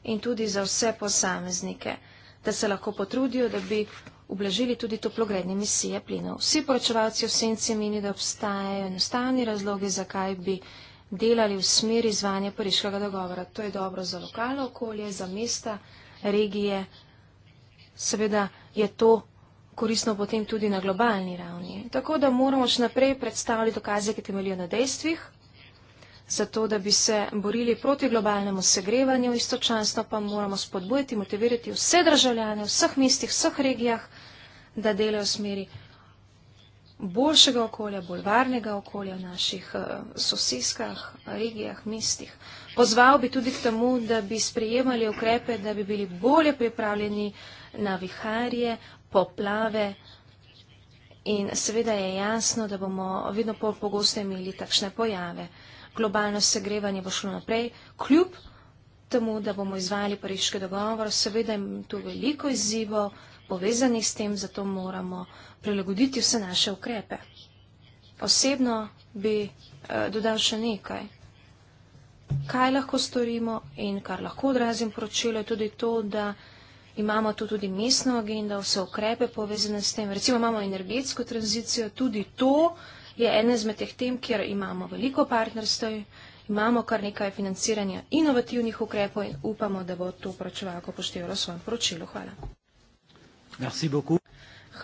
in tudi za vse posameznike, da se lahko potrudijo, da bi ublažili tudi toplogredne misije plinov. Vsi poročevalci v senci meni, da obstajajo enostavni razlogi, zakaj bi delali v smeri izvanja pariškega dogovora. To je dobro za lokalno okolje, za mesta, regije, seveda je to koristno potem tudi na globalni ravni. Tako da moramo še naprej predstavljati dokaze, ki temeljijo na dejstvih, zato da bi se borili proti globalnemu segrevanju, istočasno pa moramo spodbujati, motivirati vse državljane v vseh mestih, v vseh regijah, da delajo v smeri boljšega okolja, bolj varnega okolja v naših eh, sosiskah, regijah, mestih. Pozval bi tudi k temu, da bi sprejemali ukrepe, da bi bili bolje pripravljeni na viharje, poplave. In seveda je jasno, da bomo vedno bolj pogosto imeli takšne pojave. Globalno segrevanje bo šlo naprej, kljub temu, da bomo izvajali pariški dogovor, seveda je tu veliko izzivov povezanih s tem, zato moramo prilagoditi vse naše ukrepe. Osebno bi eh, dodal še nekaj. Kaj lahko storimo in kar lahko odrazim poročilo je tudi to, da imamo tu tudi mestno agendo, vse ukrepe povezane s tem. Recimo imamo energetsko tranzicijo, tudi to je ena izmed teh tem, kjer imamo veliko partnerstv, imamo kar nekaj financiranja inovativnih ukrepov in upamo, da bo to pračevalko poštevalo svojem poročilu. Hvala. Merci beaucoup.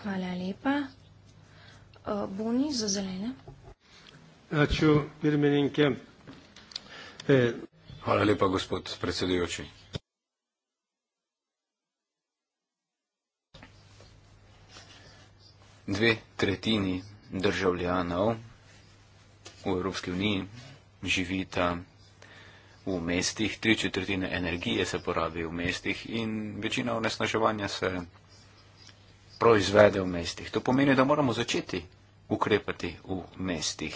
Hvala lepa. Eh, Boni za zelene. Eh, Hvala lepa, gospod predsedujoči. dve tretjini državljanov v Evropski uniji živita v mestih, tri četrtine energije se porabi v mestih in večina onesnaževanja se proizvede v mestih. To pomeni, da moramo začeti ukrepati v mestih.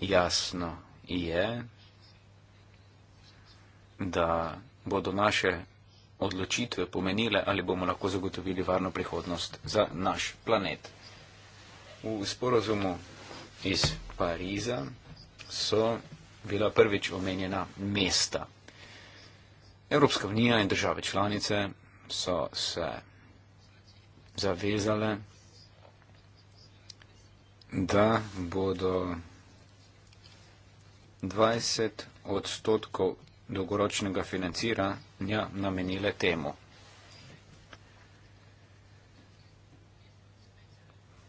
Jasno je, da bodo naše odločitve pomenile, ali bomo lahko zagotovili varno prihodnost za naš planet. V sporozumu iz Pariza so bila prvič omenjena mesta. Evropska unija in države članice so se zavezale, da bodo 20 odstotkov dolgoročnega financiranja namenile temu.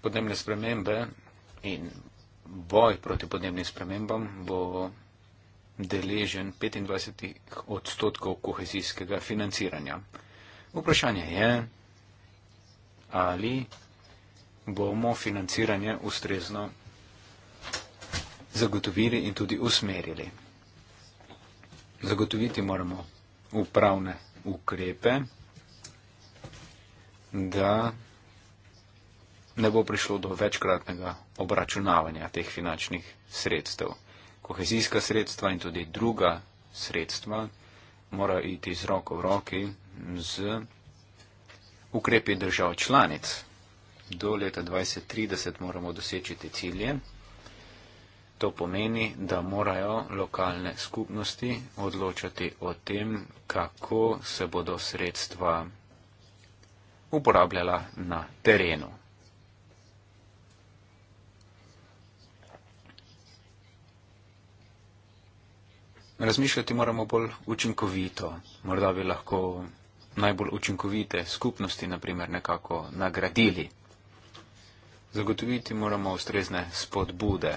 Podnebne spremembe in boj proti podnebnim spremembam bo deležen 25 odstotkov kohezijskega financiranja. Vprašanje je, ali bomo financiranje ustrezno zagotovili in tudi usmerili. Zagotoviti moramo upravne ukrepe, da ne bo prišlo do večkratnega obračunavanja teh finančnih sredstev. Kohezijska sredstva in tudi druga sredstva morajo iti z roko v roki z ukrepi držav članic. Do leta 2030 moramo doseči te cilje. To pomeni, da morajo lokalne skupnosti odločati o tem, kako se bodo sredstva uporabljala na terenu. Razmišljati moramo bolj učinkovito. Morda bi lahko najbolj učinkovite skupnosti naprimer nekako nagradili. Zagotoviti moramo ustrezne spodbude.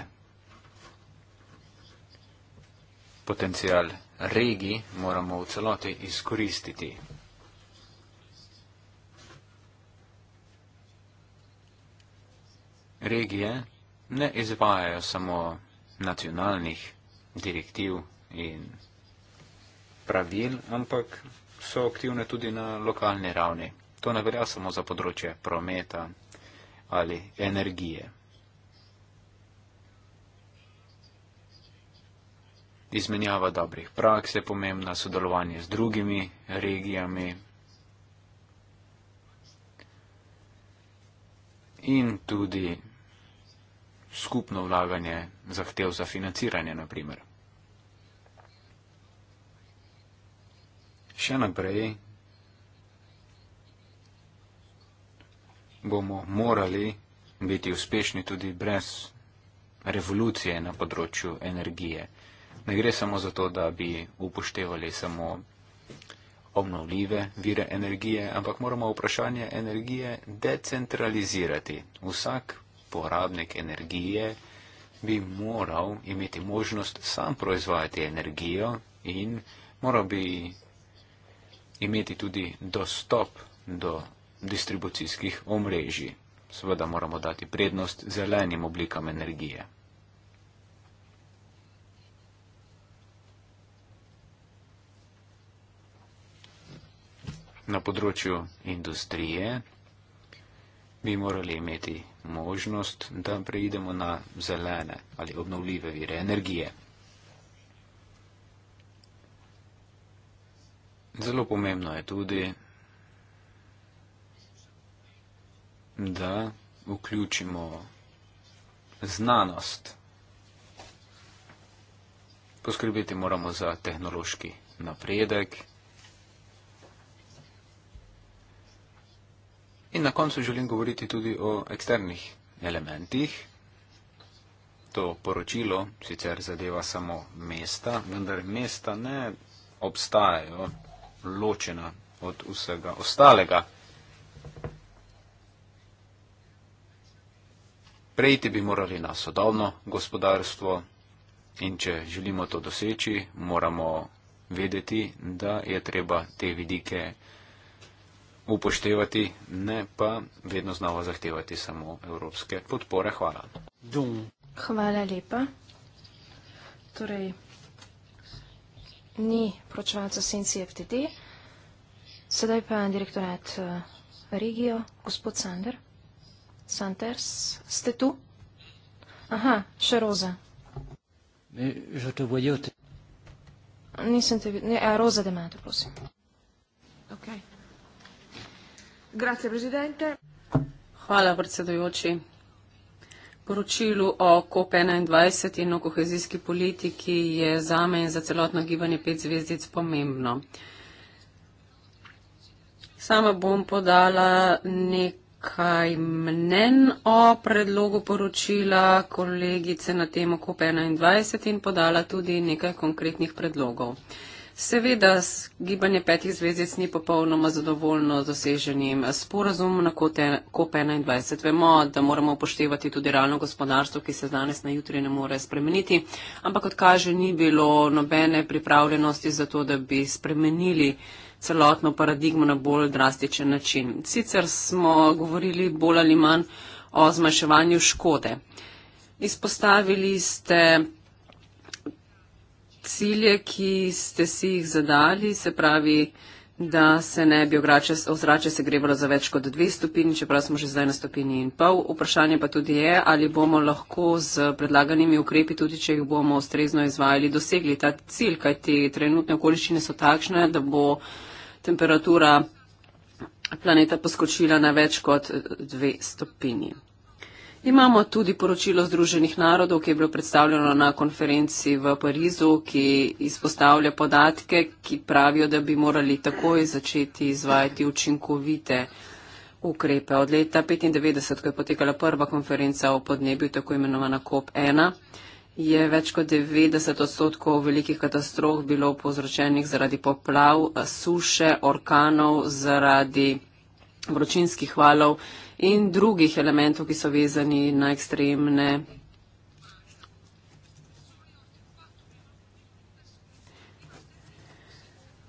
potencial regij moramo v celoti izkoristiti. Regije ne izvajajo samo nacionalnih direktiv in pravil, ampak so aktivne tudi na lokalni ravni. To ne velja samo za področje prometa ali energije. izmenjava dobrih praks je pomembna, sodelovanje z drugimi regijami in tudi skupno vlaganje zahtev za financiranje, naprimer. Še naprej bomo morali biti uspešni tudi brez revolucije na področju energije ne gre samo za to, da bi upoštevali samo obnovljive vire energije, ampak moramo vprašanje energije decentralizirati. Vsak porabnik energije bi moral imeti možnost sam proizvajati energijo in moral bi imeti tudi dostop do distribucijskih omrežij. Seveda moramo dati prednost zelenim oblikam energije. Na področju industrije bi morali imeti možnost, da preidemo na zelene ali obnovljive vire energije. Zelo pomembno je tudi, da vključimo znanost. Poskrbeti moramo za tehnološki napredek. In na koncu želim govoriti tudi o eksternih elementih. To poročilo sicer zadeva samo mesta, vendar mesta ne obstajajo ločena od vsega ostalega. Prejti bi morali na sodobno gospodarstvo in če želimo to doseči, moramo vedeti, da je treba te vidike upoštevati, ne pa vedno znova zahtevati samo evropske podpore. Hvala. Dum. Hvala lepa. Torej, ni pročevalca Senci FTD, sedaj pa direktorat eh, regijo, gospod Sander. Santers, ste tu? Aha, še Roza. Že to bojote. Nisem te videl. Roza, da imate, prosim. Okay. Hvala, predsedujoči. Poročilu o COP21 in o kohezijski politiki je za me in za celotno gibanje pet zvezdic pomembno. Sama bom podala nekaj mnen o predlogu poročila kolegice na temo COP21 in podala tudi nekaj konkretnih predlogov. Seveda gibanje petih zvezdic ni popolnoma zadovoljno z doseženim sporazum na COP21. Vemo, da moramo upoštevati tudi realno gospodarstvo, ki se danes na jutri ne more spremeniti, ampak kot kaže, ni bilo nobene pripravljenosti za to, da bi spremenili celotno paradigmo na bolj drastičen način. Sicer smo govorili bolj ali manj o zmanjševanju škode. Izpostavili ste cilje, ki ste si jih zadali, se pravi, da se ne bi ozračje segrevalo za več kot dve stopinji, čeprav smo že zdaj na stopinji in pol. Vprašanje pa tudi je, ali bomo lahko z predlaganimi ukrepi, tudi če jih bomo ustrezno izvajali, dosegli ta cilj, kajti trenutne okoliščine so takšne, da bo temperatura planeta poskočila na več kot dve stopinji. Imamo tudi poročilo Združenih narodov, ki je bilo predstavljeno na konferenci v Parizu, ki izpostavlja podatke, ki pravijo, da bi morali takoj začeti izvajati učinkovite ukrepe. Od leta 1995, ko je potekala prva konferenca o podnebju, tako imenovana COP1, je več kot 90 odstotkov velikih katastrof bilo povzročenih zaradi poplav, suše, orkanov, zaradi vročinskih valov in drugih elementov, ki so vezani na ekstremne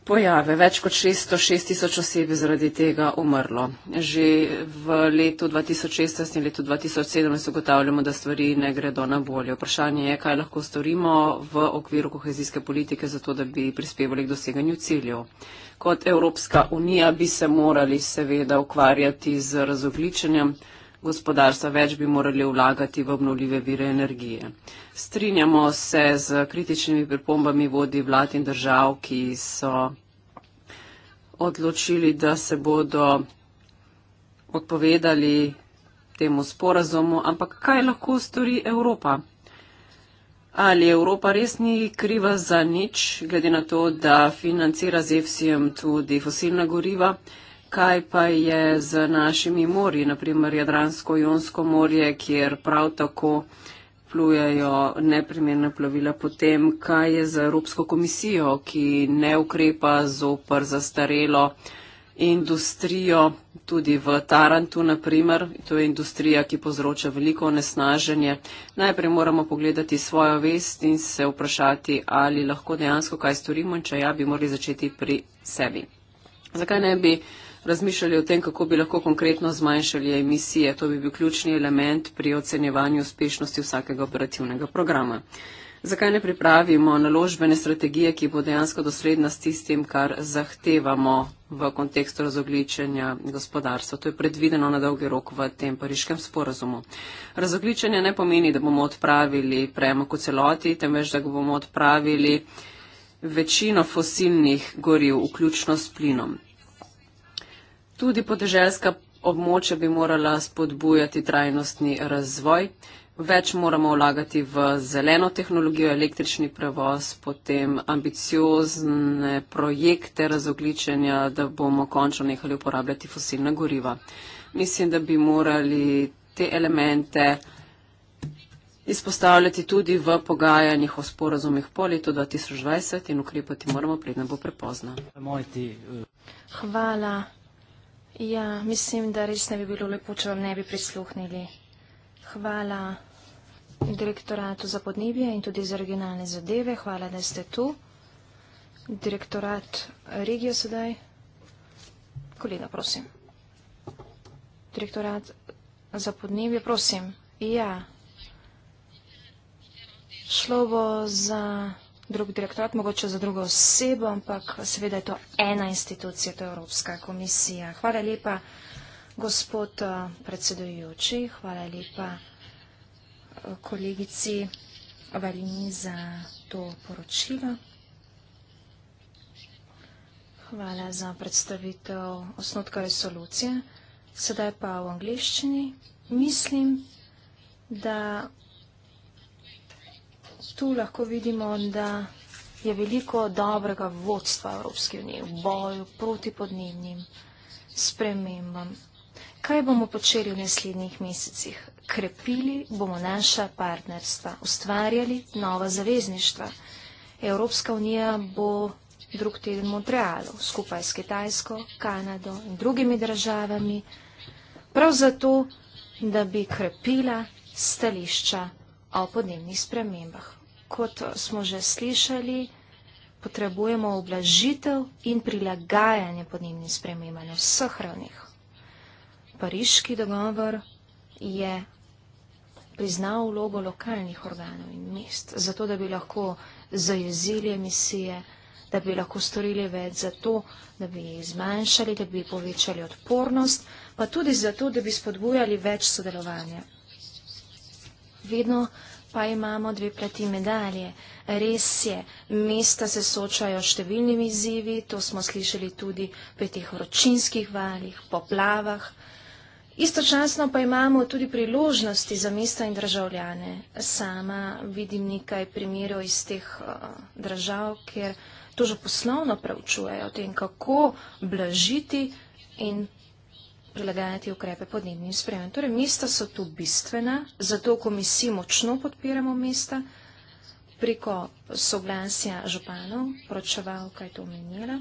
pojave. Več kot 606 tisoč oseb je zaradi tega umrlo. Že v letu 2016 in letu 2017 ugotavljamo, da stvari ne gredo na bolje. Vprašanje je, kaj lahko storimo v okviru kohezijske politike, zato da bi prispevali k doseganju ciljev kot Evropska unija bi se morali seveda ukvarjati z razogličenjem gospodarstva, več bi morali vlagati v obnovljive vire energije. Strinjamo se z kritičnimi pripombami vodi vlad in držav, ki so odločili, da se bodo odpovedali temu sporazumu, ampak kaj lahko stori Evropa? Ali Evropa res ni kriva za nič, glede na to, da financira z EFSI-jem tudi fosilna goriva? Kaj pa je z našimi morji, naprimer Jadransko-Jonsko morje, kjer prav tako plujejo neprimerna plovila potem? Kaj je z Evropsko komisijo, ki ne ukrepa zopr zastarelo? industrijo, tudi v Tarantu naprimer, to je industrija, ki povzroča veliko nesnaženje. Najprej moramo pogledati svojo vest in se vprašati, ali lahko dejansko kaj storimo in če ja, bi morali začeti pri sebi. Zakaj ne bi razmišljali o tem, kako bi lahko konkretno zmanjšali emisije? To bi bil ključni element pri ocenjevanju uspešnosti vsakega operativnega programa zakaj ne pripravimo naložbene strategije, ki bo dejansko dosledna s tistim, kar zahtevamo v kontekstu razogličenja gospodarstva. To je predvideno na dolgi rok v tem pariškem sporazumu. Razogličenje ne pomeni, da bomo odpravili premog v celoti, temveč, da ga bomo odpravili večino fosilnih goriv, vključno s plinom. Tudi podeželska območja bi morala spodbujati trajnostni razvoj več moramo vlagati v zeleno tehnologijo, električni prevoz, potem ambiciozne projekte razogličenja, da bomo končno nehali uporabljati fosilna goriva. Mislim, da bi morali te elemente izpostavljati tudi v pogajanjih o sporazumih po letu 2020 in ukrepati moramo, predne bo prepozno. Hvala. Ja, mislim, da res ne bi bilo lepo, če vam ne bi prisluhnili. Hvala. Direktoratu za podnebje in tudi za regionalne zadeve. Hvala, da ste tu. Direktorat regijo sedaj. Kolega, prosim. Direktorat za podnebje, prosim. Ja. Šlo bo za drug direktorat, mogoče za drugo osebo, ampak seveda je to ena institucija, to je Evropska komisija. Hvala lepa, gospod eh, predsedujoči. Hvala lepa kolegici Valini za to poročilo. Hvala za predstavitev osnotka resolucije. Sedaj pa v angliščini. Mislim, da tu lahko vidimo, da je veliko dobrega vodstva Evropske unije v boju proti podnebnim spremembam. Kaj bomo počeli v naslednjih mesecih? Krepili bomo naša partnerstva, ustvarjali nova zavezništva. Evropska unija bo drug teden v Montrealu, skupaj s Kitajsko, Kanado in drugimi državami, prav zato, da bi krepila stališča o podnebnih spremembah. Kot smo že slišali, potrebujemo oblažitev in prilagajanje podnebnim spremembam na vseh ravneh pariški dogovor je priznal vlogo lokalnih organov in mest, zato da bi lahko zajezili emisije, da bi lahko storili več za to, da bi zmanjšali, da bi povečali odpornost, pa tudi zato, da bi spodbujali več sodelovanja. Vedno pa imamo dve plati medalje. Res je, mesta se sočajo s številnimi izzivi, to smo slišali tudi pri teh vročinskih valih, poplavah. Istočasno pa imamo tudi priložnosti za mesta in državljane. Sama vidim nekaj primerov iz teh eh, držav, kjer to že poslovno preučujejo o tem, kako blažiti in prilagajati ukrepe podnebnim spremem. Torej, mesta so tu bistvena, zato komisiji močno podpiramo mesta preko soglasja županov, pročeval, kaj to omenjala.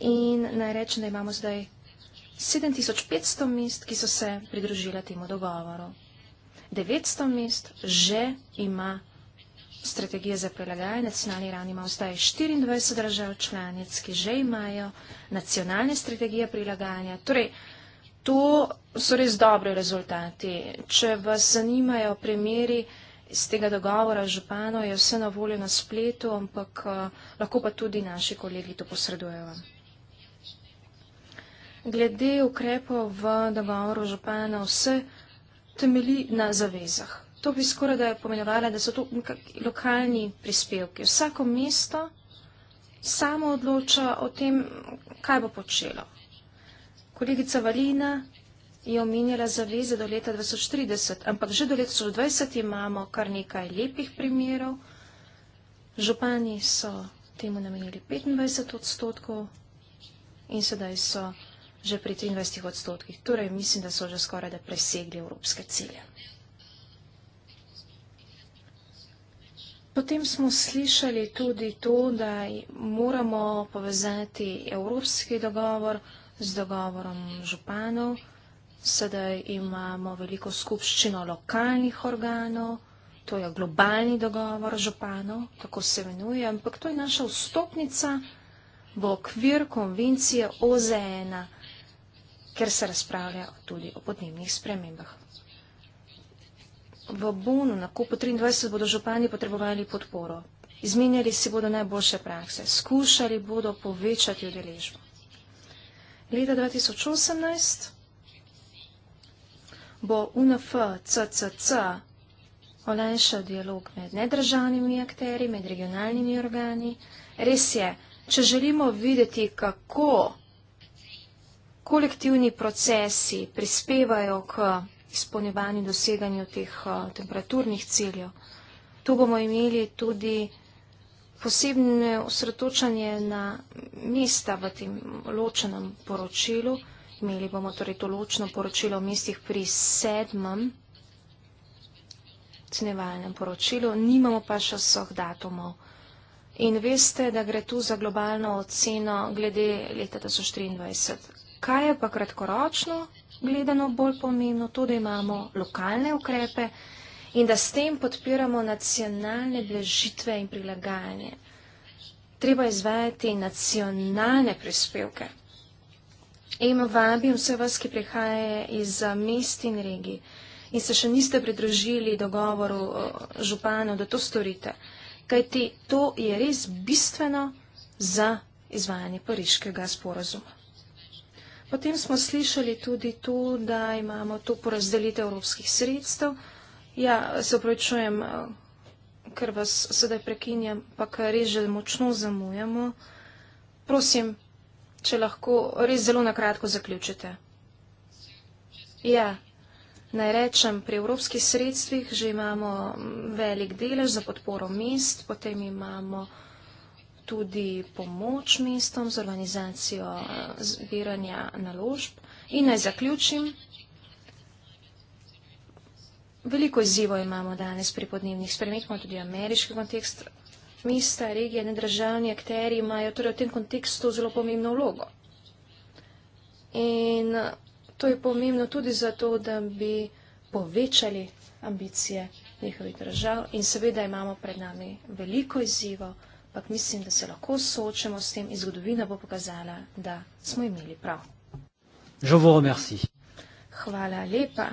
In naj rečem, da imamo zdaj 7500 mest, ki so se pridružile temu dogovoru. 900 mest že ima strategije za prilagajanje. Nacionalni Iran ima vstaj 24 držav članic, ki že imajo nacionalne strategije prilagajanja. Torej, to so res dobri rezultati. Če vas zanimajo primeri iz tega dogovora župano, je vse na voljo na spletu, ampak uh, lahko pa tudi naši kolegi to posredujejo glede ukrepov v dogovoru župana vse temeli na zavezah. To bi skoraj da pomenovala, da so to lokalni prispevki. Vsako mesto samo odloča o tem, kaj bo počelo. Kolegica Valina je omenjala zaveze do leta 2030, ampak že do leta 2020 imamo kar nekaj lepih primerov. Župani so temu namenili 25 odstotkov in sedaj so že pri 23 odstotkih. Torej, mislim, da so že skoraj da presegli evropske cilje. Potem smo slišali tudi to, da moramo povezati evropski dogovor z dogovorom županov. Sedaj imamo veliko skupščino lokalnih organov, to je globalni dogovor županov, tako se imenuje, ampak to je naša vstopnica v okvir konvencije OZN-a ker se razpravlja tudi o podnebnih spremembah. V Bonu na kupu 23 bodo župani potrebovali podporo. Izmenjali si bodo najboljše prakse, skušali bodo povečati udeležbo. Leta 2018 bo UNF CCC olajšal dialog med nedržavnimi akteri, med regionalnimi organi. Res je, če želimo videti, kako kolektivni procesi prispevajo k izpolnjevanju in doseganju teh eh, temperaturnih ciljev. Tu bomo imeli tudi posebne osredotočanje na mesta v tem ločenem poročilu. Imeli bomo torej to ločno poročilo v mestih pri sedmem cenevalnem poročilu, nimamo pa še vseh datumov. In veste, da gre tu za globalno oceno glede leta 2024. Kaj je pa kratkoročno gledano bolj pomembno, to, da imamo lokalne ukrepe in da s tem podpiramo nacionalne blažitve in prilagajanje. Treba izvajati nacionalne prispevke. In vabim vse vas, ki prihajajo iz mest in regij in se še niste pridružili dogovoru župana, da to storite. Kajti to je res bistveno za izvajanje pariškega sporazuma. Potem smo slišali tudi to, da imamo to porazdelitev evropskih sredstev. Ja, se opravičujem, ker vas sedaj prekinjam, pa kar res že močno zamujamo. Prosim, če lahko res zelo nakratko zaključite. Ja, naj rečem, pri evropskih sredstvih že imamo velik delež za podporo mest, potem imamo tudi pomoč mestom z organizacijo zbiranja naložb. In naj zaključim. Veliko izzivo imamo danes pri podnebnih spremembah, imamo tudi ameriški kontekst. Mesta, regije, nedržavni akteri imajo torej v tem kontekstu zelo pomembno vlogo. In to je pomembno tudi zato, da bi povečali ambicije njihovih držav. In seveda imamo pred nami veliko izzivo ampak mislim, da se lahko soočamo s tem in zgodovina bo pokazala, da smo imeli prav. Hvala lepa.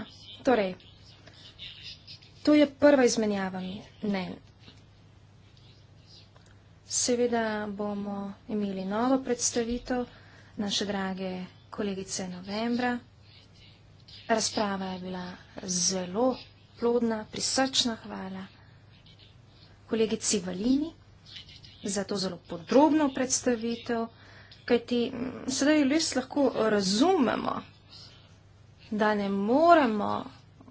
Torej, to je prva izmenjava mnen. Seveda bomo imeli novo predstavitev naše drage kolegice novembra. Razprava je bila zelo plodna, prisrčna hvala kolegici Valini zato zelo podrobno predstavitev, kajti mm, sedaj res lahko razumemo, da ne moremo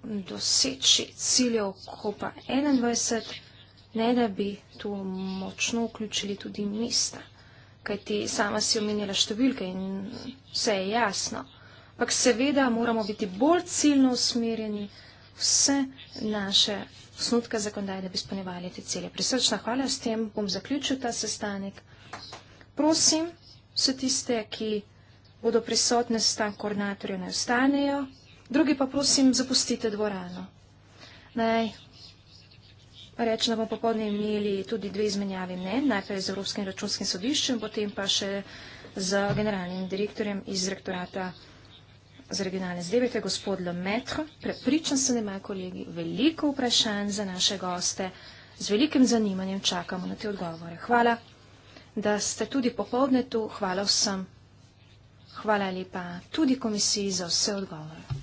doseči ciljev kopa 21, ne da bi tu močno vključili tudi mesta, kajti sama si omenjala številke in vse je jasno. Pak seveda moramo biti bolj ciljno usmerjeni vse naše osnutka zakondaje, da bi spolnevali te cele. Presrčna hvala s tem, bom zaključil ta sestanek. Prosim, so tiste, ki bodo prisotne s tam koordinatorjo, ne ostanejo. Drugi pa prosim, zapustite dvorano. Naj rečem, da bomo popolne imeli tudi dve izmenjave mnen, najprej z Evropskim računskim sodiščem, potem pa še z generalnim direktorjem iz rektorata z regionalne zdevite, gospod Lometro. Prepričan se nema, kolegi, veliko vprašanj za naše goste. Z velikim zanimanjem čakamo na te odgovore. Hvala, da ste tudi popovdne tu. Hvala vsem. Hvala lepa tudi komisiji za vse odgovore.